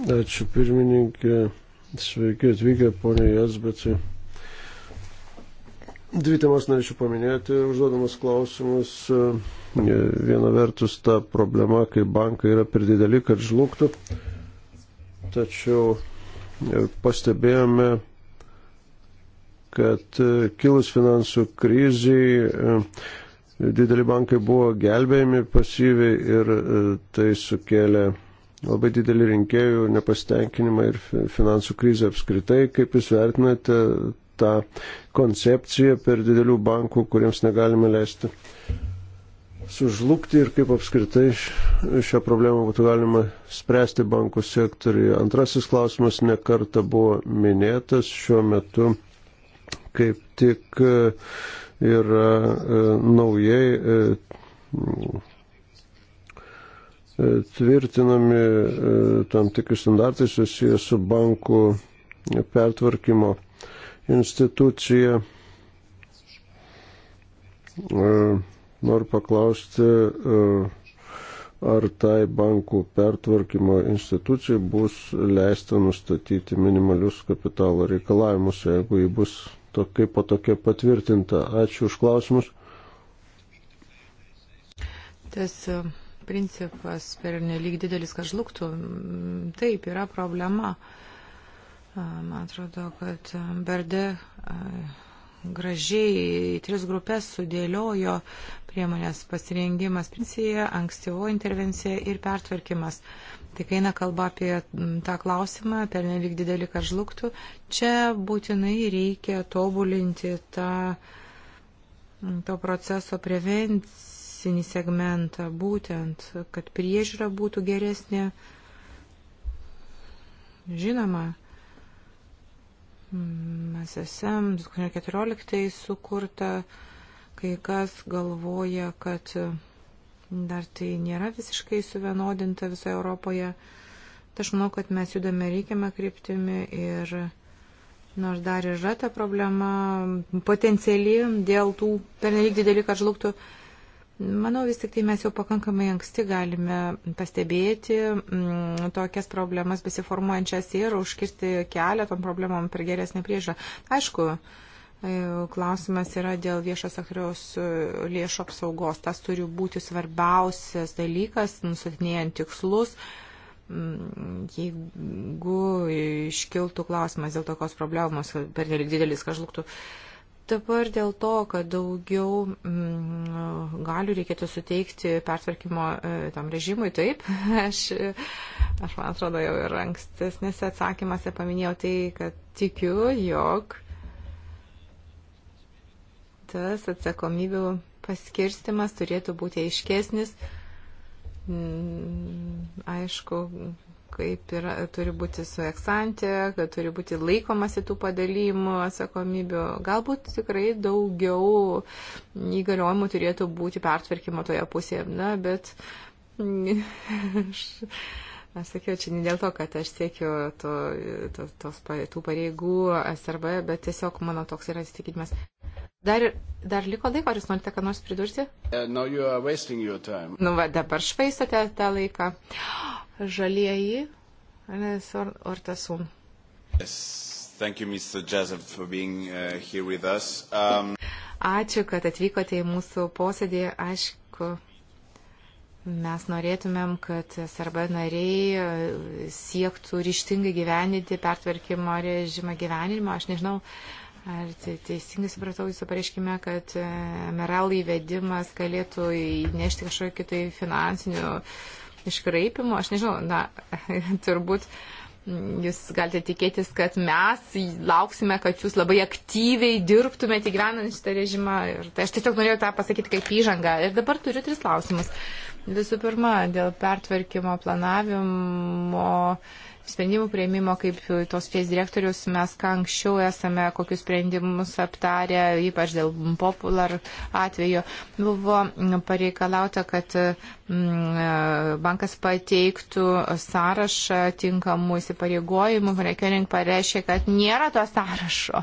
Ačiū pirmininkė. Sveiki atvykę, ponė Jasbecai. Dvi temas norėčiau paminėti, užduodamas klausimus. Viena vertus ta problema, kai bankai yra per dideli, kad žlugtų. Tačiau pastebėjome, kad kilus finansų kriziai dideli bankai buvo gelbėjami pasyviai ir tai sukėlė labai didelį rinkėjų nepasitenkinimą ir finansų krizę apskritai. Kaip Jūs vertinate tą koncepciją per didelių bankų, kuriems negalime leisti sužlugti ir kaip apskritai šią problemą būtų galima spręsti bankų sektoriuje. Antrasis klausimas nekarta buvo minėtas šiuo metu kaip tik e, yra e, naujai e, E, tvirtinami e, tam tikri standartai susijęs su bankų pertvarkymo institucija. E, noriu paklausti, ar tai bankų pertvarkymo institucijai bus leista nustatyti minimalius kapitalo reikalavimus, jeigu jį bus tokia po tokia patvirtinta. Ačiū už klausimus. Tas principas per nelik didelis, kad žlugtų. Mm, taip, yra problema. Man atrodo, kad Berde gražiai į tris grupės sudėliojo priemonės pasirengimas principėje, ankstyvo intervencija ir pertvarkimas. Tai kai eina kalba apie tą klausimą, per nelik didelį, kad žlugtų, čia būtinai reikia tobulinti tą, to proceso prevenciją teisinį segmentą, būtent, kad priežiūra būtų geresnė. Žinoma, SSM 2014 sukurta, kai kas galvoja, kad dar tai nėra visiškai suvienodinta visoje Europoje. Tai aš manau, kad mes judame reikiamą kryptimį ir nors dar yra ta problema potenciali dėl tų pernelyg didelių, kad žlugtų Manau, vis tik tai mes jau pakankamai anksti galime pastebėti m, mm, tokias problemas besiformuojančias ir užkirsti kelią tom problemom per geresnį priežą. Aišku, e, klausimas yra dėl viešo sektoriaus e, lėšų apsaugos. Tas turi būti svarbiausias dalykas, nusatinėjant tikslus mm, jeigu iškiltų klausimas dėl tokios problemos, per nelik didelis, kad žlugtų Dabar dėl to, kad daugiau mm, galių reikėtų suteikti pertvarkymo e, tam režimui, taip, aš, aš man atrodo jau ir ankstesnėse atsakymuose paminėjau tai, kad tikiu, jog tas atsakomybių paskirstimas turėtų būti aiškesnis. Mm, aišku, kaip yra, turi būti su eksantė, kad turi būti laikomasi tų padalymų atsakomybių. Galbūt tikrai daugiau įgaliojimų turėtų būti pertvarkymo toje pusėje, na, bet mm, aš, aš sakiau, čia ne dėl to, kad aš siekiu to, to, tos, tų pareigų SRB, bet tiesiog mano toks yra įsitikinimas. Dar, dar liko laiko, ar jūs norite ką nors pridurti? Uh, no, nu, va, dabar švaistote tą laiką žalieji, Anes Ortasun. Yes. Thank you, Mr. Jazep, for being uh, here with us. Um... Ačiū, kad atvykote į mūsų posėdį. Aišku, mes norėtumėm, kad SRB nariai uh, siektų ryštingai gyveninti pertvarkymo režimą gyvenimą. Aš nežinau, Ar teisingai supratau jūsų pareiškime, kad uh, MRL įvedimas galėtų įnešti kažkokį tai finansinių iškraipimo. Aš nežinau, na, turbūt jūs galite tikėtis, kad mes lauksime, kad jūs labai aktyviai dirbtumėte gyvenant šitą režimą. Ir tai aš tiesiog norėjau tą pasakyti kaip įžanga. Ir dabar turiu tris klausimus. Visų pirma, dėl pertvarkymo planavimo. Sprendimų prieimimo, kaip tos fės direktorius, mes ką anksčiau esame kokius sprendimus aptarę, ypač dėl popular atveju, buvo pareikalauta, kad Mm, e, bankas pateiktų sąrašą tinkamų įsipareigojimų, Rekening pareiškė, kad nėra to sąrašo.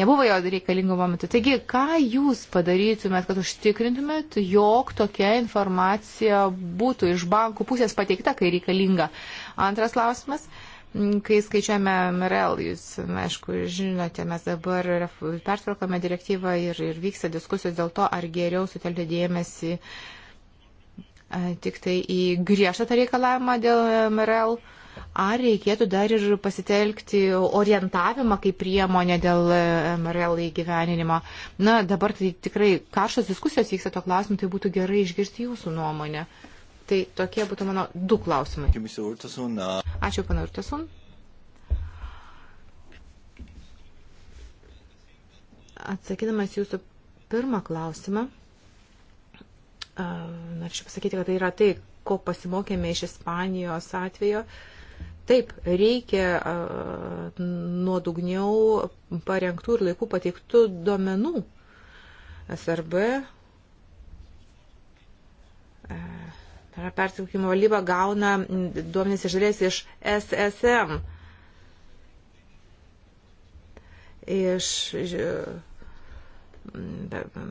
Nebuvo jo reikalingo momentu. Taigi, ką jūs padarytumėt, kad užtikrintumėt, jog tokia informacija būtų iš bankų pusės pateikta, kai reikalinga? Antras klausimas mm, kai skaičiuojame MRL, jūs, aišku, žinote, mes dabar pertvarkome direktyvą ir, ir vyksta diskusijos dėl to, ar geriau sutelkti dėmesį uh, tik tai į griežtą tą reikalavimą dėl MRL, ar reikėtų dar ir pasitelkti orientavimą kaip priemonę dėl MRL įgyveninimo. Na, dabar tai tikrai karštos diskusijos vyksta to klausimu, tai būtų gerai išgirsti jūsų nuomonę. Tai tokie būtų mano du klausimai. Uh, Ačiū, pana Urtasun. Atsakydamas jūsų pirmą klausimą, Norėčiau pasakyti, kad tai yra tai, ko pasimokėme iš Ispanijos atvejo. Taip, reikia nuodugniau parengtų ir laikų pateiktų duomenų. SRB persiekimo valdyba gauna duomenys iš dalies iš SSM. Iš, iš, be, be,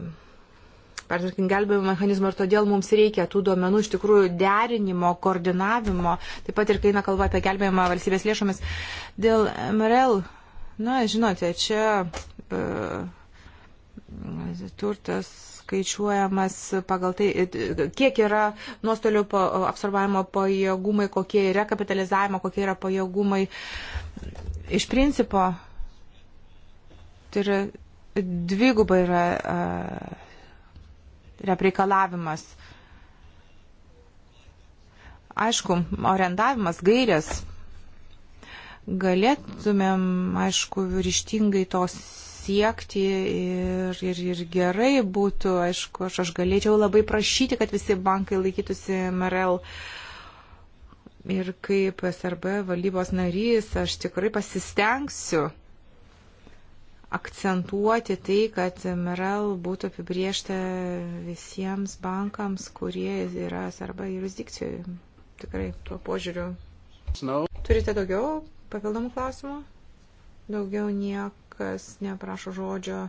pertvarkim gelbėjimo mechanizmo ir todėl mums reikia tų duomenų iš tikrųjų derinimo, koordinavimo, taip pat ir kai eina kalba apie gelbėjimą valstybės lėšomis. Dėl MRL, na, žinote, čia uh, turtas skaičiuojamas pagal tai, e, kiek yra nuostolių absorbavimo pajėgumai, kokie yra kapitalizavimo, kokie yra pajėgumai. Iš principo, tai yra dvigubai yra. Uh, yra reikalavimas. Aišku, orientavimas, gairės. Galėtumėm, aišku, ryštingai tos siekti ir, ir, ir gerai būtų, aišku, aš, aš galėčiau labai prašyti, kad visi bankai laikytųsi MRL. Ir kaip SRB valdybos narys, aš tikrai pasistengsiu akcentuoti tai, kad MRL būtų apibriešta visiems bankams, kurie yra arba jurisdikcijoje. Tikrai tuo požiūriu. No. Turite daugiau papildomų klausimų? Daugiau niekas neprašo žodžio.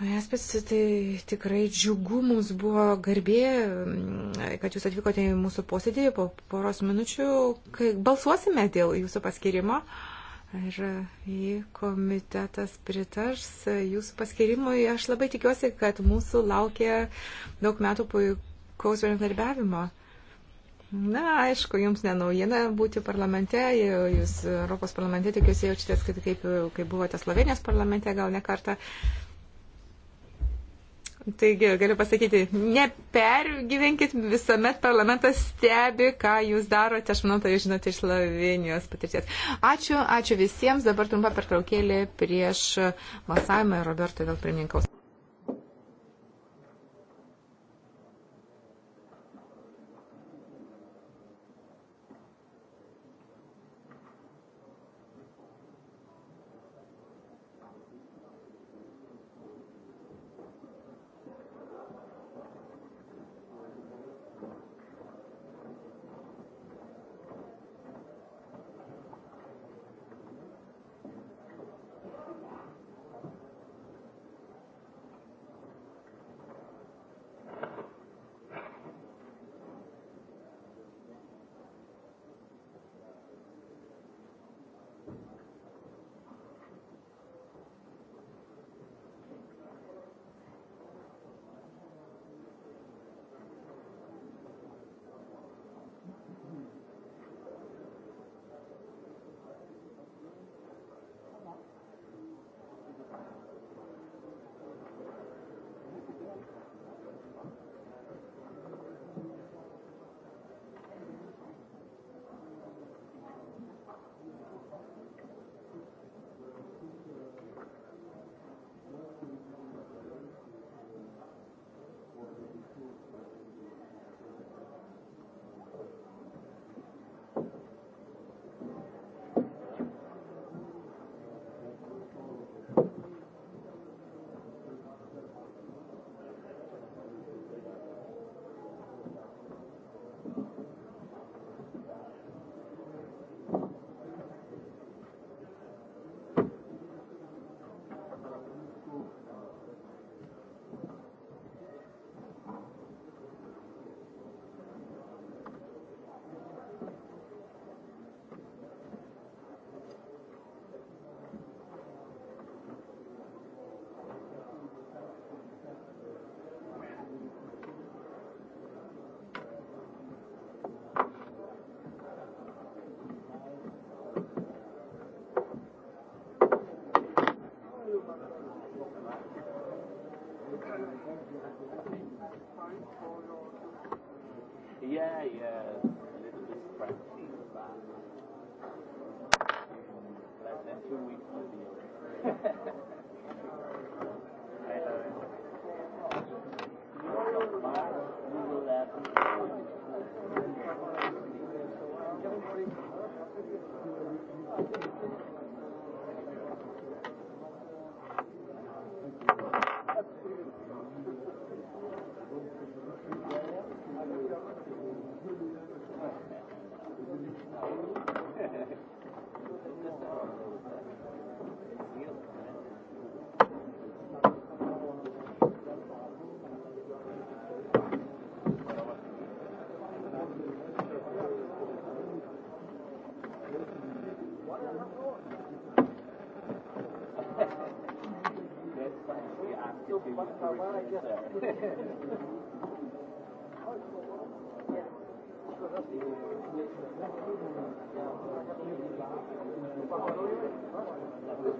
Manęs pasitai tikrai džiugu, mums buvo garbė, kad jūs atvykote į mūsų posėdį po poros minučių, kai balsuosime dėl jūsų paskirimo. Uh, Ir jei komitetas pritars jūsų paskirimui, aš labai tikiuosi, kad mūsų laukia daug metų puikaus bendradarbiavimo. Na, aišku, jums nenaujiena būti parlamente, jūs Europos parlamente tikiuosi jaučiatės, kad kaip, kaip buvote Slovenijos parlamente gal ne kartą. Uh, Taigi, galiu pasakyti, nepergyvenkit, visuomet parlamentas stebi, ką jūs darote, aš manau, tai žinote iš Slovenijos patirties. Ačiū, ačiū visiems, dabar trumpa pertraukėlė prieš balsavimą ir Roberto vėl pirmininkaus.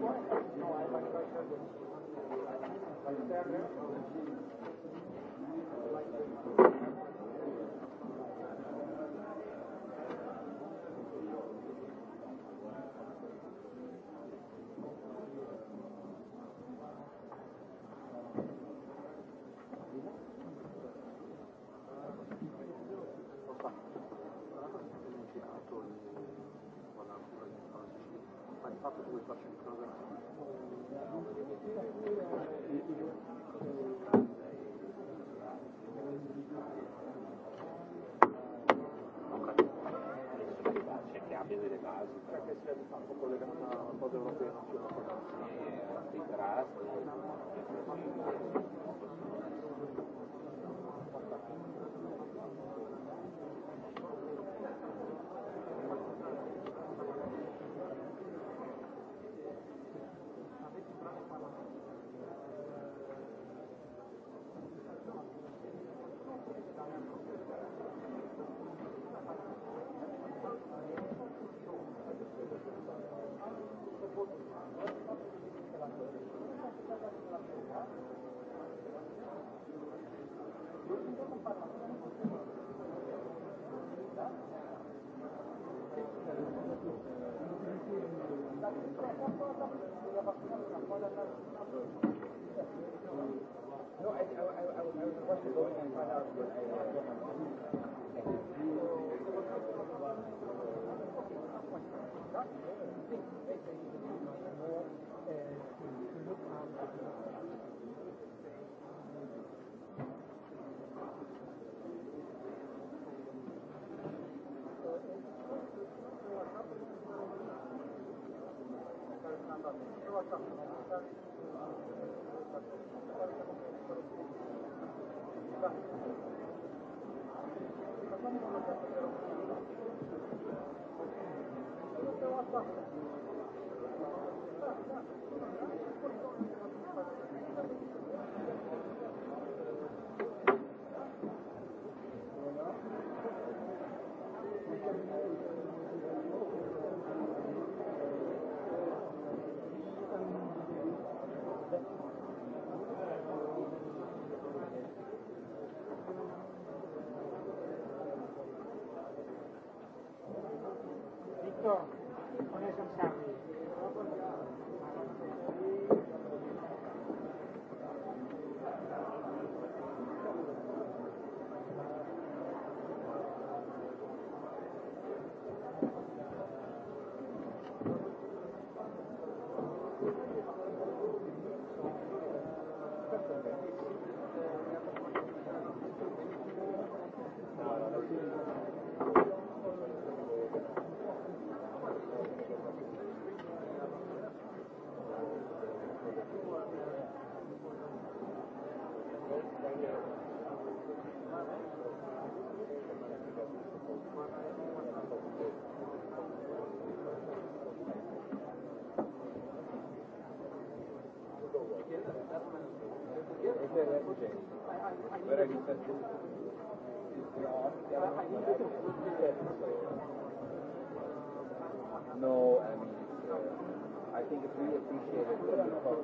Thank you. I, I, I was the question going and find out what I, uh, No, I mean, it's, uh, I think it's really appreciated that you folks.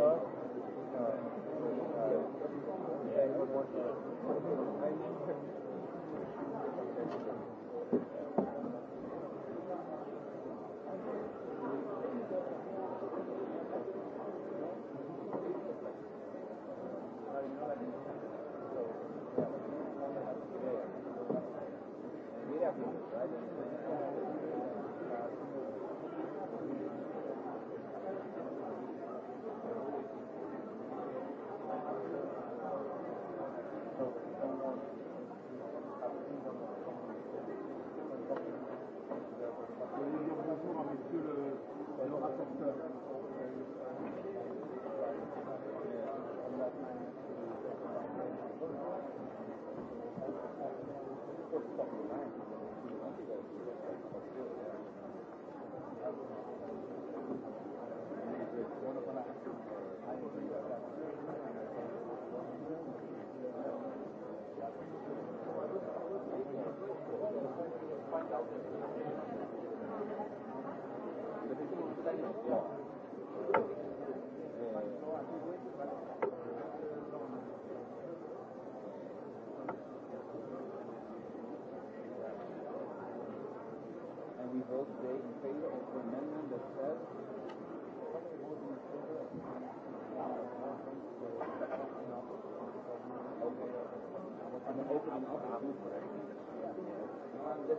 Okay. Thank you. Yeah.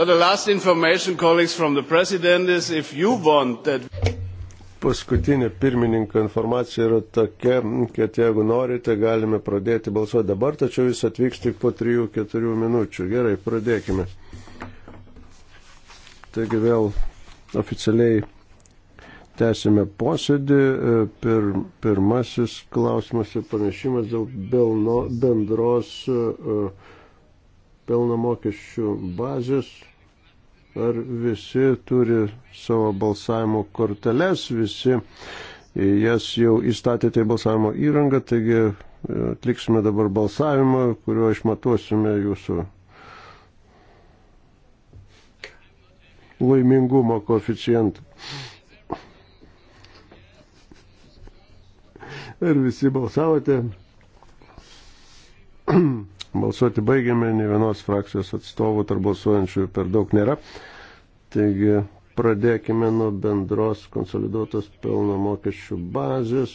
So the last information, colleagues, from the president is if you want that. Paskutinė pirmininko informacija yra tokia, kad jeigu norite, galime pradėti balsuoti dabar, tačiau jis atvyks tik po 3-4 minučių. Gerai, pradėkime. Taigi vėl oficialiai tęsime posėdį. E, Pir, pirmasis klausimas ir pranešimas dėl belno, bendros. Uh, pelno mokesčių bazės ar visi turi savo balsavimo korteles, visi jas jau įstatėte į balsavimo įrangą, taigi e, atliksime dabar balsavimą, kuriuo išmatuosime jūsų laimingumo koeficientą. Ar visi balsavote? Balsuoti baigiame, ne vienos frakcijos atstovų tarp balsuojančių per daug nėra. Taigi pradėkime nuo bendros konsoliduotos pelno mokesčių bazės.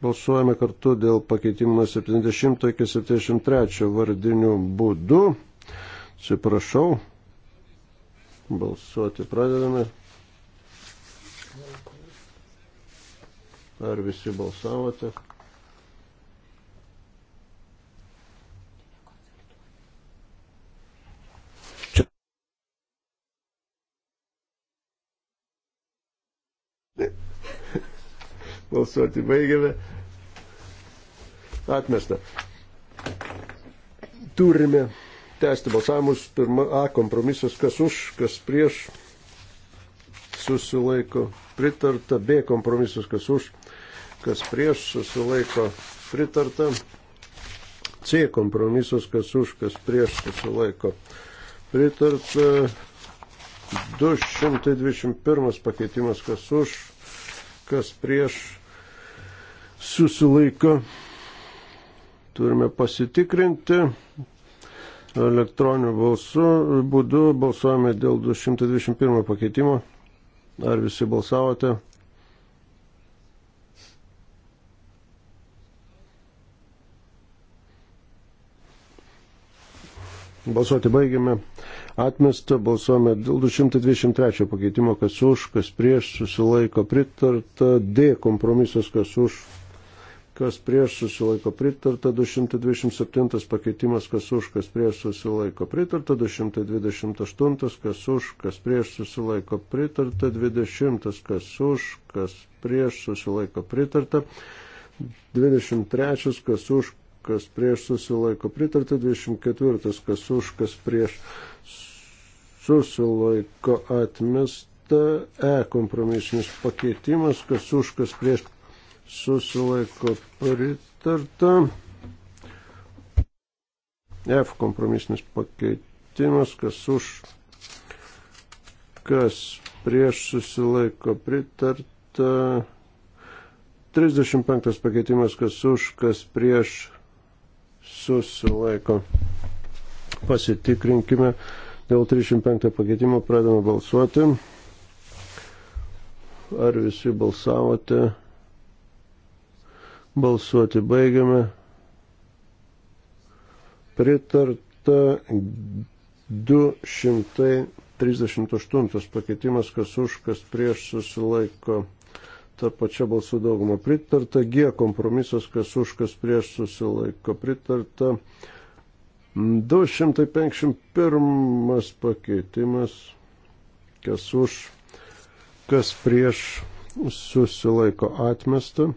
Balsuojame kartu dėl pakeitimo 70 iki 73 vardinių būdų. Atsiprašau. Balsuoti pradedame. Ar visi balsavote? balsuoti baigiame. Atmesta. Turime tęsti balsavimus. Pirma A kompromisas, kas už, kas prieš. Susilaiko pritarta. B kompromisas, kas už, kas prieš. Susilaiko pritarta. C kompromisas, kas už, kas prieš. Susilaiko pritarta. 221 pakeitimas, kas už, kas prieš susilaiko. Turime pasitikrinti elektroniniu balsu, būdu balsuojame dėl 221 pakeitimo. Ar visi balsavote? Balsuoti baigiame. Atmesta, balsuojame dėl 223 pakeitimo, kas už, kas prieš, susilaiko pritarta, D kompromisas, kas už, kas prieš susilaiko pritarta, 227 pakeitimas, kas už, kas prieš susilaiko pritarta, 228, kas už, kas prieš susilaiko pritarta, 20, kas už, kas prieš susilaiko pritarta, 23, kas už, kas prieš susilaiko pritarta, 24, kas už, kas prieš susilaiko atmesta, E kompromisinis pakeitimas, kas už, kas prieš susilaiko pritarta. F kompromisinis pakeitimas, kas už, kas prieš susilaiko pritarta. 35 pakeitimas, kas už, kas prieš susilaiko. Pasitikrinkime. Dėl 35 pakeitimo pradame balsuoti. Ar visi balsavote? Balsuoti baigiame. Pritarta 238 pakeitimas, kas už, kas prieš susilaiko. Ta pačia balsų dauguma pritarta. G kompromisas, kas už, kas prieš susilaiko. Pritarta 251 pakeitimas, kas už, kas prieš susilaiko atmestą.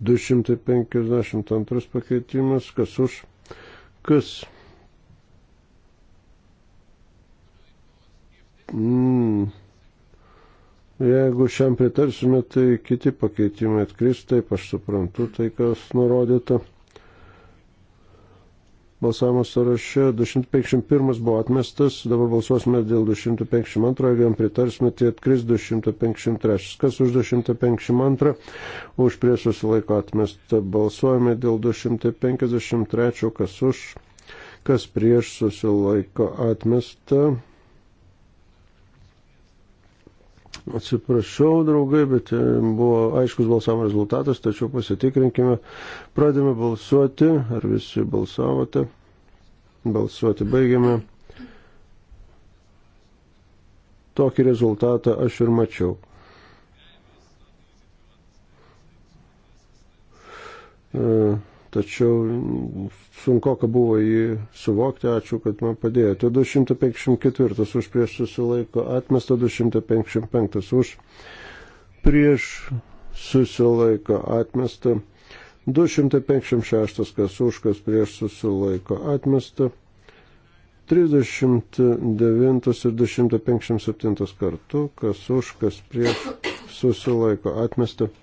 252 pakeitimas, kas už, kas. Mm. Jeigu šiam pritarsime, tai kiti pakeitimai atkris, taip aš suprantu tai, kas nurodyta balsavimo sąraše 251 buvo atmestas, dabar balsuosime dėl 252, jeigu jam pritarsime, tai atkris 253. Kas už 252, už prieš susilaiko atmestą. Balsuojame dėl 253, kas už, kas prieš susilaiko atmestą. Atsiprašau, draugai, bet e, buvo aiškus balsavimo rezultatas, tačiau pasitikrinkime. Pradėme balsuoti, ar visi balsavote. Balsuoti baigėme. Tokį rezultatą aš ir mačiau. Uh tačiau sunku, kad buvo jį suvokti, ačiū, kad man padėjote. 254 už prieš susilaiko, atmesta 255 už prieš susilaiko, atmesta 256 kas už, kas prieš susilaiko, atmesta 39 ir 257 kartu, kas už, kas prieš susilaiko, atmesta 39.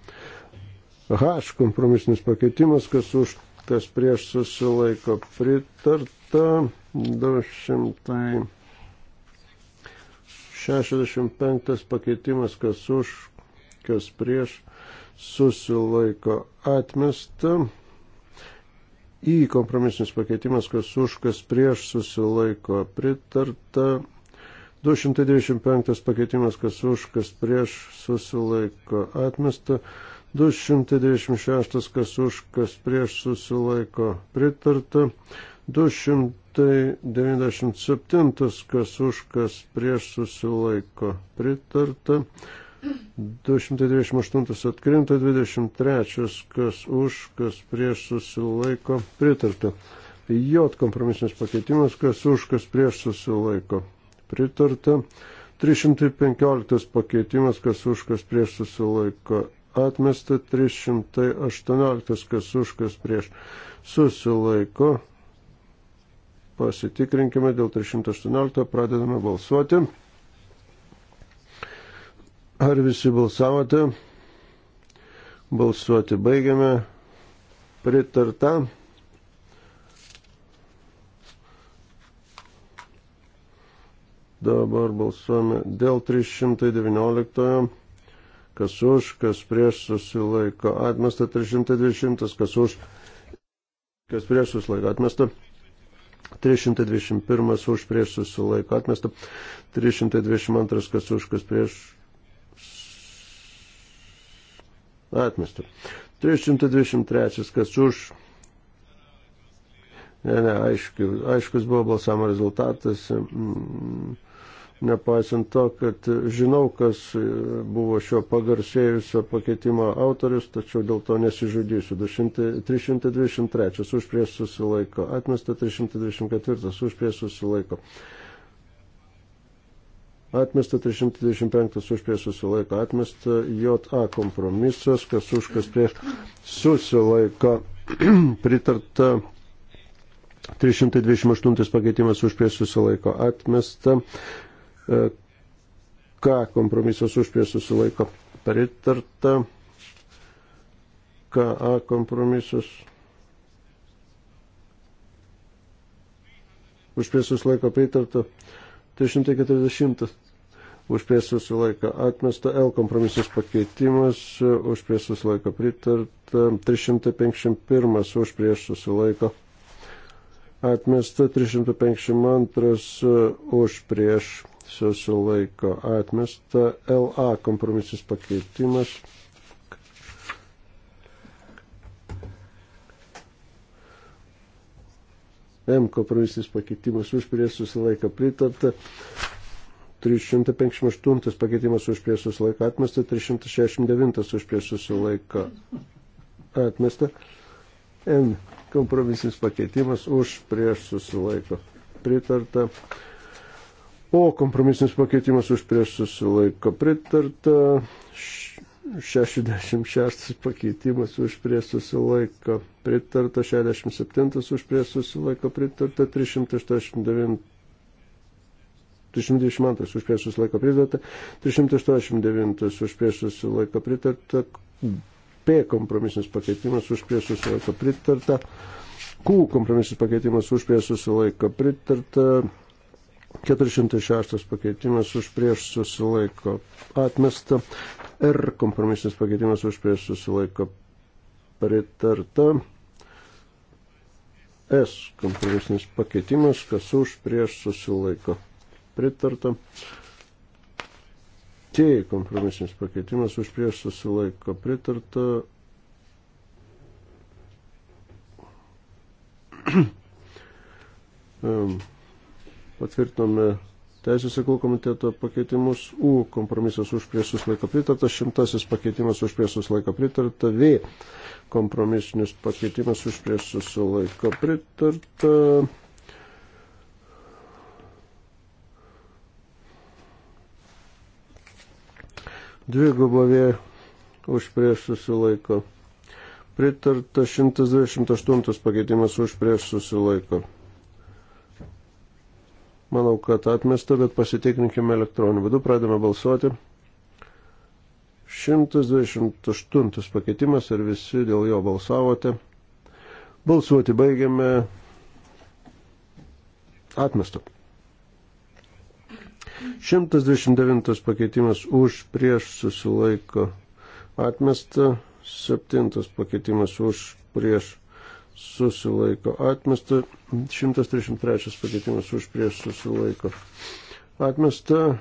H kompromisinis pakeitimas, kas už, kas prieš susilaiko pritarta. 265 pakeitimas, kas už, kas prieš susilaiko atmesta. Į kompromisinis pakeitimas, kas už, kas prieš susilaiko pritarta. 295 pakeitimas, kas už, kas prieš susilaiko atmesta. 296 kas už, kas prieš susilaiko pritarta. 297 kas už, kas prieš susilaiko pritarta. 228 atkrinta, 23 kas už, kas prieš susilaiko pritarta. J kompromisinis pakeitimas, kas už, kas prieš susilaiko pritarta. 315 pakeitimas, kas už, kas prieš susilaiko atmesta 318, kas už, kas prieš susilaiko. Pasitikrinkime dėl 318, pradedame balsuoti. Ar visi balsavote? Balsuoti baigiame. Pritarta. Dabar balsuojame dėl 319 kas už, kas prieš susilaiko atmesta, 320, kas už, kas prieš susilaiko atmesta. 321 už prieš susilaiko atmesta, 322 kas už kas prieš atmesta, 323 kas už. Ne, ne, aiškius, aiškus buvo balsavimo rezultatas. Mm, nepaisant to, kad žinau, kas buvo šio pagarsėjusio pakeitimo autorius, tačiau dėl to nesižudysiu. 323 už prieš susilaiko, atmesta 324 už prieš susilaiko. Atmesta 325 už prieš susilaiko, atmesta JA kompromisas, kas už kas prieš susilaiko, pritarta 328 pakeitimas už prieš susilaiko, atmesta E, ką kompromisas už prie susilaiko pritarta. KA kompromisas. Už prie susilaiko pritarta. 340. Už prie susilaiko atmesta. L kompromisas pakeitimas. E, už prie susilaiko pritarta. 351. Už prie susilaiko atmesta. 352. E, už prieš susilaiko atmesta. LA kompromisis pakeitimas. M kompromisis pakeitimas už prieš susilaiko pritarta. 358 pakeitimas už prieš susilaiko atmesta. 369 už prieš susilaiko atmesta. N kompromisis pakeitimas už prieš susilaiko pritarta. O kompromisinis pakeitimas už prieš susilaiko pritarta. 66 pakeitimas už prieš susilaiko pritarta. 67 už prieš susilaiko pritarta. 389. 322 už prieš susilaiko pritarta. 389 už prieš susilaiko pritarta. P kompromisinis pakeitimas už prieš susilaiko pritarta. Q kompromisinis pakeitimas už prieš susilaiko pritarta. 406 pakeitimas už prieš susilaiko atmesta. R kompromisinis pakeitimas už prieš susilaiko pritarta. S kompromisinis pakeitimas, kas už prieš susilaiko pritarta. T kompromisinis pakeitimas už prieš susilaiko pritarta. um patvirtinome teisės reikalų komiteto pakeitimus, U kompromisas už prieš susilaiką pritarta, šimtasis pakeitimas už prieš susilaiką pritarta, V kompromisinis pakeitimas už prieš susilaiką pritarta. Dvigubo V už prieš susilaiko. Pritarta 128 pakeitimas už prieš susilaiko. Manau, kad atmesta, bet pasitikrinkime elektroniniu būdu. Pradame balsuoti. 128 pakeitimas ir visi dėl jo balsavote. Balsuoti baigiame. Atmesta. 129 pakeitimas už prieš susilaiko atmesta, 7 pakeitimas už prieš susilaiko atmesta, 133 pakeitimas už prieš susilaiko atmesta,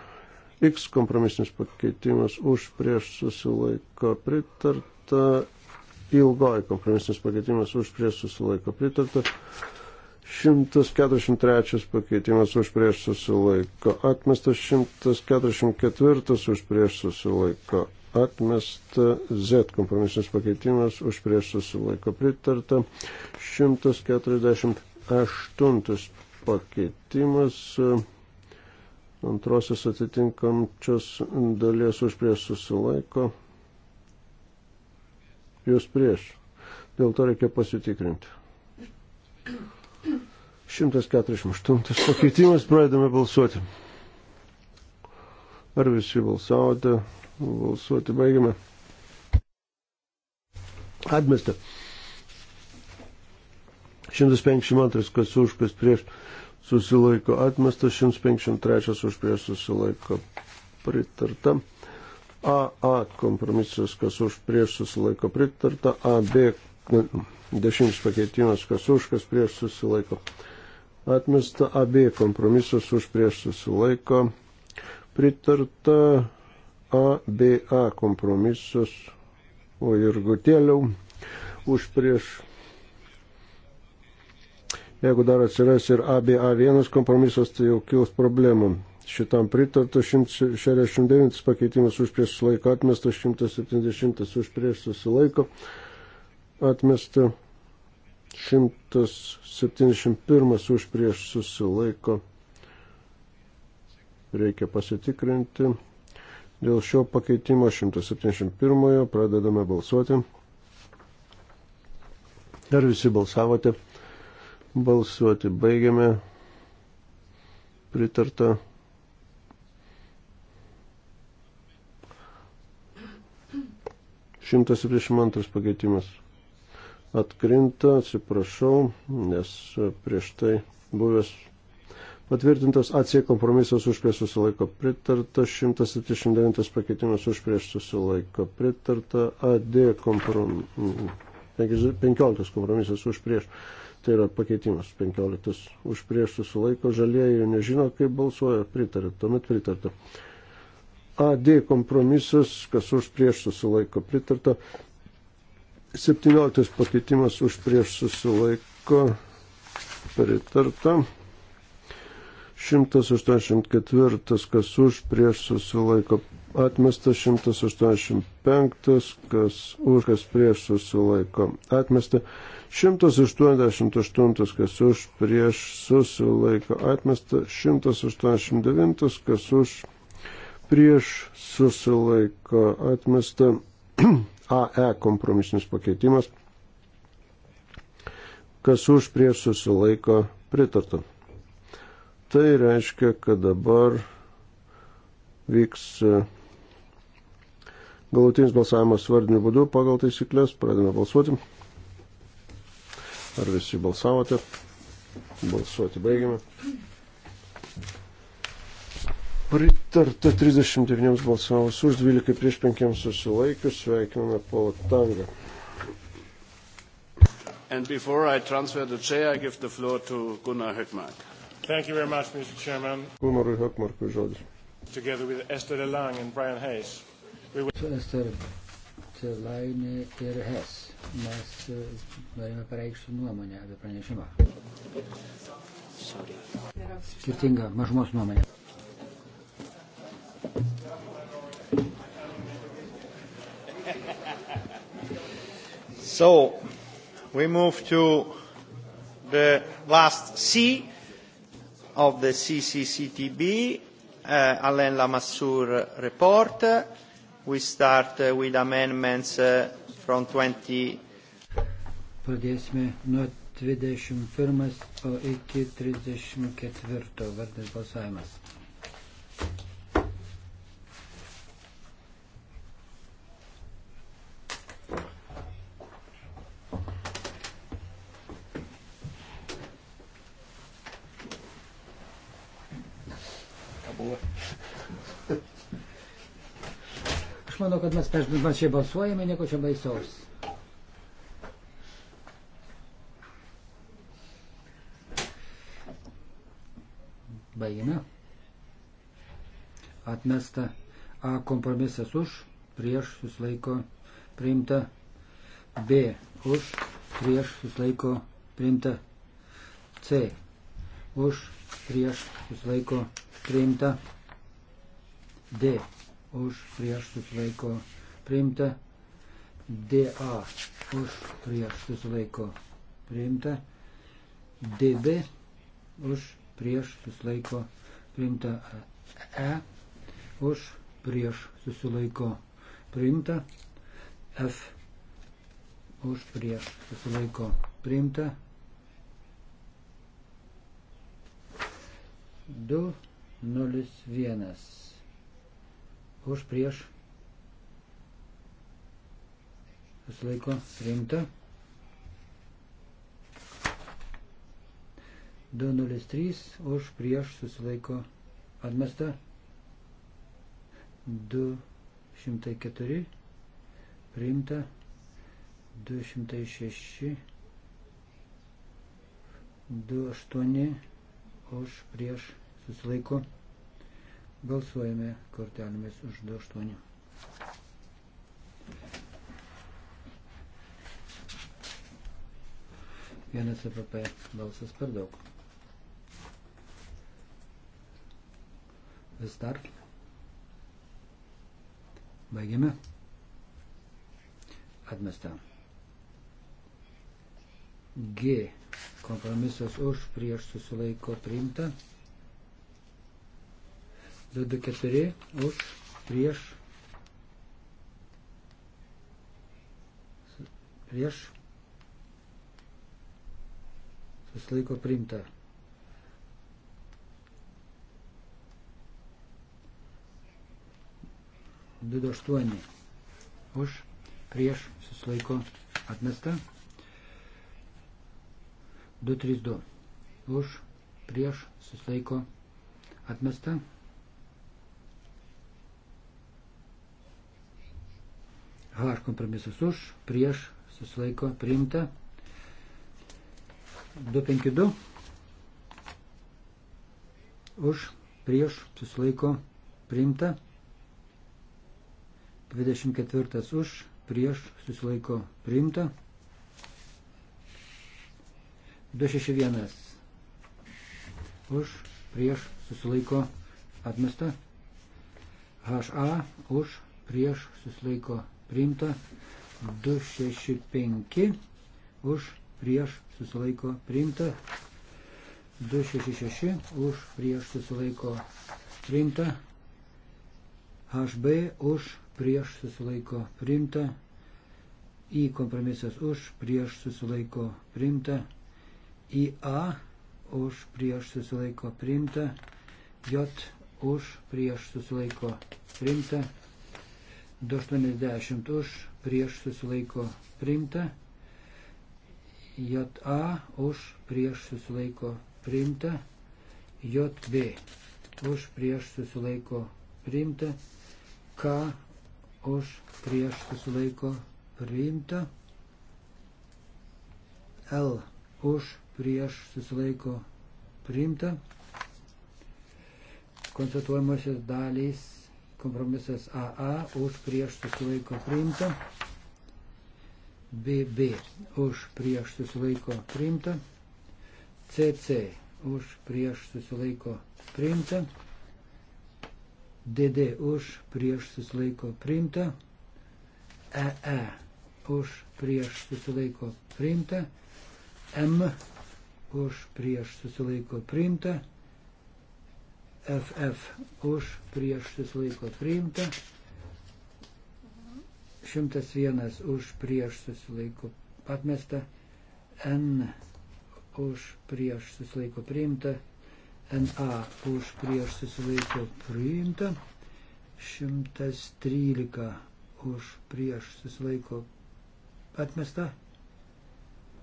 X kompromisinis pakeitimas už prieš susilaiko pritarta, ilgoji kompromisinis pakeitimas už prieš susilaiko pritarta. 143 pakeitimas už prieš susilaiko, atmestas 144 už prieš susilaiko, atmesta Z kompromisinis pakeitimas už prieš susilaiko pritarta 148 pakeitimas e, antrosios atitinkamčios dalies už prieš susilaiko jūs prieš dėl to reikia pasitikrinti 148 pakeitimas pradedame balsuoti ar visi balsavote Balsuoti baigiame. Atmesta. 152, kas už, kas prieš susilaiko atmestas, 153 už prieš susilaiko pritarta. AA kompromisas, kas už prieš susilaiko pritarta. AB dešimtas pakeitimas, kas už, kas prieš susilaiko atmesta. AB kompromisas už prieš susilaiko pritarta. ABA kompromisas, o ir gutėliau už prieš. Jeigu dar atsiras ir ABA1 kompromisas, tai jau kils problemų. Šitam pritarta 169 pakeitimas už prieš susilaiko atmestas, 170 už prieš susilaiko atmestas, 171 už prieš susilaiko. Reikia pasitikrinti. Dėl šio pakeitimo 171 pradedame balsuoti. Ar visi balsavote? Balsuoti baigiame. Pritarta. Šimtas septyniasdešimt antras pakeitimas atkrinta, atsiprašau, nes prieš tai buvęs Patvirtintas AC kompromisas už prieš susilaiko pritarta, 179 pakeitimas už prieš susilaiko pritarta, AD kompromisas, 15 kompromisas už prieš, tai yra pakeitimas 15 už prieš susilaiko, žalieji nežino, kaip balsuoja, pritarta, tuomet pritarta. AD kompromisas, kas už prieš susilaiko pritarta, 17 pakeitimas už prieš susilaiko pritarta. 184, kas už, prieš susilaiko atmesta, 185, kas už, kas prieš susilaiko atmesta, 188, kas už, prieš susilaiko atmesta, 189, kas už, prieš susilaiko atmesta, AE kompromisinis pakeitimas, kas už, prieš susilaiko pritarta. Tai reiškia, kad dabar vyks e, galutinis balsavimas vardiniu būdu pagal taisyklės. Pradėme balsuoti. Ar visi balsavote? Balsuoti baigiame. Pritarta 39 balsavus už 12 prieš 5 susilaikius. Sveikiname Paulą Tangą. And before I transfer the chair, I give the floor to Gunnar Höckmark. Thank you very much, Mr. Chairman. Gumarui Hökmarkui žodis. Together with Esther Lang and Brian Hayes. We will... Esther Lainė ir Hes. Mes norime pareikšti nuomonę apie pranešimą. Sorry. Skirtinga mažumos nuomonė. So, we move to the last C of the CCCTB, uh, Alain Lamassoure report. We start uh, with amendments uh, from 20. Pradėsime nuo 21 iki 34 vardas balsavimas. to, kad mes prieš čia balsuojame, nieko čia baisaus. Baigime. Atmesta A kompromisas už, prieš susilaiko priimta. B už, prieš susilaiko priimta. C už, prieš susilaiko priimta. D už prieš susilaiko priimta, DA už prieš susilaiko priimta, DB už prieš susilaiko priimta, E už prieš susilaiko priimta, F už prieš susilaiko priimta. 2, 0, 1 už prieš susilaiko rimta. 203 už prieš susilaiko atmesta. 204 priimta. 206 28 už prieš susilaiko atmesta. Balsuojame kortelėmis už 28. Vienas EPP balsas per daug. Vis dar. Baigiame. Atmesta. G. Kompromisas už prieš susilaiko priimta. 24 už prieš prieš susilaiko primta. Du du aštuoni už prieš susilaiko atmesta. 232 už prieš susilaiko atmesta. H kompromisas už, prieš, susilaiko priimta. 252 už, prieš, susilaiko priimta. 24 už, prieš, susilaiko priimta. 261 už, prieš, susilaiko atmesta. HA už, prieš, susilaiko priimta priimta 265 už prieš susilaiko priimta 266 už prieš susilaiko priimta HB už prieš susilaiko priimta į kompromisas už prieš susilaiko priimta į A už prieš susilaiko priimta J už prieš susilaiko priimta 280 už, prieš susilaiko priimta. JA už, prieš susilaiko priimta. JB už, prieš susilaiko priimta. K už, prieš susilaiko priimta. L už, prieš susilaiko priimta. Konstatuojamosios dalys Kompromisas AA už prieš susilaiko priimta. BB už prieš susilaiko priimta. CC už prieš susilaiko priimta. DD už prieš susilaiko priimta. EE e už prieš susilaiko priimta. M už prieš susilaiko priimta. FF už prieš susilaiko priimta. 101 už prieš susilaiko atmesta. N už prieš susilaiko priimta. NA už prieš susilaiko priimta. 113 už prieš susilaiko atmesta.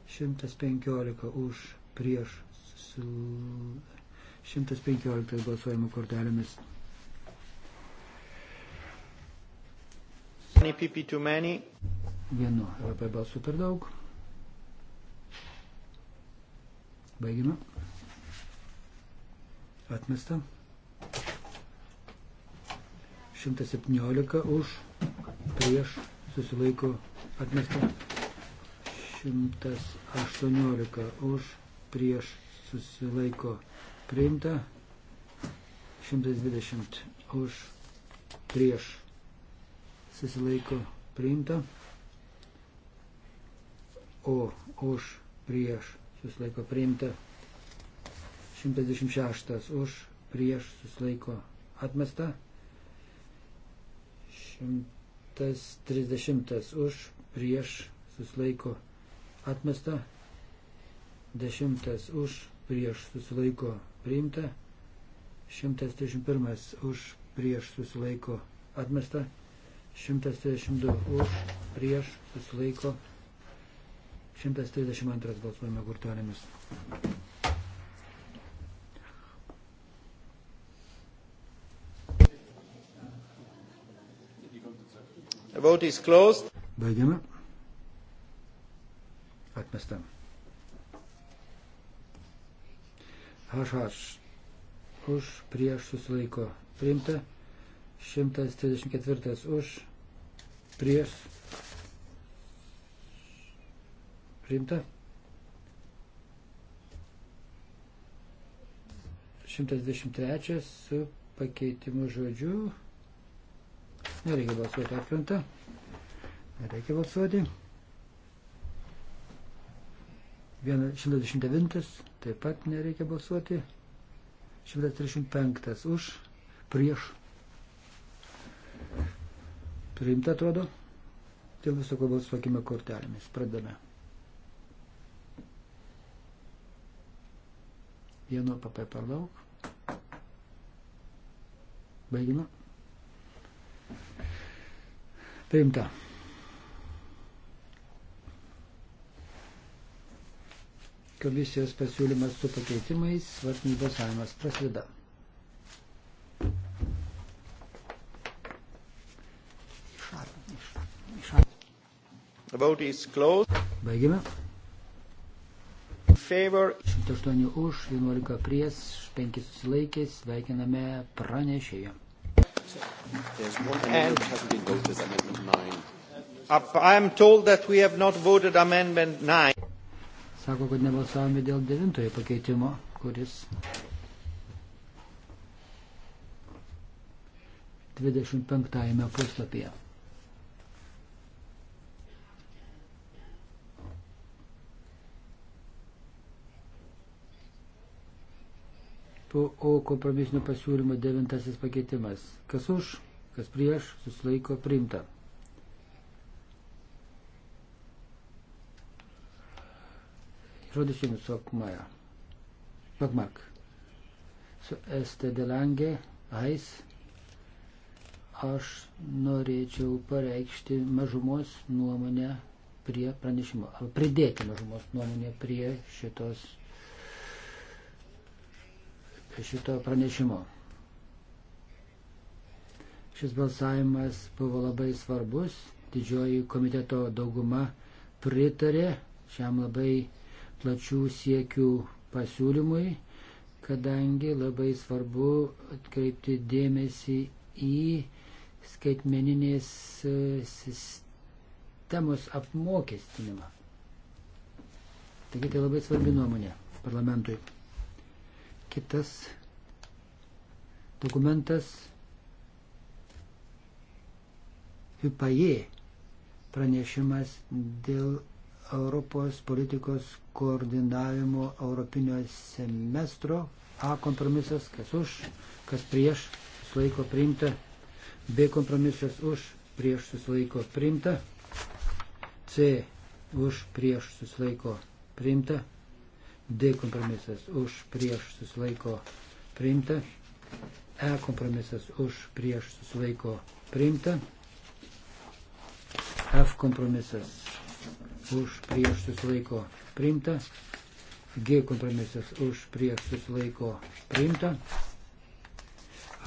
115 už prieš susilaiko 115 balsuojimo kortelėmis. Vienu LP balsu per daug. Baigime. Atmesta. 117 už, prieš, susilaiko, atmesta. 118 už, prieš, susilaiko, atmesta priimta 120 už prieš susilaiko priimta, o už prieš susilaiko priimta 126 už prieš susilaiko atmesta 130 už prieš susilaiko atmesta 10 už prieš susilaiko priimta, 131 už prieš susilaiko atmesta, 132 už prieš susilaiko, 132 balsuojame kurtonėmis. The vote is closed. Baigiame. Atmestam. HH už prieš susilaiko priimta, 134 už prieš priimta, 123 su pakeitimu žodžiu, nereikia balsuoti atkrenta, nereikia balsuoti. 129 taip pat nereikia balsuoti. 135 už, prieš. Priimta atrodo. Dėl viso ko balsuokime kortelėmis. Pradame. Vieno papė per daug. Baigina. Priimta. Komisijos pasiūlymas su pakeitimais, vartinis balsavimas prasideda. Baigime. 108 už, 11 prieš, 5 susilaikė, sveikiname pranešėją. Uh, I am told that we have not voted amendment 9 sako, kad nebalsavome dėl devintojo pakeitimo, kuris 25 puslapyje. Po O kompromisinio pasiūlymo devintasis pakeitimas. Kas už, kas prieš, susilaiko priimta. produktion Sokmark. Su Este Delange, Ais, aš norėčiau pareikšti mažumos nuomonę prie pranešimo, arba pridėti mažumos nuomonę prie šitos, šito pranešimo. Šis balsavimas buvo labai svarbus, didžioji komiteto dauguma pritarė šiam labai plačių siekių pasiūlymui, kadangi labai svarbu atkreipti dėmesį į skaitmeninės e, sistemos apmokestinimą. Taigi tai labai svarbi nuomonė parlamentui. Kitas dokumentas Hypaje pranešimas dėl Europos politikos koordinavimo Europinio semestro. A kompromisas, kas už, kas prieš, susilaiko priimta. B kompromisas už, prieš susilaiko priimta. C už, prieš susilaiko priimta. D kompromisas už, prieš susilaiko priimta. E kompromisas už, prieš susilaiko priimta. F kompromisas už prieš susilaiko priimta. G kompromisas už prieš susilaiko priimta.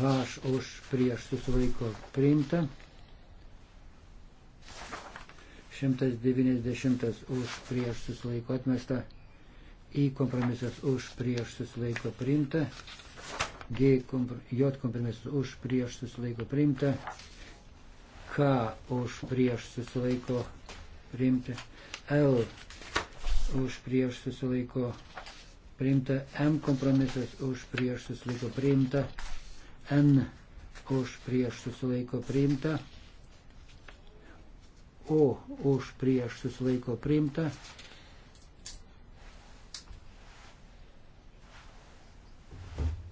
H už prieš susilaiko priimta. 190 už prieš susilaiko atmesta. I kompromisas už prieš susilaiko priimta. G kompr J kompromisas už prieš susilaiko priimta. K už prieš susilaiko priimta. L už prieš susilaiko priimta, M kompromisas už prieš susilaiko priimta, N už prieš susilaiko priimta, O už prieš susilaiko priimta.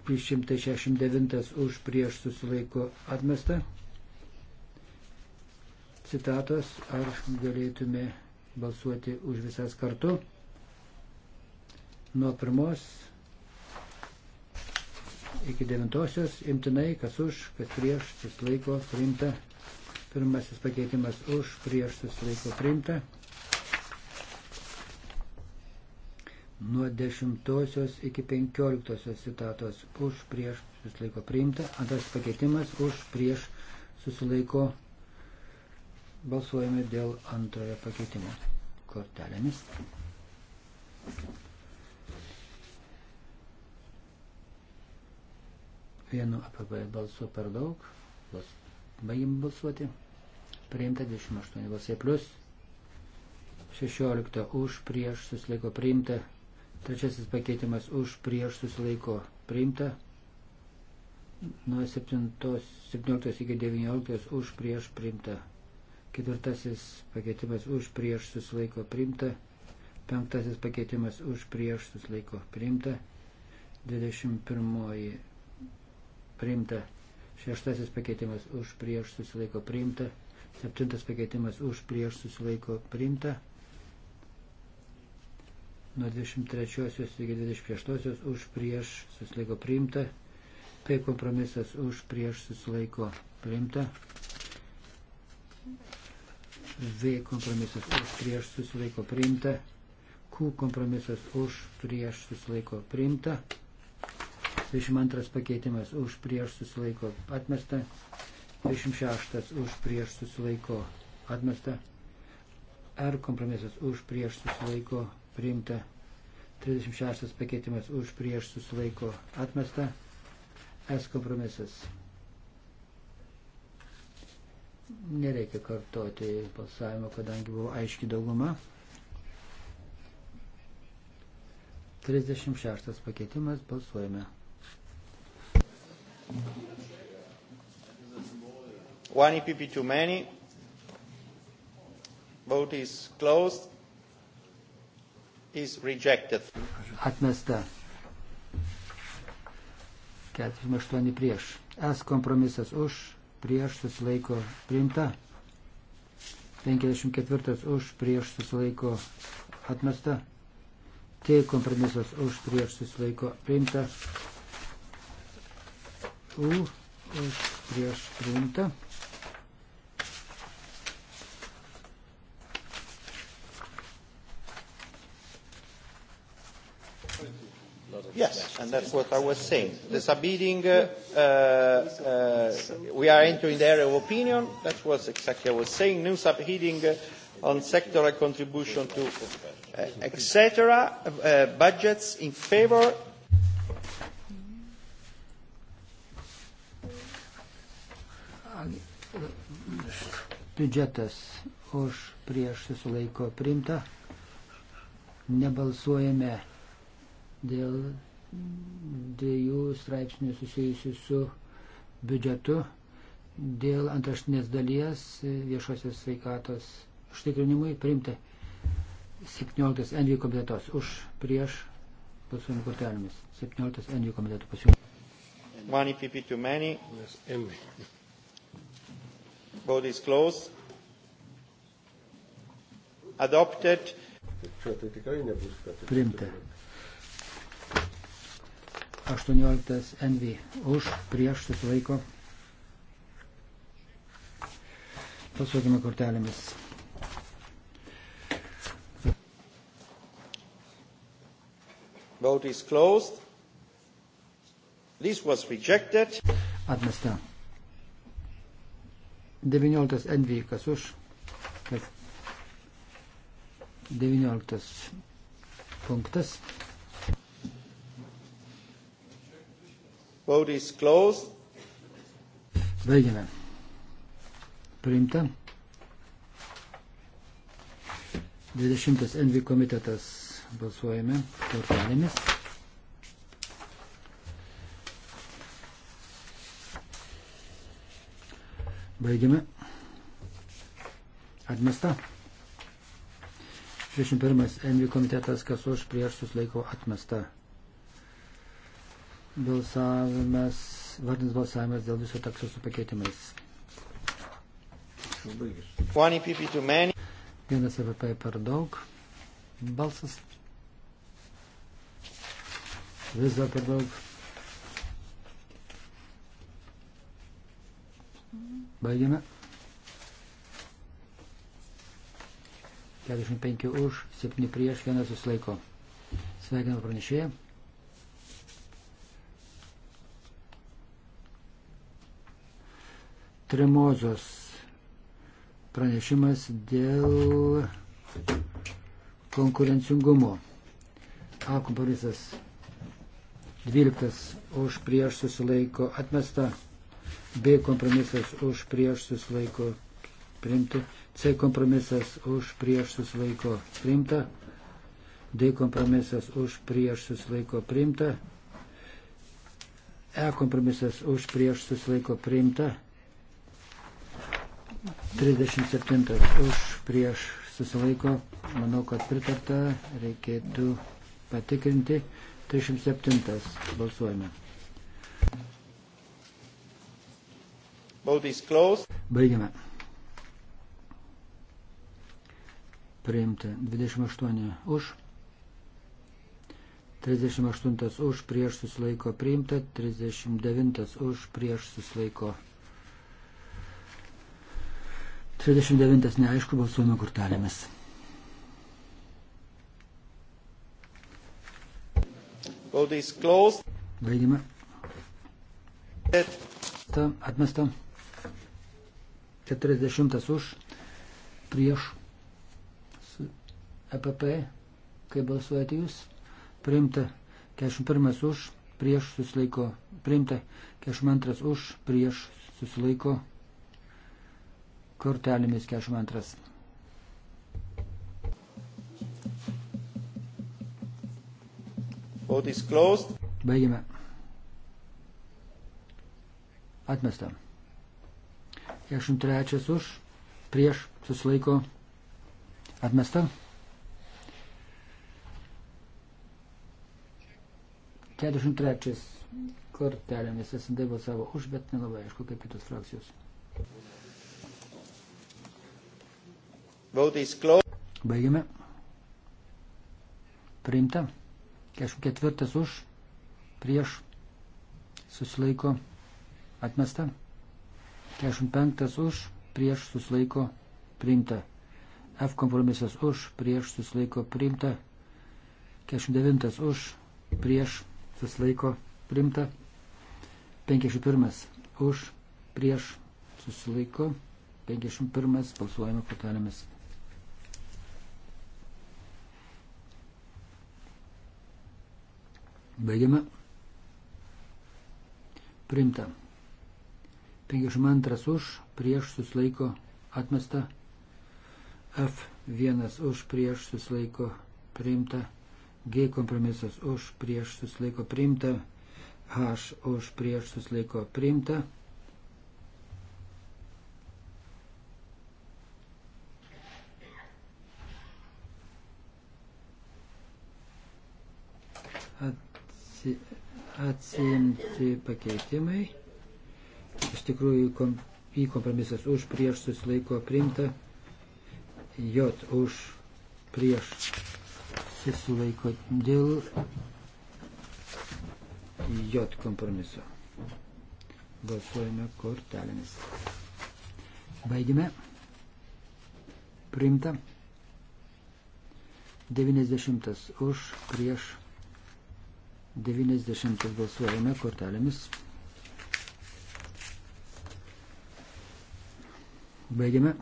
Prieš 169 už prieš susilaiko atmesta. Citatos, ar galėtume balsuoti už visas kartu. Nuo pirmos iki devintosios imtinai, kas už, kas prieš, susilaiko priimta. Pirmasis pakeitimas už, prieš, susilaiko priimta. Nuo dešimtosios iki penkioliktosios citatos už, prieš, susilaiko priimta. Antras pakeitimas už, prieš, susilaiko priimta Balsuojame dėl antrojo pakeitimo kortelėmis. Vienu APP balsu per daug. Bals, baigim balsuoti. Priimta 28 balsai plus. 16 už prieš susilaiko priimta. Trečiasis pakeitimas už prieš susilaiko priimta nuo 7, 17 iki 19 už prieš primtą Ketvirtasis pakeitimas už prieš susilaiko priimta. Penktasis pakeitimas už prieš susilaiko priimta. 21 priimta. Šeštasis pakeitimas už prieš susilaiko priimta. Septintas pakeitimas už prieš susilaiko priimta. Nuo 23 iki 26 už prieš susilaiko priimta. P kompromisas už prieš susilaiko priimta. V kompromisas už prieš susilaiko priimta. Q kompromisas už prieš susilaiko priimta. 22 pakeitimas už prieš susilaiko atmesta. 26 už prieš susilaiko atmesta. R kompromisas už prieš susilaiko priimta. 36 pakeitimas už prieš susilaiko atmesta. S kompromisas Nereikia kartoti balsavimo, kadangi buvo aiški dauguma. 36 pakeitimas balsuojame. One EPP too many. Vote is closed. Is rejected. Atmesta. 48 prieš. Es kompromisas už prieš susilaiko priimta. 54 už prieš susilaiko atmesta. T kompromisas už prieš susilaiko priimta. U už prieš priimta. and that's what I was saying. The subbidding, uh, uh, we are entering the area of opinion. That was exactly what I was saying. New subheading uh, on sectoral contribution to uh, etc. Uh, budgets in favour. Biudžetas už prieš susilaiko priimta. Nebalsuojame dėl dviejų straipsnių susijusių su biudžetu dėl antraštinės dalies viešosios sveikatos užtikrinimui priimta 17 NV komitetos už prieš balsuojant kortelėmis. 17 NV komitetų pasiūlymas. One EPP too many. Yes, MV. Vote is closed. Adopted. Čia tai tikrai nebus, kad. Primta. Turėtų. 18 NV už, prieš susilaiko. Pasuokime kortelėmis. Vote is closed. This was rejected. Atmesta. 19 NV kas už. Kas 19 punktas. Vote is closed. Baigiame. Priimta. 20 NV komitetas balsuojame kortelėmis. Baigiame. Atmesta. 21 NV komitetas, kas už prieš susilaiko atmesta balsavimas, vardinis balsavimas dėl viso takso su pakeitimais. Vienas EVP per daug. Balsas. Vis dar per daug. Baigiame. 45 už, 7 prieš, 1 susilaiko. Sveikinu pranešėją. Tremozos pranešimas dėl konkurencingumo. A kompromisas 12 už prieš susilaiko atmesta. B kompromisas už prieš susilaiko priimti. C kompromisas už prieš susilaiko priimta. D kompromisas už prieš susilaiko priimta. E kompromisas už prieš susilaiko priimta. 37 už prieš susilaiko, manau, kad pritarta, reikėtų patikrinti. 37 balsuojame. Baigiame. Priimti 28 už. 38 už prieš susilaiko priimta, 39 už prieš susilaiko 39 neaišku, balsuojame kortelėmis. Baigime. Ta atmesta. 40 už. Prieš. Su EPP. Kai balsuojate jūs. Priimta. 41 už. Prieš susilaiko. Priimta. 42 už. Prieš susilaiko kortelėmis 42. Vote is closed. Baigime. Atmesta. 43 už, prieš, susilaiko. Atmesta. Keturiasdešimt trečias kortelėmis SND balsavo už, bet nelabai aišku, kaip kitos frakcijos. Baigiame. Priimta. 44 už, prieš, susilaiko, atmesta. 45 už, prieš, susilaiko, priimta. F kompromisas už, prieš, susilaiko, priimta. 49 už, prieš, susilaiko, priimta. 51 už, prieš, susilaiko, 51 balsuojame kortelėmis. Baigiame. Primta. 52 už, prieš susilaiko atmesta. F1 už, prieš susilaiko priimta. G kompromisas už, prieš susilaiko priimta. H už, prieš susilaiko priimta. At atsi, atsiimti pakeitimai. Iš tikrųjų, kom, į kompromisas už prieš susilaiko priimta, J už prieš susilaiko dėl J kompromiso. Balsuojame kortelėmis. Baigime. Primta. 90 už prieš 90 balsuojame kortelėmis. Baigiame.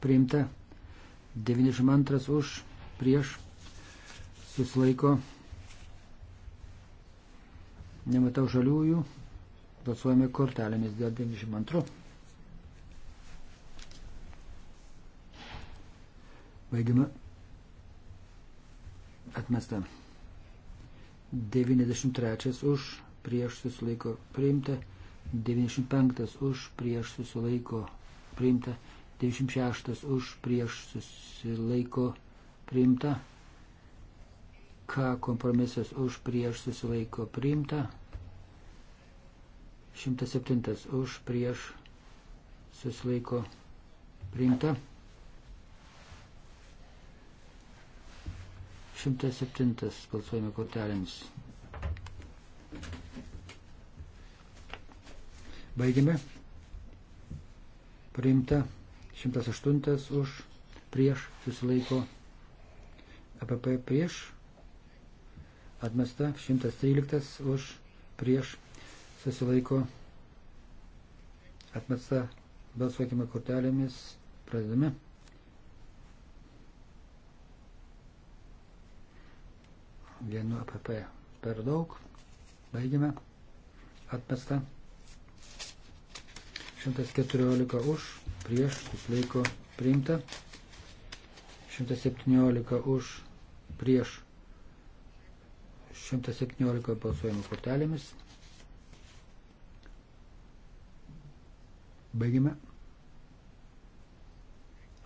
Priimta 92 už prieš susilaiko. Nematau žaliųjų. Balsuojame kortelėmis dėl 92. Baigiame atmesta. 93 už prieš susilaiko priimta, 95 už prieš susilaiko priimta, 96 už prieš susilaiko priimta, K kompromisas už prieš susilaiko priimta, 107 už prieš susilaiko priimta. 107 balsuojame kortelėmis. Baigime. Priimta 108 už prieš susilaiko APP e prieš. Atmesta 113 už prieš susilaiko atmesta balsuokime kortelėmis. Pradedame. vienu APP per daug. Baigime. Atmesta. 114 už, prieš, susilaiko priimta. 117 už, prieš. 117 balsuojimo kortelėmis. Baigime.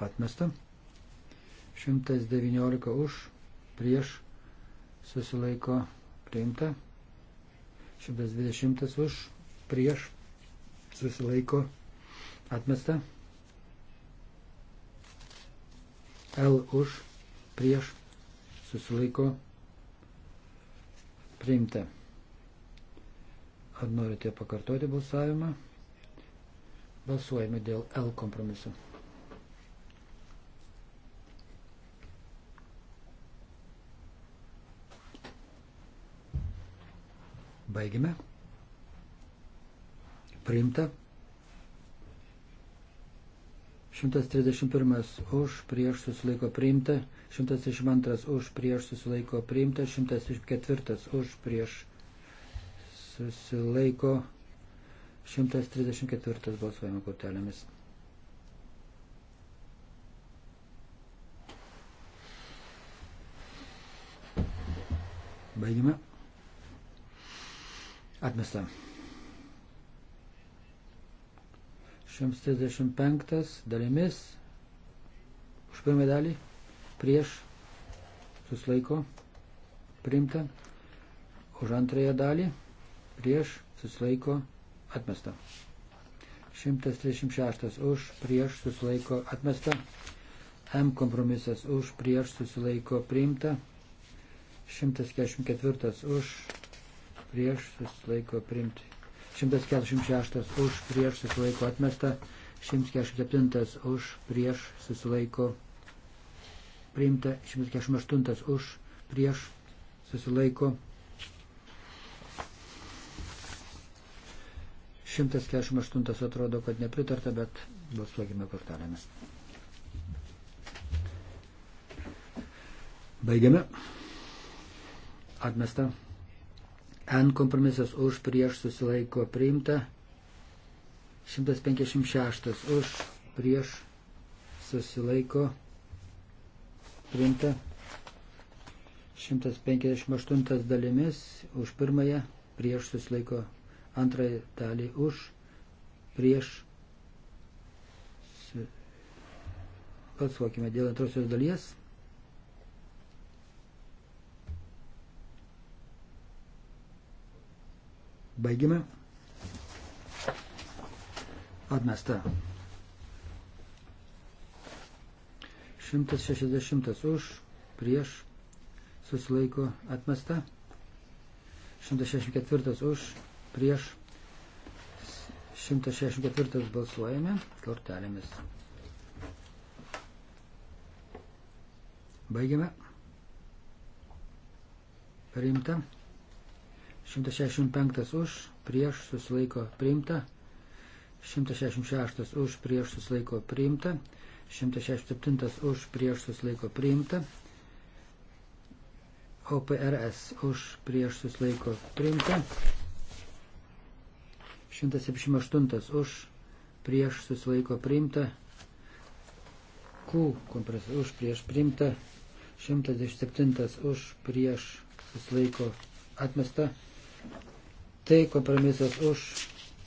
Atmesta. 119 už, prieš, susilaiko priimta. 120 už prieš susilaiko atmesta. L už prieš susilaiko priimta. Ar norite pakartoti balsavimą? Balsuojame dėl L kompromiso. Baigime. Priimta. 131 už prieš susilaiko priimta, 132 už prieš susilaiko priimta, 104 už prieš susilaiko 134 balsuojimo kortelėmis. Baigime. Atmesta. 135 dalimis už pirmą dalį prieš suslaiko priimta, už antrąją dalį prieš suslaiko atmesta. 136 už prieš susilaiko atmesta. M kompromisas už prieš susilaiko priimta. 144 už prieš susilaiko primti. 146 už prieš susilaiko atmesta. 147 už prieš susilaiko priimta. 148 už prieš susilaiko. 148 atrodo, kad nepritarta, bet balsuokime kortelėmis. Baigiame. Atmesta. N kompromisas už prieš susilaiko priimta. 156 už prieš susilaiko priimta. 158 dalimis už pirmąją prieš susilaiko antrąją dalį už prieš. Pats vokime dėl antrosios dalies. Baigime. Atmesta. 160 už, prieš, susilaiko atmesta. 164 už, prieš, 164 balsuojame kortelėmis. Baigiame. Priimta. 165 už, prieš susilaiko priimta. 166 už, prieš susilaiko priimta. 167 už, prieš susilaiko priimta. OPRS už, prieš susilaiko priimta. 178 už, prieš susilaiko priimta. Q kompresas už, prieš priimta. 117 už, prieš susilaiko atmesta. Tai kompromisas už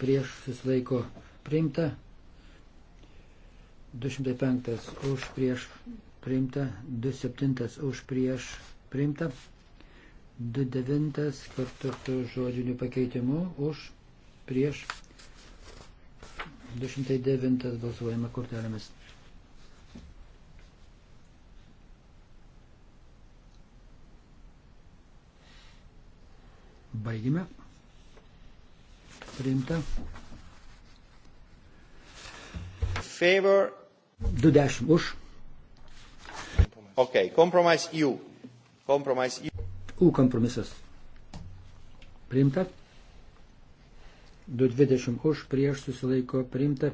prieš susilaiko priimta. 205 už prieš priimta. 27 už prieš priimta. 29 kartu su žodiniu pakeitimu už prieš 209 balsuojama kortelėmis. Baigime. Priimta. Favor. 20 už. Ok, compromise U. Compromise U. U kompromisas. Priimta. 220 už prieš susilaiko priimta.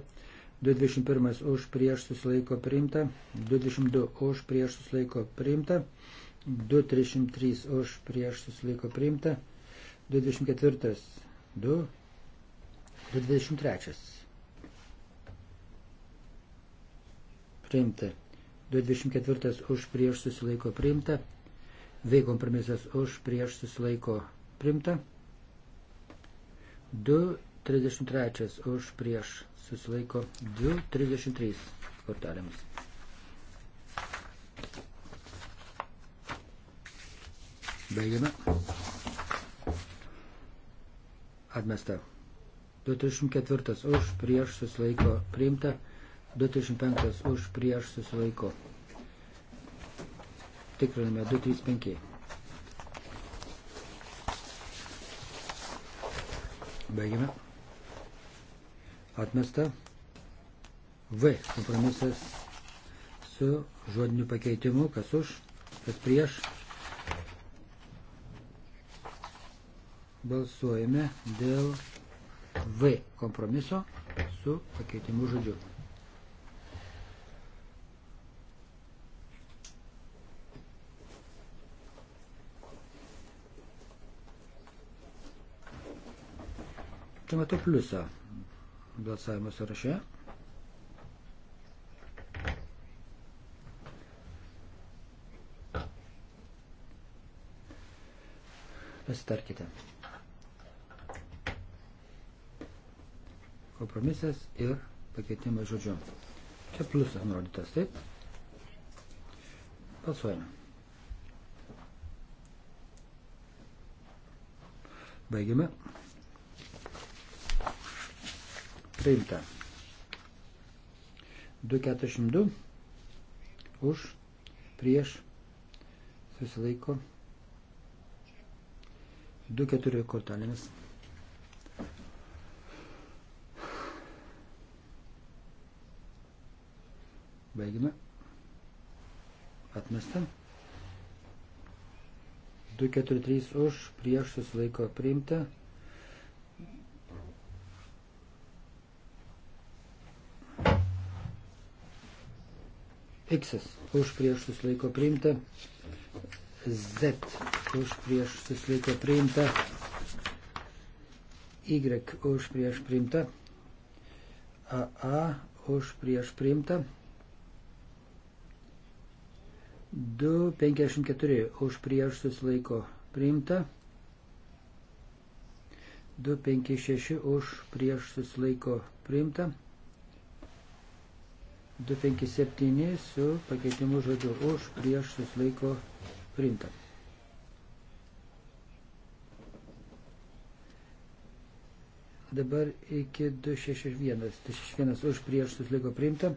221 už prieš susilaiko priimta, 222 už prieš susilaiko priimta, 233 už prieš susilaiko priimta, 24. 2. 23. Priimta. 24 už prieš susilaiko priimta. V kompromisas už prieš susilaiko priimta. 2.33 už prieš susilaiko 2.33 kortelėms. Baigiame atmesta. 234 už prieš susilaiko priimta, 235 už prieš susilaiko. Tikriname 235. Baigime. Atmesta. V kompromisas su žodiniu pakeitimu, kas už, kas prieš balsuojame dėl V kompromiso su pakeitimu žodžiu. Čia matau pliusą balsavimo sąraše. Pasitarkite. kompromisas ir pakeitimas žodžiu. Čia pliusas nurodytas, taip? Balsuojame. Baigiame. Priimta. 242 už, prieš, susilaiko. 2-4 kortelėmis. Baigime. Atmesta. 243 už, prieš susilaiko priimta. X už prieš susilaiko priimta. Z už prieš susilaiko priimta. Y už prieš priimta. AA už prieš priimta. 254 už prieš susilaiko priimta. 256 už prieš susilaiko priimta. 257 su pakeitimu žodžiu už prieš susilaiko priimta. Dabar iki 261. 261 už prieš susilaiko priimta.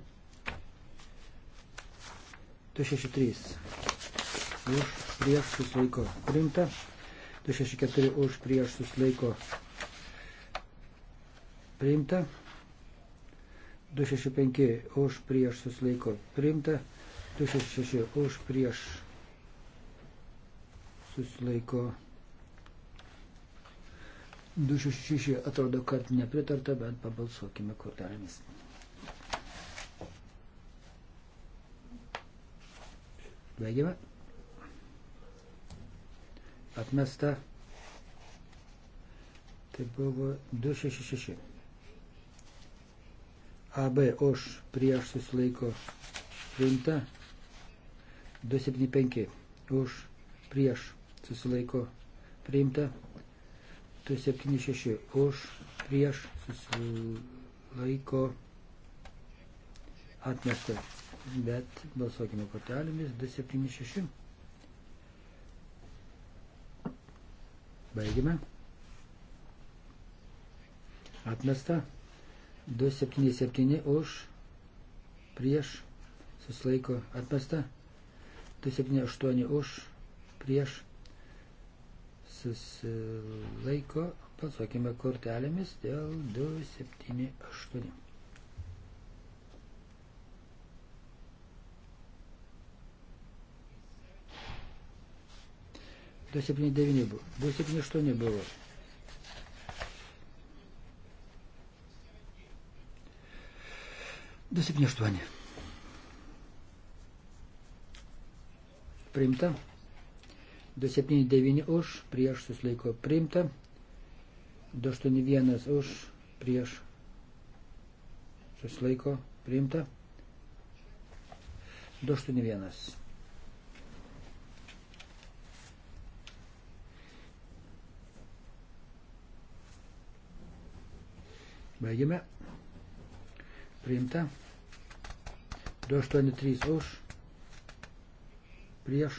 263 už prieš susilaiko primta, 264 už prieš susilaiko primta, 265 už prieš susilaiko primta, 266 už prieš susilaiko. 266 atrodo, kad nepritarta, bet pabalsuokime kortelėmis. Baigėme. Atmesta. Tai buvo 266. AB už prieš susilaiko priimta. 275 už prieš susilaiko priimta. 276 už prieš susilaiko atmesta bet balsuokime kortelėmis 276. Baigime. Atmesta. 277 už. Prieš. Susilaiko. Atmesta. 278 už. Prieš. Susilaiko. Balsuokime kortelėmis dėl 278. 279 buvo. 278 buvo. Du septyni aštuoni. Priimta. 279 už, prieš susilaiko priimta. 281 už, prieš susilaiko priimta. 281. Baigime. Priimta. 283 už. Prieš.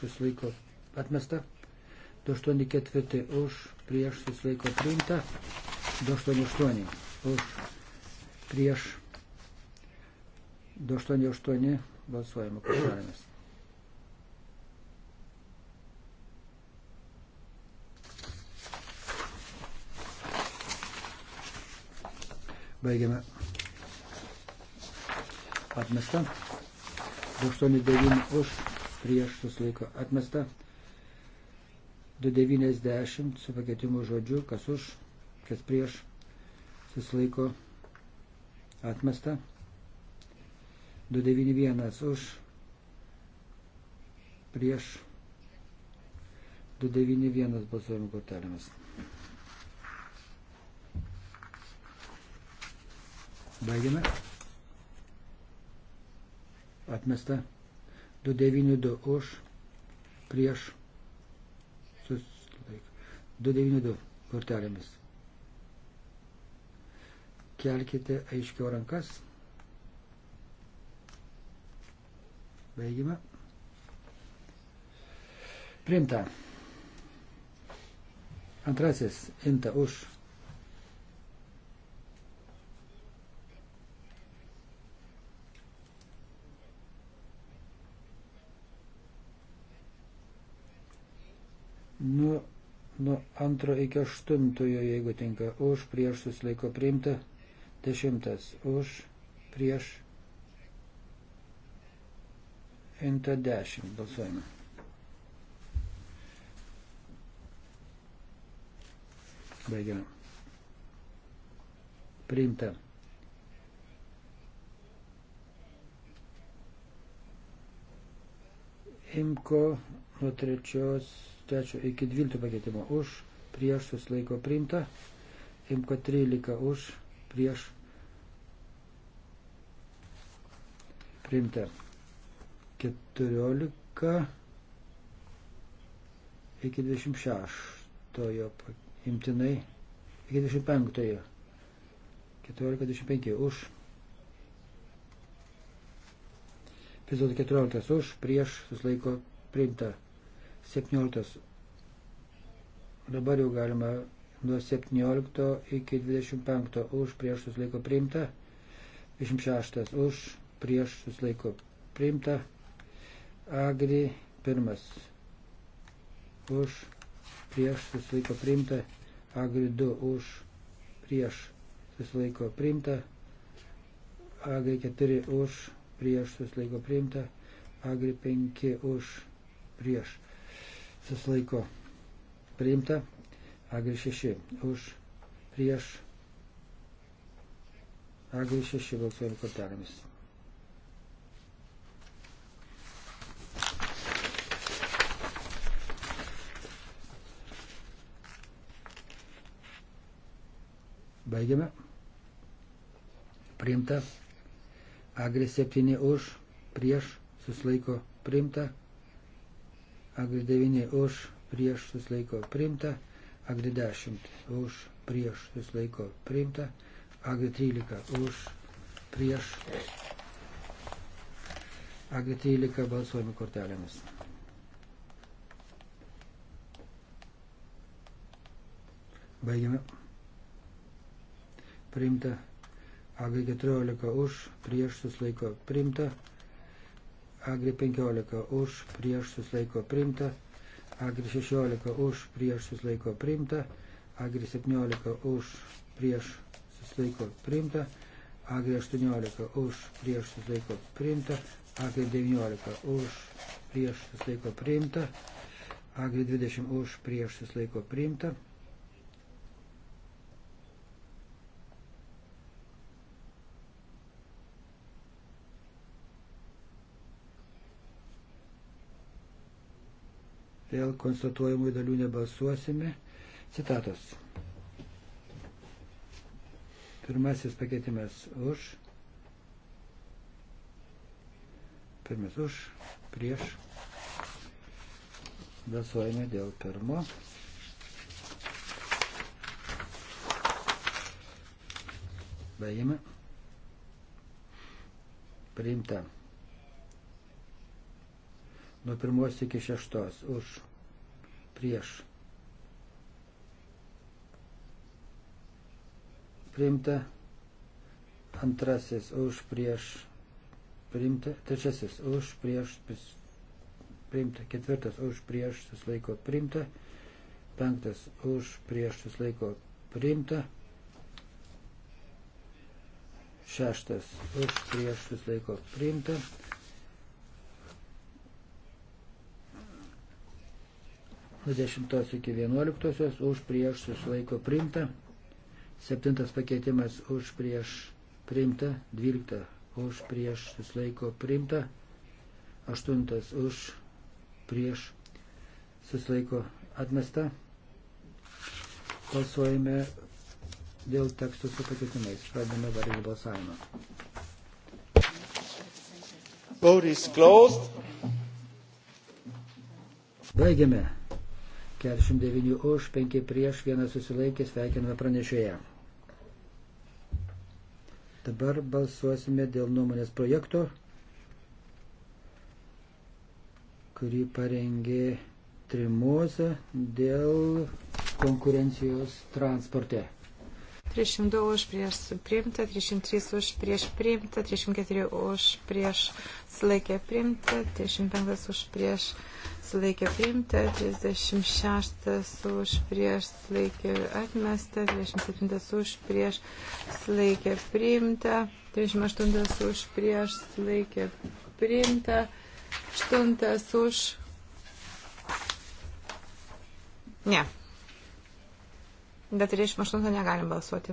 Susilaiko atmesta. 284 už. Prieš. Susilaiko priimta. 288 už. Prieš. 288 balsuojama kortelėmis. Baigiame. Atmesta. 289 už prieš susilaiko atmesta. 290 su pakeitimu žodžiu, kas už, kas prieš susilaiko atmesta. 291 už prieš 291 balsuojimo kortelėmis. Baigiame. Atmesta. 292 už. Prieš. Susilaik. 292 kortelėmis. Kelkite aiškiau rankas. Baigime. Primta. Antrasis. Inta už Nuo, nuo antro iki aštuntojo, jeigu tinka, už prieš susilaiko priimta. Dešimtas už prieš Inta 10 balsuojame. Baigiame. Priimta. Imko nuo trečios 3 iki 12 pakeitimo už, prieš susilaiko priimta, imko 13 už, prieš priimta. 14 iki 26 imtinai, iki 25 14-25 už. Epizodų 14 už, prieš susilaiko priimta. 17. Dabar jau galima nuo 17 iki 25 už prieš susilaiko priimta, 26 už prieš susilaiko priimta, agri pirmas už prieš susilaiko priimta, agri 2 už prieš susilaiko priimta, agri 4 už prieš susilaiko priimta, agri 5 už prieš susilaiko priimta, agri 6 už prieš agri 6 balsuojant kortelėmis. Baigiame. Priimta. Agri 7 už prieš susilaiko priimta. Agri 9 už prieš susilaiko priimta. Agri 10 už prieš susilaiko priimta. Agri 13 už prieš. Agri 13 balsuojami kortelėmis. Baigiame. Priimta. Agri 14 už prieš susilaiko priimta. Agri 15 už prieš susilaiko priimta. Agri 16 už prieš susilaiko priimta. Agri 17 už prieš susilaiko priimta. Agri 18 už prieš susilaiko priimta. Agri 19 už prieš susilaiko priimta. Agri 20 už prieš susilaiko priimta. dėl konstatuojamų dalių nebalsuosime. Citatos. Pirmasis pakeitimas už. Pirmas už, prieš. Balsuojame dėl pirmo. Baigiame. Priimta nuo pirmos iki šeštos už prieš. Priimta antrasis už prieš. Priimta trečiasis už prieš. Priimta ketvirtas už prieš susilaiko priimta. Penktas už prieš susilaiko priimta. Šeštas už prieš susilaiko priimta. nuo 10 iki 11 už prieš susilaiko priimta, 7 pakeitimas už prieš priimta, 12 už prieš susilaiko priimta, 8 už prieš susilaiko atmesta. Balsuojame dėl tekstų su pakeitimais. Pradame varinį balsavimą. Vote is closed. Baigiame. 49 už, 5 prieš, 1 susilaikė, sveikiname pranešėją. Dabar balsuosime dėl nuomonės projekto, kurį parengė Trimuose dėl konkurencijos transporte. 302 už prieš priimta, 303 už prieš priimta, 304 už prieš sulaikę priimta, 35 už prieš sulaikę priimta, 36 už prieš sulaikę atmesta, 37 už prieš sulaikę priimta, 38 už prieš sulaikę priimta, 8 už. Ne, Bet 38 negalim balsuoti.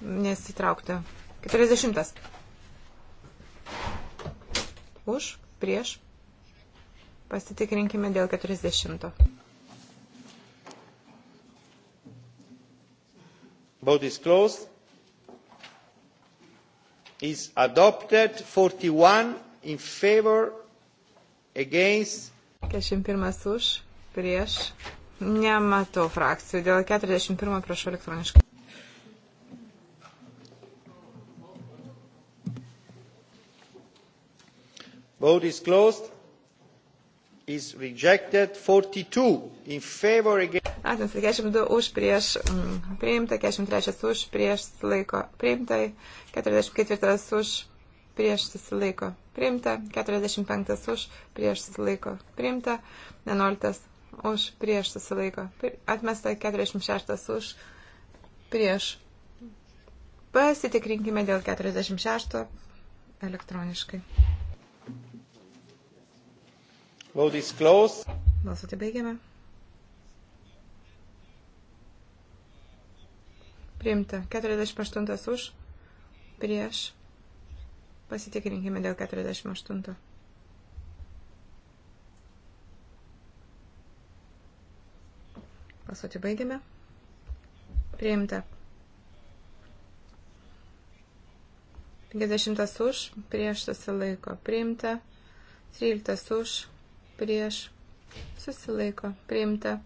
Nesitraukti. 40. Už, prieš. Pasitikrinkime dėl 40. Vote is closed. Is adopted 41 in favor against. 41 už, prieš Nematau frakcijų. Dėl 41 prašau elektroniškai. Vote is closed. Is rejected 42 in favor against. Atmesta 42 už prieš mm, priimta, 43 už prieš laiko priimta, 44 už prieš susilaiko priimta, 45 už prieš susilaiko priimta, 11 už prieš susilaiko. Atmesta 46 už prieš. Pasitikrinkime dėl 46 elektroniškai. Vote is closed. Balsuoti baigiame. Priimta 48 už prieš. Pasitikrinkime dėl 48. Balsuoti baigiame. Priimta. 50 už, prieš susilaiko. Priimta. 13 už, prieš susilaiko. Priimta.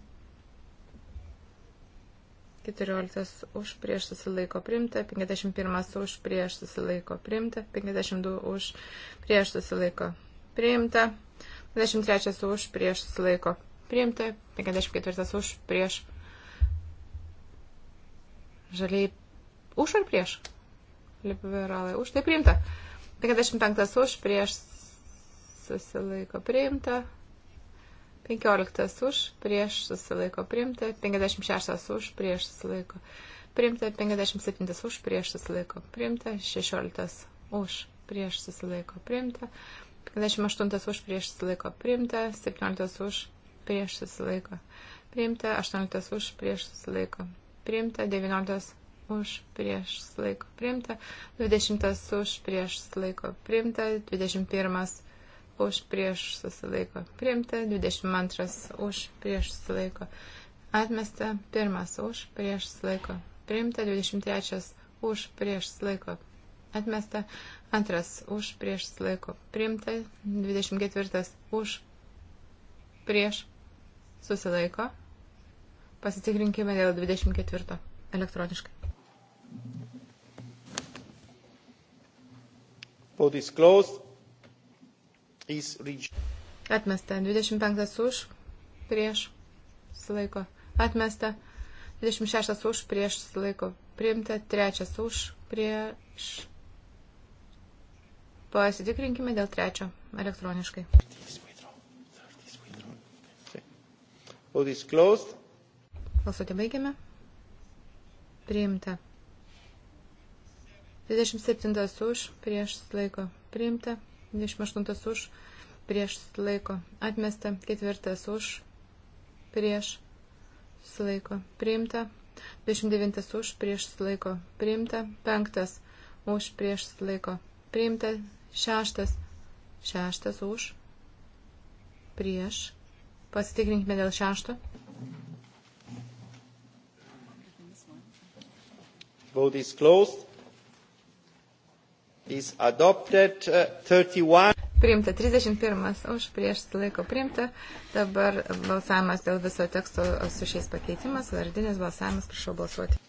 14 už, prieš susilaiko. Priimta. 51 už, prieš susilaiko. Priimta. 52 už, prieš susilaiko. Priimta. 23 už, prieš susilaiko priimta, 54 už, prieš. Žaliai už ar prieš? Liberalai už, tai priimta. 55 už, prieš susilaiko priimta. 15 už, prieš susilaiko priimta, 56 už, prieš susilaiko priimta, 57 už, prieš susilaiko priimta, 16 už, prieš susilaiko priimta, 58 už, prieš susilaiko priimta, 17 už, prieš susilaiko. Priimta 18 už prieš susilaiko. Priimta 19 už prieš susilaiko. Priimta 20 už prieš susilaiko. Priimta 21 už prieš susilaiko. Priimta 22 už prieš susilaiko. Atmesta 1 už prieš susilaiko. Priimta 23 už prieš susilaiko. Atmesta 2 už prieš susilaiko. Priimta 24 už prieš susilaiko susilaiko. Pasitikrinkime dėl 24 elektroniškai. Vote is closed. Is Atmesta. 25 už, prieš, susilaiko. Atmesta. 26 už, prieš, susilaiko. Priimta. 3 už, prieš. Pasitikrinkime dėl trečio elektroniškai. Tis. Vote is closed. Balsuoti baigiame. Priimta. 27 už, prieš laiko. Priimta. 28 už, prieš laiko. Atmesta. Ketvirtas už, prieš laiko. Priimta. 29 už, prieš laiko. Priimta. Penktas už, prieš laiko. Priimta. Šeštas. Šeštas už, prieš Pasitikrinkime dėl šešto. Vote is closed. Is adopted uh, 31. Priimta 31 už prieš laiko priimta. Dabar balsavimas dėl viso teksto su šiais pakeitimas. Vardinis balsavimas, prašau balsuoti.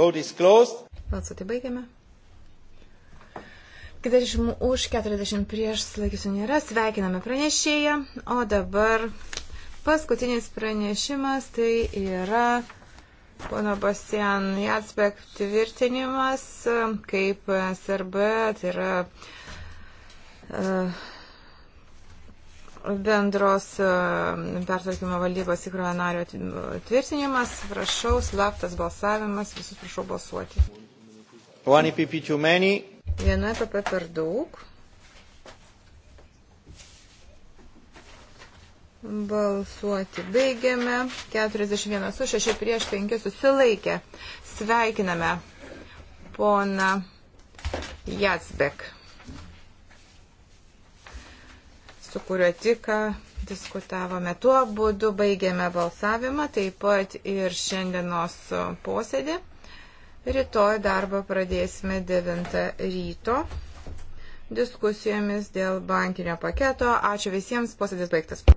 Vote is closed. Balsuoti baigiame. 40 už, 40 prieš laikysiu nėra. Sveikiname pranešėją. O dabar paskutinis pranešimas tai yra pono Bastian Jatsbek tvirtinimas, kaip SRB, tai yra uh, bendros e, pertvarkymo valdybos įkrojo nario tvirtinimas. Prašau, slaptas balsavimas, visus prašau balsuoti. One EPP too many. Viena PP per daug. Balsuoti baigiame. 41 su 6 prieš 5 susilaikė. Sveikiname pona Jatsbek, su kuriuo tik diskutavome. Tuo būdu baigiame balsavimą, taip pat ir šiandienos posėdį. Rytoj darbą pradėsime 9 ryto diskusijomis dėl bankinio paketo. Ačiū visiems, posėdis baigtas.